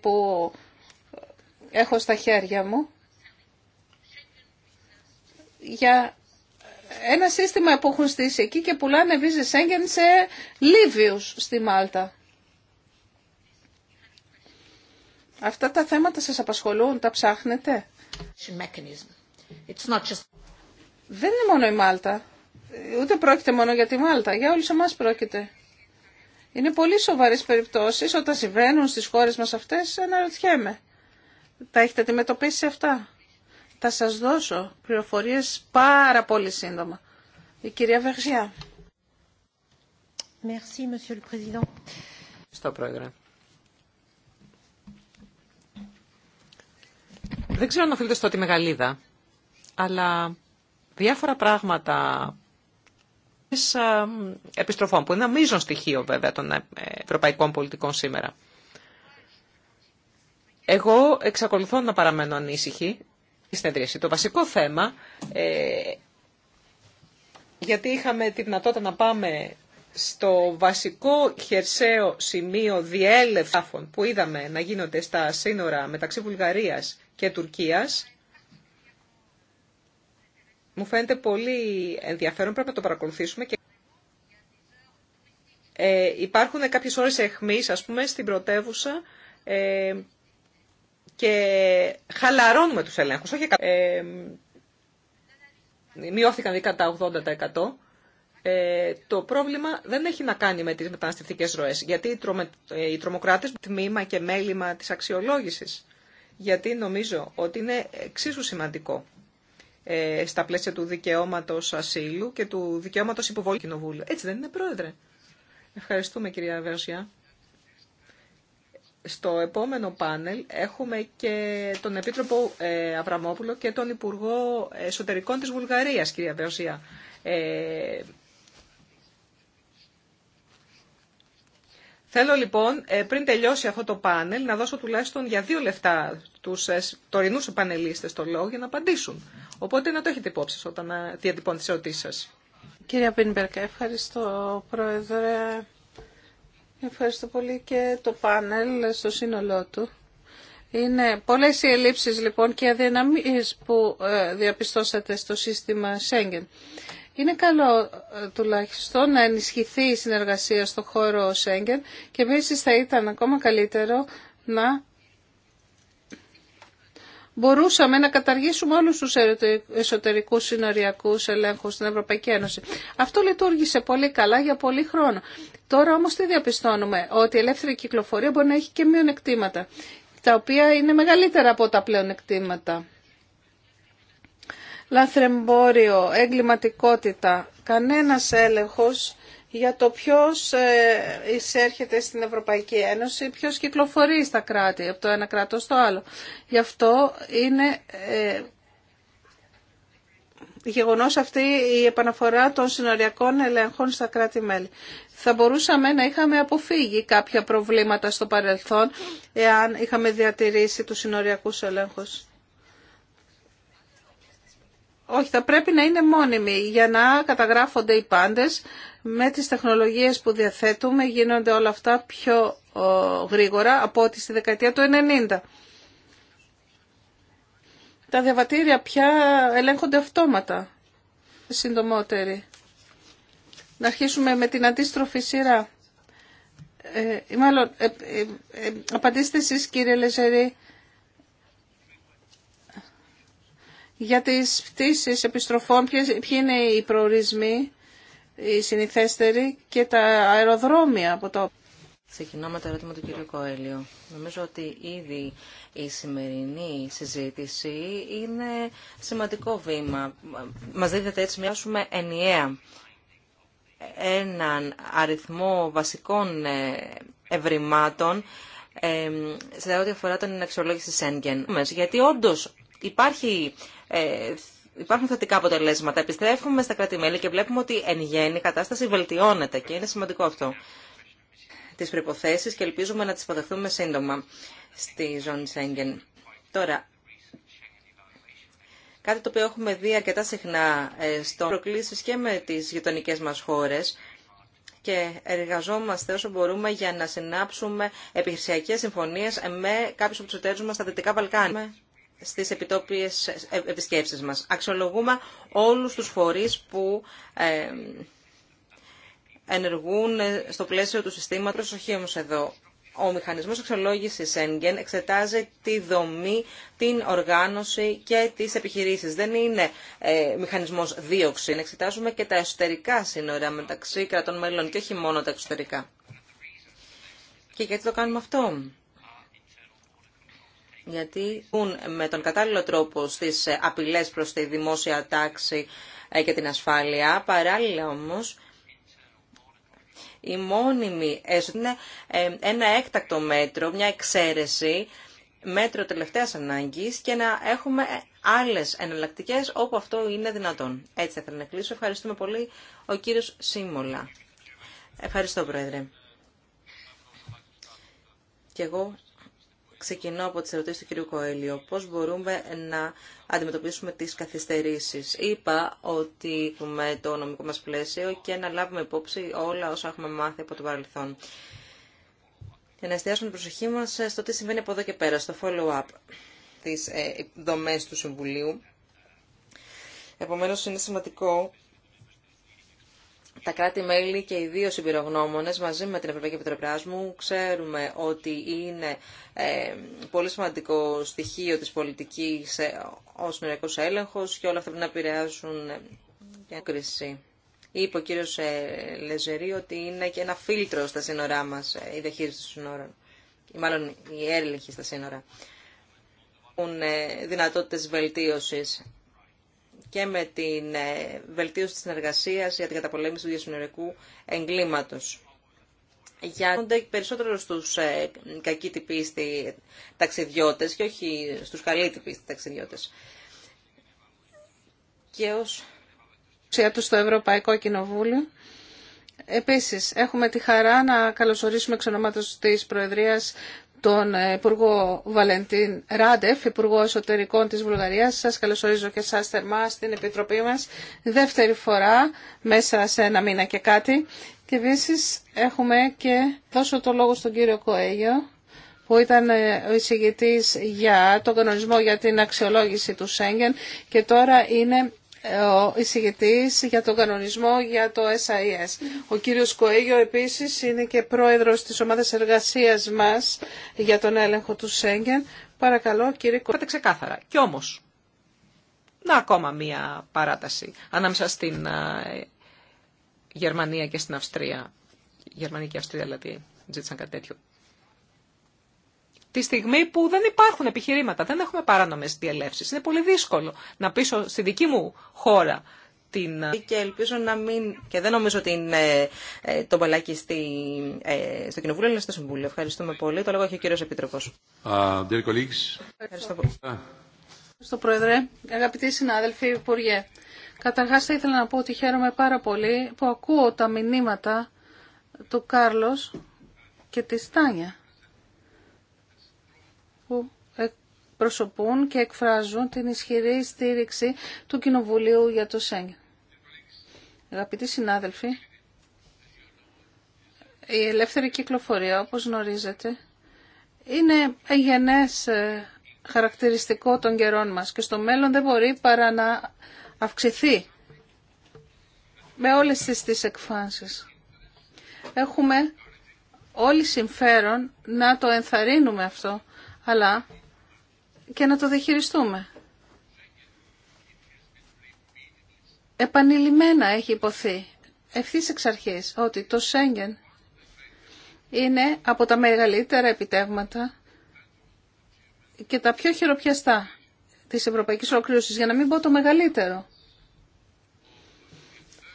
που έχω στα χέρια μου για ένα σύστημα που έχουν στήσει εκεί και πουλάνε βίζε Σέγγεν σε Λίβιους στη Μάλτα. Αυτά τα θέματα σας απασχολούν, τα ψάχνετε. It's not just... Δεν είναι μόνο η Μάλτα. Ούτε πρόκειται μόνο για τη Μάλτα. Για όλους εμάς πρόκειται. Είναι πολύ σοβαρές περιπτώσεις όταν συμβαίνουν στις χώρες μας αυτές, αναρωτιέμαι. Τα έχετε αντιμετωπίσει αυτά. Θα σας δώσω πληροφορίες πάρα πολύ σύντομα. Η κυρία Βεργιά. Merci, Monsieur le Président.
Στο πρόεδρε. Δεν ξέρω αν οφείλεται στο ότι μεγαλίδα, αλλά διάφορα πράγματα ε, επιστροφών, που είναι ένα μείζον στοιχείο βέβαια των ε, ευρωπαϊκών πολιτικών σήμερα. Εγώ εξακολουθώ να παραμένω ανήσυχη συνεδρίαση. Το βασικό θέμα, ε, γιατί είχαμε τη δυνατότητα να πάμε στο βασικό χερσαίο σημείο διέλευση που είδαμε να γίνονται στα σύνορα μεταξύ Βουλγαρίας και Τουρκίας, μου φαίνεται πολύ ενδιαφέρον, πρέπει να το παρακολουθήσουμε. Και... Ε, υπάρχουν κάποιες ώρες εχμής, ας πούμε, στην πρωτεύουσα ε, και χαλαρώνουμε τους ελέγχους. Όχι, ε, μειώθηκαν δικά κατά 80%. Ε, το πρόβλημα δεν έχει να κάνει με τις μεταναστευτικές ροές, γιατί οι, τρομε, ε, οι τρομοκράτες τμήμα και μέλημα της αξιολόγησης, γιατί νομίζω ότι είναι εξίσου σημαντικό ε, στα πλαίσια του δικαιώματος ασύλου και του δικαιώματος υποβολή κοινοβούλου. Έτσι δεν είναι πρόεδρε. Ευχαριστούμε κυρία Βερσιά στο επόμενο πάνελ έχουμε και τον Επίτροπο ε, Αβραμόπουλο και τον Υπουργό Εσωτερικών της Βουλγαρίας, κυρία Βεωσία. Ε, Θέλω λοιπόν, ε, πριν τελειώσει αυτό το πάνελ, να δώσω τουλάχιστον για δύο λεφτά τους ε, τωρινούς πανελίστες το λόγο για να απαντήσουν. Οπότε να το έχετε υπόψη όταν διατυπώνετε τις ερωτήσεις σας.
κυρία Πίνμπερκα, ευχαριστώ Πρόεδρε. Ευχαριστώ πολύ και το πάνελ στο σύνολό του. Είναι πολλές οι ελλείψεις λοιπόν και αδυναμίες που ε, διαπιστώσατε στο σύστημα Σέγγεν. Είναι καλό ε, τουλάχιστον να ενισχυθεί η συνεργασία στο χώρο Σέγγεν και επίση θα ήταν ακόμα καλύτερο να μπορούσαμε να καταργήσουμε όλους τους εσωτερικούς συνοριακούς ελέγχους στην Ευρωπαϊκή Ένωση. Αυτό λειτουργήσε πολύ καλά για πολύ χρόνο. Τώρα όμως τι διαπιστώνουμε, ότι η ελεύθερη κυκλοφορία μπορεί να έχει και μειονεκτήματα, τα οποία είναι μεγαλύτερα από τα πλεονεκτήματα. Λαθρεμπόριο, εγκληματικότητα, κανένας έλεγχος για το ποιος ε, εισέρχεται στην Ευρωπαϊκή Ένωση, ποιος κυκλοφορεί στα κράτη, από το ένα κράτος στο άλλο. Γι' αυτό είναι ε, γεγονός αυτή η επαναφορά των συνοριακών ελέγχων στα κράτη-μέλη. Θα μπορούσαμε να είχαμε αποφύγει κάποια προβλήματα στο παρελθόν εάν είχαμε διατηρήσει τους συνοριακούς ελέγχους. Όχι, θα πρέπει να είναι μόνιμοι για να καταγράφονται οι πάντες. Με τις τεχνολογίες που διαθέτουμε γίνονται όλα αυτά πιο γρήγορα από ό,τι στη δεκαετία του 90. Τα διαβατήρια πια ελέγχονται αυτόματα, συντομότεροι. Να αρχίσουμε με την αντίστροφη σειρά. Ε, μάλλον, ε, ε, ε, απαντήστε εσείς κύριε Λεζερή Για τις πτήσεις επιστροφών, ποιοι είναι οι
προορισμοί, οι συνηθέστεροι και τα αεροδρόμια από το... Ξεκινώ με το ερώτημα του κύριου Κοέλιο. Νομίζω ότι ήδη η σημερινή συζήτηση είναι σημαντικό βήμα. Μας δίδεται έτσι μοιάσουμε ενιαία έναν αριθμό βασικών ε, ευρημάτων ε, σε ό,τι αφορά την αξιολόγηση Σέγγεν. Γιατί όντως υπάρχει, ε, υπάρχουν θετικά αποτελέσματα. Επιστρέφουμε στα κράτη-μέλη και βλέπουμε ότι εν γέννη η κατάσταση βελτιώνεται και είναι σημαντικό αυτό. Τι προποθέσει και ελπίζουμε να τι υποδεχθούμε σύντομα στη ζώνη Σέγγεν. Τώρα, κάτι το οποίο έχουμε δει αρκετά συχνά ε, στο προκλήσει και με τι γειτονικέ μα χώρε, και εργαζόμαστε όσο μπορούμε για να συνάψουμε επιχειρησιακέ συμφωνίε με κάποιου από του εταίρου μα στα Δυτικά Βαλκάνια στις επιτόπιες επισκέψεις μας. Αξιολογούμε όλους τους φορείς που ε, ενεργούν στο πλαίσιο του συστήματος. Προσοχή όμως εδώ. Ο μηχανισμός αξιολόγησης Engen εξετάζει τη δομή, την οργάνωση και τις επιχειρήσεις. Δεν είναι ε, μηχανισμός δίωξη. Εξετάζουμε και τα εσωτερικά σύνορα μεταξύ κρατών μέλων και όχι μόνο τα εξωτερικά. Και γιατί το κάνουμε αυτό γιατί με τον κατάλληλο τρόπο στις ε, απειλές προς τη δημόσια τάξη ε, και την ασφάλεια. Παράλληλα όμως, η μόνιμη είναι ε, ένα έκτακτο μέτρο, μια εξαίρεση, μέτρο τελευταίας ανάγκης και να έχουμε άλλες εναλλακτικές όπου αυτό είναι δυνατόν. Έτσι θα ήθελα να κλείσω. Ευχαριστούμε πολύ ο κύριος Σίμολα. Ευχαριστώ, Πρόεδρε. Και εγώ ξεκινώ από τις ερωτήσεις του κ. Κοέλιο. Πώς μπορούμε να αντιμετωπίσουμε τις καθυστερήσεις. Είπα ότι έχουμε το νομικό μας πλαίσιο και να λάβουμε υπόψη όλα όσα έχουμε μάθει από το παρελθόν. Για να εστιάσουμε την προσοχή μας στο τι συμβαίνει από εδώ και πέρα, στο follow-up της ε, δομές του Συμβουλίου. Επομένως, είναι σημαντικό τα κράτη-μέλη και οι δύο συμπειρογνώμονε μαζί με την Ευρωπαϊκή Επιτροπή Άσμου ξέρουμε ότι είναι ε, πολύ σημαντικό στοιχείο της πολιτικής ε, ω έλεγχο έλεγχος και όλα αυτά πρέπει να επηρεάσουν την ε, κρίση. Είπε ο κύριος ε, Λεζερή ότι είναι και ένα φίλτρο στα σύνορά μας η διαχείριση των σύνορων ή μάλλον η έλεγχη στα σύνορα. Έχουν δυνατότητε βελτίωση και με την ε, βελτίωση της συνεργασίας για την καταπολέμηση του διασυνορικού εγκλήματος. Γιάνονται περισσότερο στους ε, κακοί τυπίστοι ταξιδιώτες και όχι στους καλοί τυπίστοι ταξιδιώτες. Και ως...
...του στο Ευρωπαϊκό Κοινοβούλιο. Επίσης, έχουμε τη χαρά να καλωσορίσουμε εξ ονόματος της Προεδρίας τον ε, Υπουργό Βαλεντίν Ράντεφ, Υπουργό Εσωτερικών της Βουλγαρίας. Σας καλωσορίζω και σας θερμά στην Επιτροπή μας δεύτερη φορά μέσα σε ένα μήνα και κάτι. Και επίση έχουμε και δώσω το λόγο στον κύριο Κοέγιο που ήταν ε, ο εισηγητής για τον κανονισμό για την αξιολόγηση του Σέγγεν και τώρα είναι ο εισηγητή για τον κανονισμό για το SIS. Ο κύριος Κοέγιο επίσης είναι και πρόεδρος της ομάδας εργασίας μας για τον έλεγχο του Σέγγεν. Παρακαλώ κύριε Κοέγιο. ξεκάθαρα. Κι όμως,
να ακόμα μία παράταση ανάμεσα στην ε, Γερμανία και στην Αυστρία. Γερμανία και Αυστρία δηλαδή ζήτησαν κάτι τέτοιο τη στιγμή που δεν υπάρχουν επιχειρήματα, δεν έχουμε παράνομες
διαλέψει. Είναι πολύ δύσκολο να πείσω στη δική μου χώρα την... Ε, και ελπίζω να μην... Και δεν νομίζω ότι είναι ε, το μπαλάκι στη... Ε, στο Κοινοβούλιο, αλλά στο Συμβούλιο. Ευχαριστούμε πολύ. Το λόγο έχει ο κύριο Επίτροπος.
Ευχαριστώ πολύ.
Ευχαριστώ,
Πρόεδρε. Αγαπητοί συνάδελφοι, Υπουργέ. Καταρχά θα ήθελα να πω ότι χαίρομαι πάρα πολύ που ακούω τα μηνύματα του Κάρλος και της Τάνια. Προσωπούν και εκφράζουν την ισχυρή στήριξη του Κοινοβουλίου για το Σέγγεν. Αγαπητοί συνάδελφοι, η ελεύθερη κυκλοφορία, όπως γνωρίζετε, είναι εγενές ε, χαρακτηριστικό των καιρών μας και στο μέλλον δεν μπορεί παρά να αυξηθεί με όλες τις, τις εκφάνσεις. Έχουμε όλοι συμφέρον να το ενθαρρύνουμε αυτό, αλλά και να το διαχειριστούμε. Επανειλημμένα έχει υποθεί ευθύ εξ αρχής ότι το Σέγγεν είναι από τα μεγαλύτερα επιτεύγματα και τα πιο χειροπιαστά της ευρωπαϊκής ολοκλήρωσης, για να μην πω το μεγαλύτερο.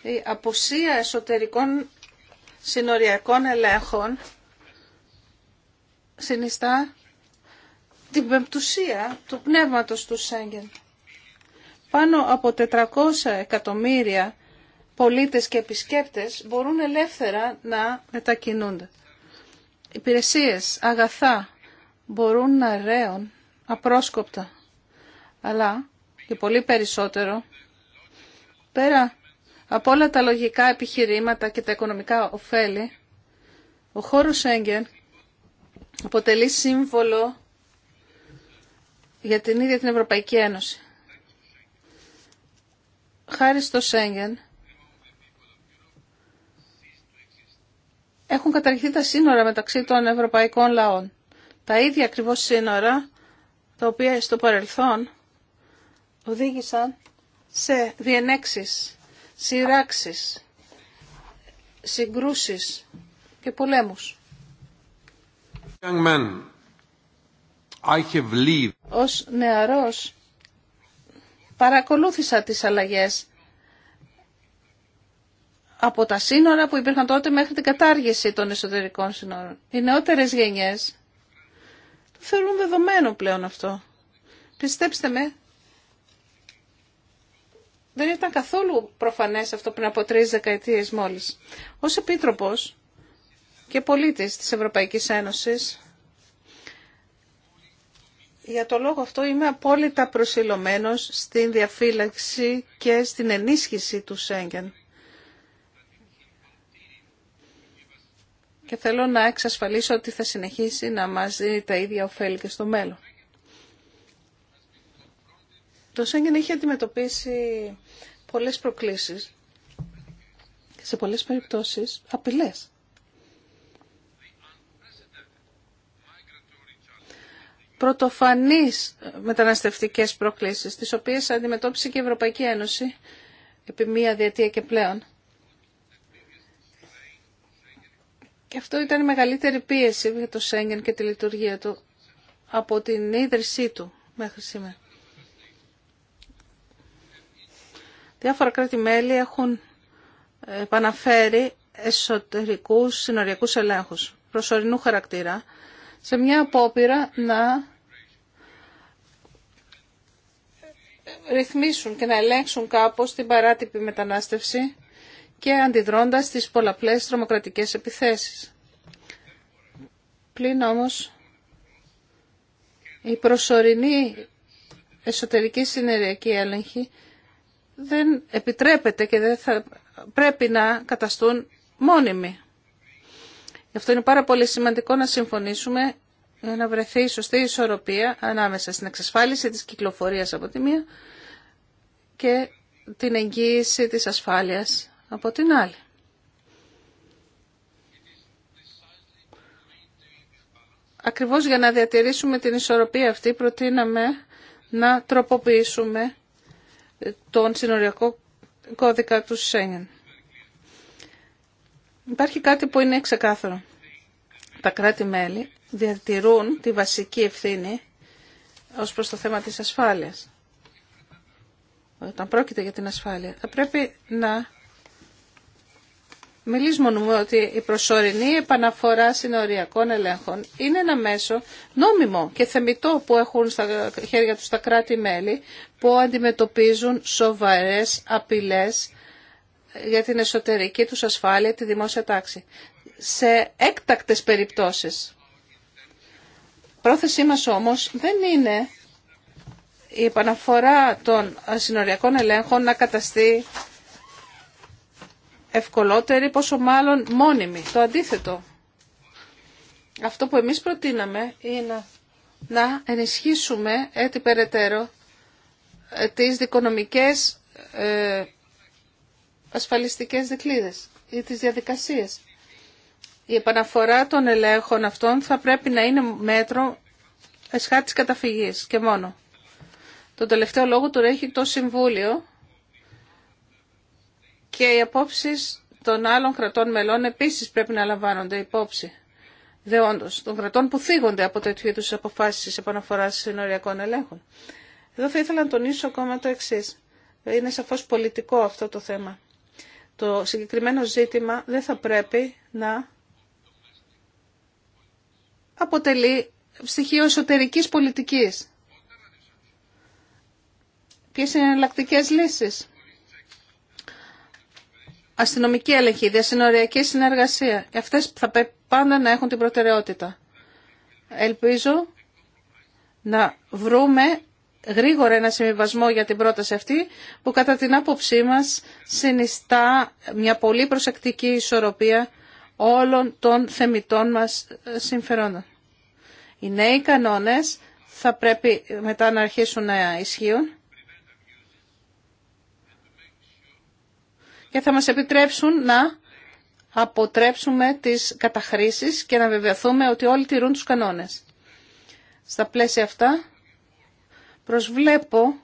Η αποσία εσωτερικών συνοριακών ελέγχων συνιστά την πεμπτουσία του πνεύματος του Σέγγεν. Πάνω από 400 εκατομμύρια πολίτες και επισκέπτες μπορούν ελεύθερα να μετακινούνται. Υπηρεσίες, αγαθά μπορούν να ρέουν απρόσκοπτα. Αλλά και πολύ περισσότερο, πέρα από όλα τα λογικά επιχειρήματα και τα οικονομικά ωφέλη, ο χώρος Σέγγεν αποτελεί σύμβολο για την ίδια την Ευρωπαϊκή Ένωση. Χάρη στο Σέγγεν έχουν καταργηθεί τα σύνορα μεταξύ των ευρωπαϊκών λαών. Τα ίδια ακριβώς σύνορα τα οποία στο παρελθόν οδήγησαν σε διενέξεις, σειράξεις, συγκρούσεις και πολέμους. I have lived. Ως νεαρός παρακολούθησα τις αλλαγές από τα σύνορα που υπήρχαν τότε μέχρι την κατάργηση των εσωτερικών σύνορων. Οι νεότερες γενιές το θεωρούν δεδομένο πλέον αυτό. Πιστέψτε με, δεν ήταν καθόλου προφανές αυτό πριν από τρεις δεκαετίες μόλις. Ως επίτροπος και πολίτης της Ευρωπαϊκής Ένωσης, για το λόγο αυτό είμαι απόλυτα προσιλωμένος στην διαφύλαξη και στην ενίσχυση του Σέγγεν. Και θέλω να εξασφαλίσω ότι θα συνεχίσει να μας δίνει τα ίδια ωφέλη και στο μέλλον. Το Σέγγεν έχει αντιμετωπίσει πολλές προκλήσεις και σε πολλές περιπτώσεις απειλές. πρωτοφανείς μεταναστευτικές προκλήσεις, τις οποίες αντιμετώπισε και η Ευρωπαϊκή Ένωση επί μία διετία και πλέον. Και αυτό ήταν η μεγαλύτερη πίεση για το Σέγγεν και τη λειτουργία του από την ίδρυσή του μέχρι σήμερα. Διάφορα κράτη-μέλη έχουν επαναφέρει εσωτερικούς συνοριακούς ελέγχους προσωρινού χαρακτήρα σε μια απόπειρα να ρυθμίσουν και να ελέγξουν κάπως την παράτυπη μετανάστευση και αντιδρώντας στις πολλαπλές τρομοκρατικές επιθέσεις. Πλην όμως η προσωρινή εσωτερική συνεργειακή έλεγχη δεν επιτρέπεται και δεν θα πρέπει να καταστούν μόνιμοι. Γι' αυτό είναι πάρα πολύ σημαντικό να συμφωνήσουμε για να βρεθεί η σωστή ισορροπία ανάμεσα στην εξασφάλιση της κυκλοφορίας από τη μία και την εγγύηση της ασφάλειας από την άλλη. Ακριβώς για να διατηρήσουμε την ισορροπία αυτή προτείναμε να τροποποιήσουμε τον συνοριακό κώδικα του Σέγγεν. Υπάρχει κάτι που είναι ξεκάθαρο τα κράτη-μέλη διατηρούν τη βασική ευθύνη ως προς το θέμα της ασφάλειας. Όταν πρόκειται για την ασφάλεια, θα πρέπει να μιλήσουμε ότι η προσωρινή επαναφορά συνοριακών ελέγχων είναι ένα μέσο νόμιμο και θεμητό που έχουν στα χέρια τους τα κράτη-μέλη που αντιμετωπίζουν σοβαρές απειλές για την εσωτερική τους ασφάλεια, τη δημόσια τάξη σε έκτακτες περιπτώσεις. Πρόθεσή μας όμως δεν είναι η επαναφορά των συνοριακών ελέγχων να καταστεί ευκολότερη, πόσο μάλλον μόνιμη. Το αντίθετο. Αυτό που εμείς προτείναμε είναι να ενισχύσουμε έτσι περαιτέρω ε, τις δικονομικές ε, ασφαλιστικές δικλείδες ή τις διαδικασίες η επαναφορά των ελέγχων αυτών θα πρέπει να είναι μέτρο εσχά της καταφυγής και μόνο. το τελευταίο λόγο του έχει το Συμβούλιο και οι απόψει των άλλων κρατών μελών επίσης πρέπει να λαμβάνονται υπόψη. Δε όντως, των κρατών που θίγονται από τέτοιου είδους αποφάσεις επαναφοράς συνοριακών ελέγχων. Εδώ θα ήθελα να τονίσω ακόμα το εξή. Είναι σαφώς πολιτικό αυτό το θέμα. Το συγκεκριμένο ζήτημα δεν θα πρέπει να αποτελεί στοιχείο εσωτερική πολιτικής. Ποιε είναι εναλλακτικέ λύσει. Αστυνομική έλεγχη, διασυνοριακή συνεργασία. Αυτές θα πρέπει πάντα να έχουν την προτεραιότητα. Ελπίζω να βρούμε γρήγορα ένα συμβιβασμό για την πρόταση αυτή που κατά την άποψή μας συνιστά μια πολύ προσεκτική ισορροπία όλων των θεμητών μας ε, συμφερόντων. Οι νέοι κανόνες θα πρέπει μετά να αρχίσουν να ισχύουν και θα μας επιτρέψουν να αποτρέψουμε τις καταχρήσεις και να βεβαιωθούμε ότι όλοι τηρούν τους κανόνες. Στα πλαίσια αυτά προσβλέπω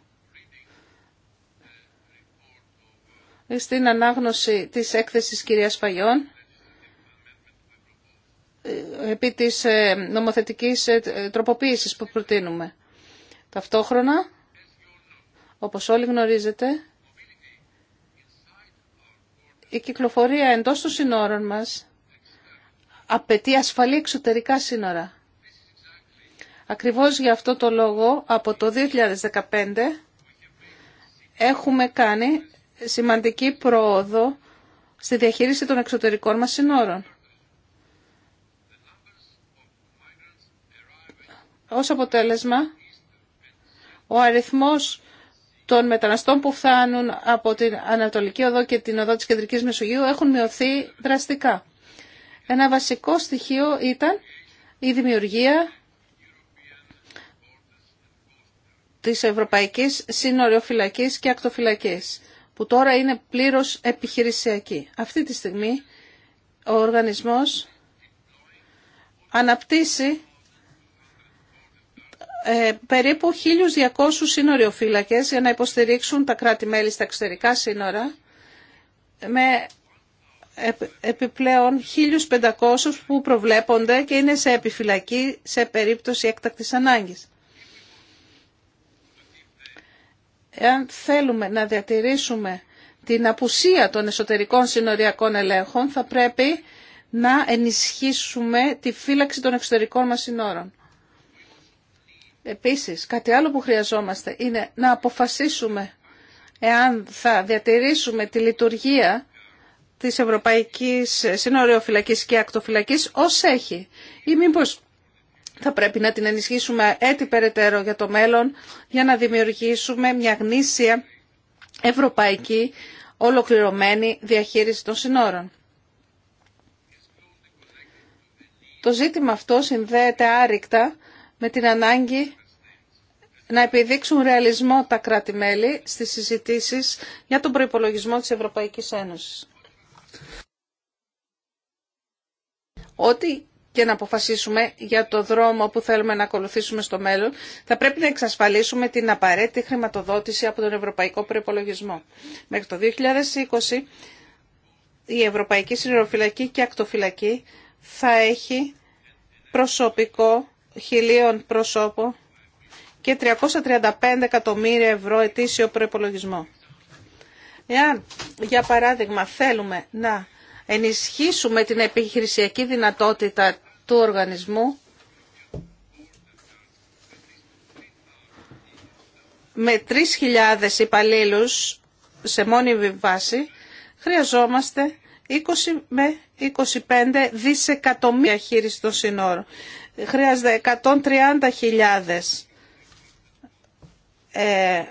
στην ανάγνωση της έκθεσης κυρίας Φαγιών επί της ε, νομοθετικής ε, τροποποίησης που προτείνουμε. Ταυτόχρονα, όπως όλοι γνωρίζετε, η κυκλοφορία εντός των συνόρων μας απαιτεί ασφαλή εξωτερικά σύνορα. Ακριβώς για αυτό το λόγο, από το 2015, έχουμε κάνει σημαντική πρόοδο στη διαχείριση των εξωτερικών μας συνόρων. Ως αποτέλεσμα, ο αριθμός των μεταναστών που φτάνουν από την Ανατολική Οδό και την Οδό της Κεντρικής Μεσογείου έχουν μειωθεί δραστικά. Ένα βασικό στοιχείο ήταν η δημιουργία της Ευρωπαϊκής Σύνοριοφυλακής και Ακτοφυλακής, που τώρα είναι πλήρως επιχειρησιακή. Αυτή τη στιγμή ο οργανισμός αναπτύσσει ε, περίπου 1.200 σύνοριοφύλακες για να υποστηρίξουν τα κράτη-μέλη στα εξωτερικά σύνορα με επιπλέον 1.500 που προβλέπονται και είναι σε επιφυλακή σε περίπτωση έκτακτης ανάγκης. Εάν θέλουμε να διατηρήσουμε την απουσία των εσωτερικών συνοριακών ελέγχων, θα πρέπει να ενισχύσουμε τη φύλαξη των εξωτερικών μας συνόρων. Επίσης, κάτι άλλο που χρειαζόμαστε είναι να αποφασίσουμε εάν θα διατηρήσουμε τη λειτουργία της Ευρωπαϊκής Συνοριοφυλακής και Ακτοφυλακής ως έχει ή μήπως θα πρέπει να την ενισχύσουμε έτσι περαιτέρω για το μέλλον για να δημιουργήσουμε μια γνήσια ευρωπαϊκή ολοκληρωμένη διαχείριση των συνόρων. Το ζήτημα αυτό συνδέεται άρρηκτα με την ανάγκη να επιδείξουν ρεαλισμό τα κράτη-μέλη στις συζητήσεις για τον προϋπολογισμό της Ευρωπαϊκής Ένωσης. Ό,τι και να αποφασίσουμε για το δρόμο που θέλουμε να ακολουθήσουμε στο μέλλον, θα πρέπει να εξασφαλίσουμε την απαραίτητη χρηματοδότηση από τον Ευρωπαϊκό Προϋπολογισμό. Μέχρι το 2020 η Ευρωπαϊκή Συνεροφυλακή και Ακτοφυλακή θα έχει προσωπικό χιλίων προσώπων και 335 εκατομμύρια ευρώ ετήσιο προϋπολογισμό. Εάν, για παράδειγμα, θέλουμε να ενισχύσουμε την επιχειρησιακή δυνατότητα του οργανισμού με 3.000 υπαλλήλους σε μόνιμη βάση, χρειαζόμαστε 20 με 25 δισεκατομμύρια χείριση των συνόρων. Χρειάζεται 130.000 ε,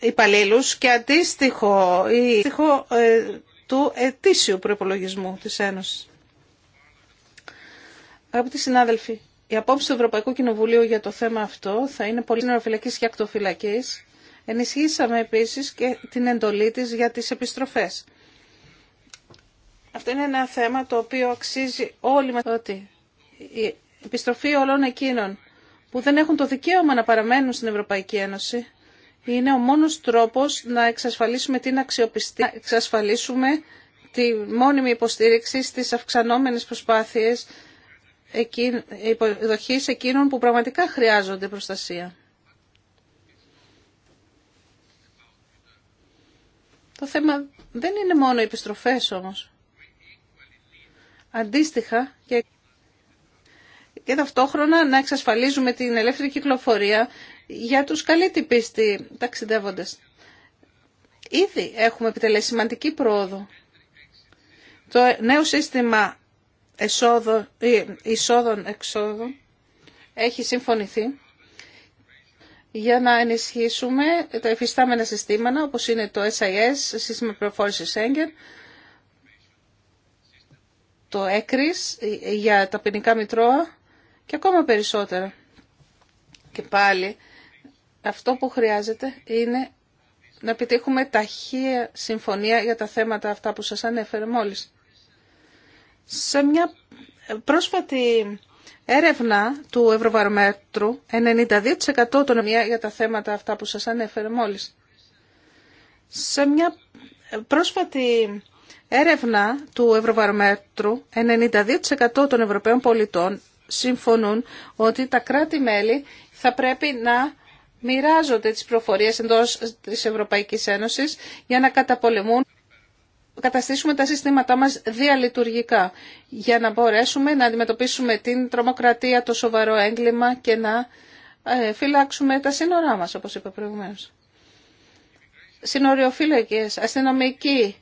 υπαλλήλους και αντίστοιχο, αντίστοιχο ε, του ετήσιου προπολογισμού της Ένωσης. Αγαπητοί συνάδελφοι, η απόψη του Ευρωπαϊκού Κοινοβουλίου για το θέμα αυτό θα είναι πολύ νεροφυλακής και ακτοφυλακής. Ενισχύσαμε επίσης και την εντολή της για τις επιστροφές. Αυτό είναι ένα θέμα το οποίο αξίζει όλοι μας ότι η επιστροφή όλων εκείνων που δεν έχουν το δικαίωμα να παραμένουν στην Ευρωπαϊκή Ένωση είναι ο μόνος τρόπος να εξασφαλίσουμε την αξιοπιστία, να εξασφαλίσουμε τη μόνιμη υποστήριξη στις αυξανόμενες προσπάθειες υποδοχής εκείνων που πραγματικά χρειάζονται προστασία. Το θέμα δεν είναι μόνο οι επιστροφές όμως. Αντίστοιχα και, και ταυτόχρονα να εξασφαλίζουμε την ελεύθερη κυκλοφορία για τους καλή τυπίστη ταξιδεύοντες. Ήδη έχουμε επιτελέσει σημαντική πρόοδο. Το νέο σύστημα ε, εισόδων εξόδων έχει συμφωνηθεί για να ενισχύσουμε τα εφιστάμενα συστήματα όπως είναι το SIS, σύστημα προφόρησης έγκαιρ, το ΕΚΡΙΣ ε, για τα ποινικά μητρώα και ακόμα περισσότερα. Και πάλι αυτό που χρειάζεται είναι να επιτύχουμε ταχεία συμφωνία για τα θέματα αυτά που σας ανέφερε μόλις. Σε μια πρόσφατη έρευνα του Ευρωβαρομέτρου, 92% των μία για τα θέματα αυτά που σας ανέφερε μόλις. Σε μια πρόσφατη Έρευνα του Ευρωβαρομέτρου, 92% των Ευρωπαίων πολιτών συμφωνούν ότι τα κράτη-μέλη θα πρέπει να μοιράζονται τις προφορίες εντός της Ευρωπαϊκής Ένωσης για να καταπολεμούν καταστήσουμε τα συστήματά μας διαλειτουργικά για να μπορέσουμε να αντιμετωπίσουμε την τρομοκρατία, το σοβαρό έγκλημα και να ε, φυλάξουμε τα σύνορά μας, όπως είπα προηγουμένως. Συνοριοφύλακες, αστυνομικοί,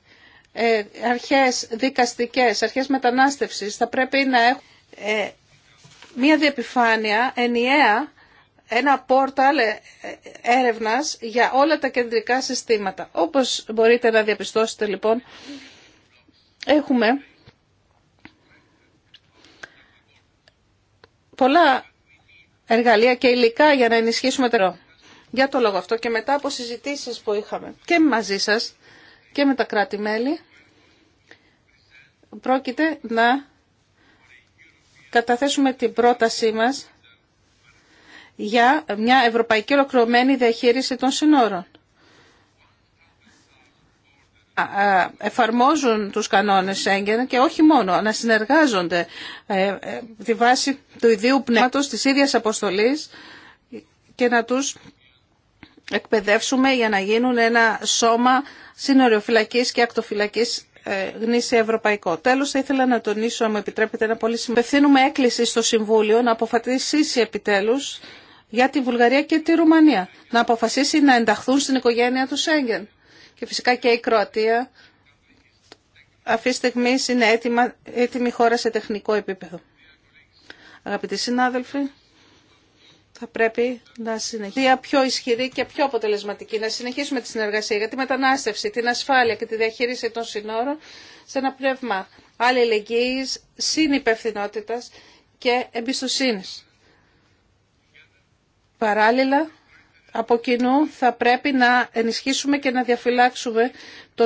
ε, αρχές δικαστικές, αρχές μετανάστευσης θα πρέπει να έχουν ε, μία διεπιφάνεια ενιαία, ένα πόρταλ ε, έρευνας για όλα τα κεντρικά συστήματα. Όπως μπορείτε να διαπιστώσετε λοιπόν, έχουμε πολλά εργαλεία και υλικά για να ενισχύσουμε τερό. για το λόγο αυτό και μετά από συζητήσεις που είχαμε και μαζί σας και με τα κράτη-μέλη πρόκειται να καταθέσουμε την πρότασή μας για μια ευρωπαϊκή ολοκληρωμένη διαχείριση των συνόρων. Εφαρμόζουν τους κανόνες έγκαιρα και όχι μόνο, να συνεργάζονται ε, ε, τη βάση του ιδίου πνεύματος της ίδιας αποστολής και να τους εκπαιδεύσουμε για να γίνουν ένα σώμα συνοριοφυλακής και ακτοφυλακής ε, γνήσια ευρωπαϊκό. Τέλος, θα ήθελα να τονίσω, αν μου επιτρέπετε, ένα πολύ σημαντικό. Πευθύνουμε έκκληση στο Συμβούλιο να αποφασίσει επιτέλους για τη Βουλγαρία και τη Ρουμανία να αποφασίσει να ενταχθούν στην οικογένεια του Σέγγεν. Και φυσικά και η Κροατία αυτή τη στιγμή είναι έτοιμη χώρα σε τεχνικό επίπεδο. Αγαπητοί συνάδελφοι, θα πρέπει να συνεχίσουμε πιο ισχυρή και πιο αποτελεσματική, να συνεχίσουμε τη συνεργασία για τη μετανάστευση, την ασφάλεια και τη διαχείριση των συνόρων σε ένα πνεύμα αλληλεγγύης, συνυπευθυνότητας και εμπιστοσύνης. Παράλληλα, από κοινού θα πρέπει να ενισχύσουμε και να διαφυλάξουμε το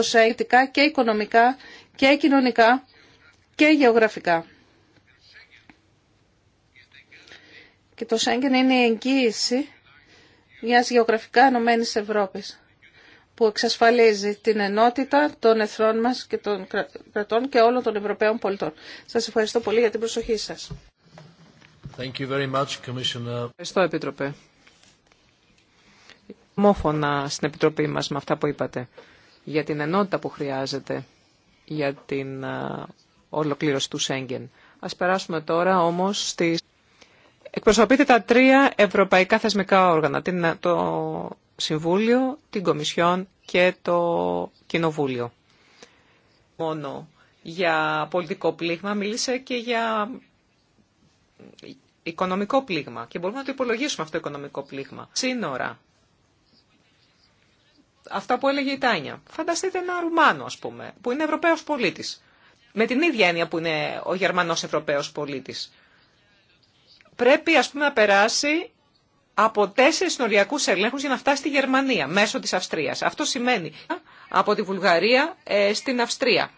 και οικονομικά και κοινωνικά και γεωγραφικά. Και το Σέγγεν είναι η εγγύηση μιας γεωγραφικά ενωμένης Ευρώπης που εξασφαλίζει την ενότητα των εθρών μας και των κρατών και όλων των Ευρωπαίων πολιτών. Σας ευχαριστώ πολύ για την προσοχή σας.
Ευχαριστώ, Επίτροπε. Μόφωνα στην Επιτροπή μας με αυτά που είπατε για την ενότητα που χρειάζεται για την ε, ολοκλήρωση του Σέγγεν. Ας περάσουμε τώρα όμως στις... Εκπροσωπείται τα τρία ευρωπαϊκά θεσμικά όργανα, το Συμβούλιο, την Κομισιόν και το Κοινοβούλιο. Μόνο για πολιτικό πλήγμα, μίλησε και για οικονομικό πλήγμα και μπορούμε να το υπολογίσουμε αυτό το οικονομικό πλήγμα. Σύνορα. Αυτά που έλεγε η Τάνια. Φανταστείτε ένα Ρουμάνο, ας πούμε, που είναι Ευρωπαίος πολίτης. Με την ίδια έννοια που είναι ο Γερμανός Ευρωπαίος πολίτης πρέπει ας πούμε να περάσει από τέσσερις νοριακούς ελέγχους για να φτάσει στη Γερμανία μέσω της Αυστρίας. Αυτό σημαίνει από τη Βουλγαρία ε, στην Αυστρία.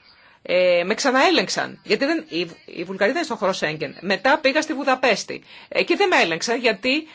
Ε, με ξαναέλεγξαν, γιατί δεν, η, η Βουλγαρία δεν είναι στον χώρο Σέγγεν. Μετά πήγα στη Βουδαπέστη. Εκεί δεν με έλεγξαν γιατί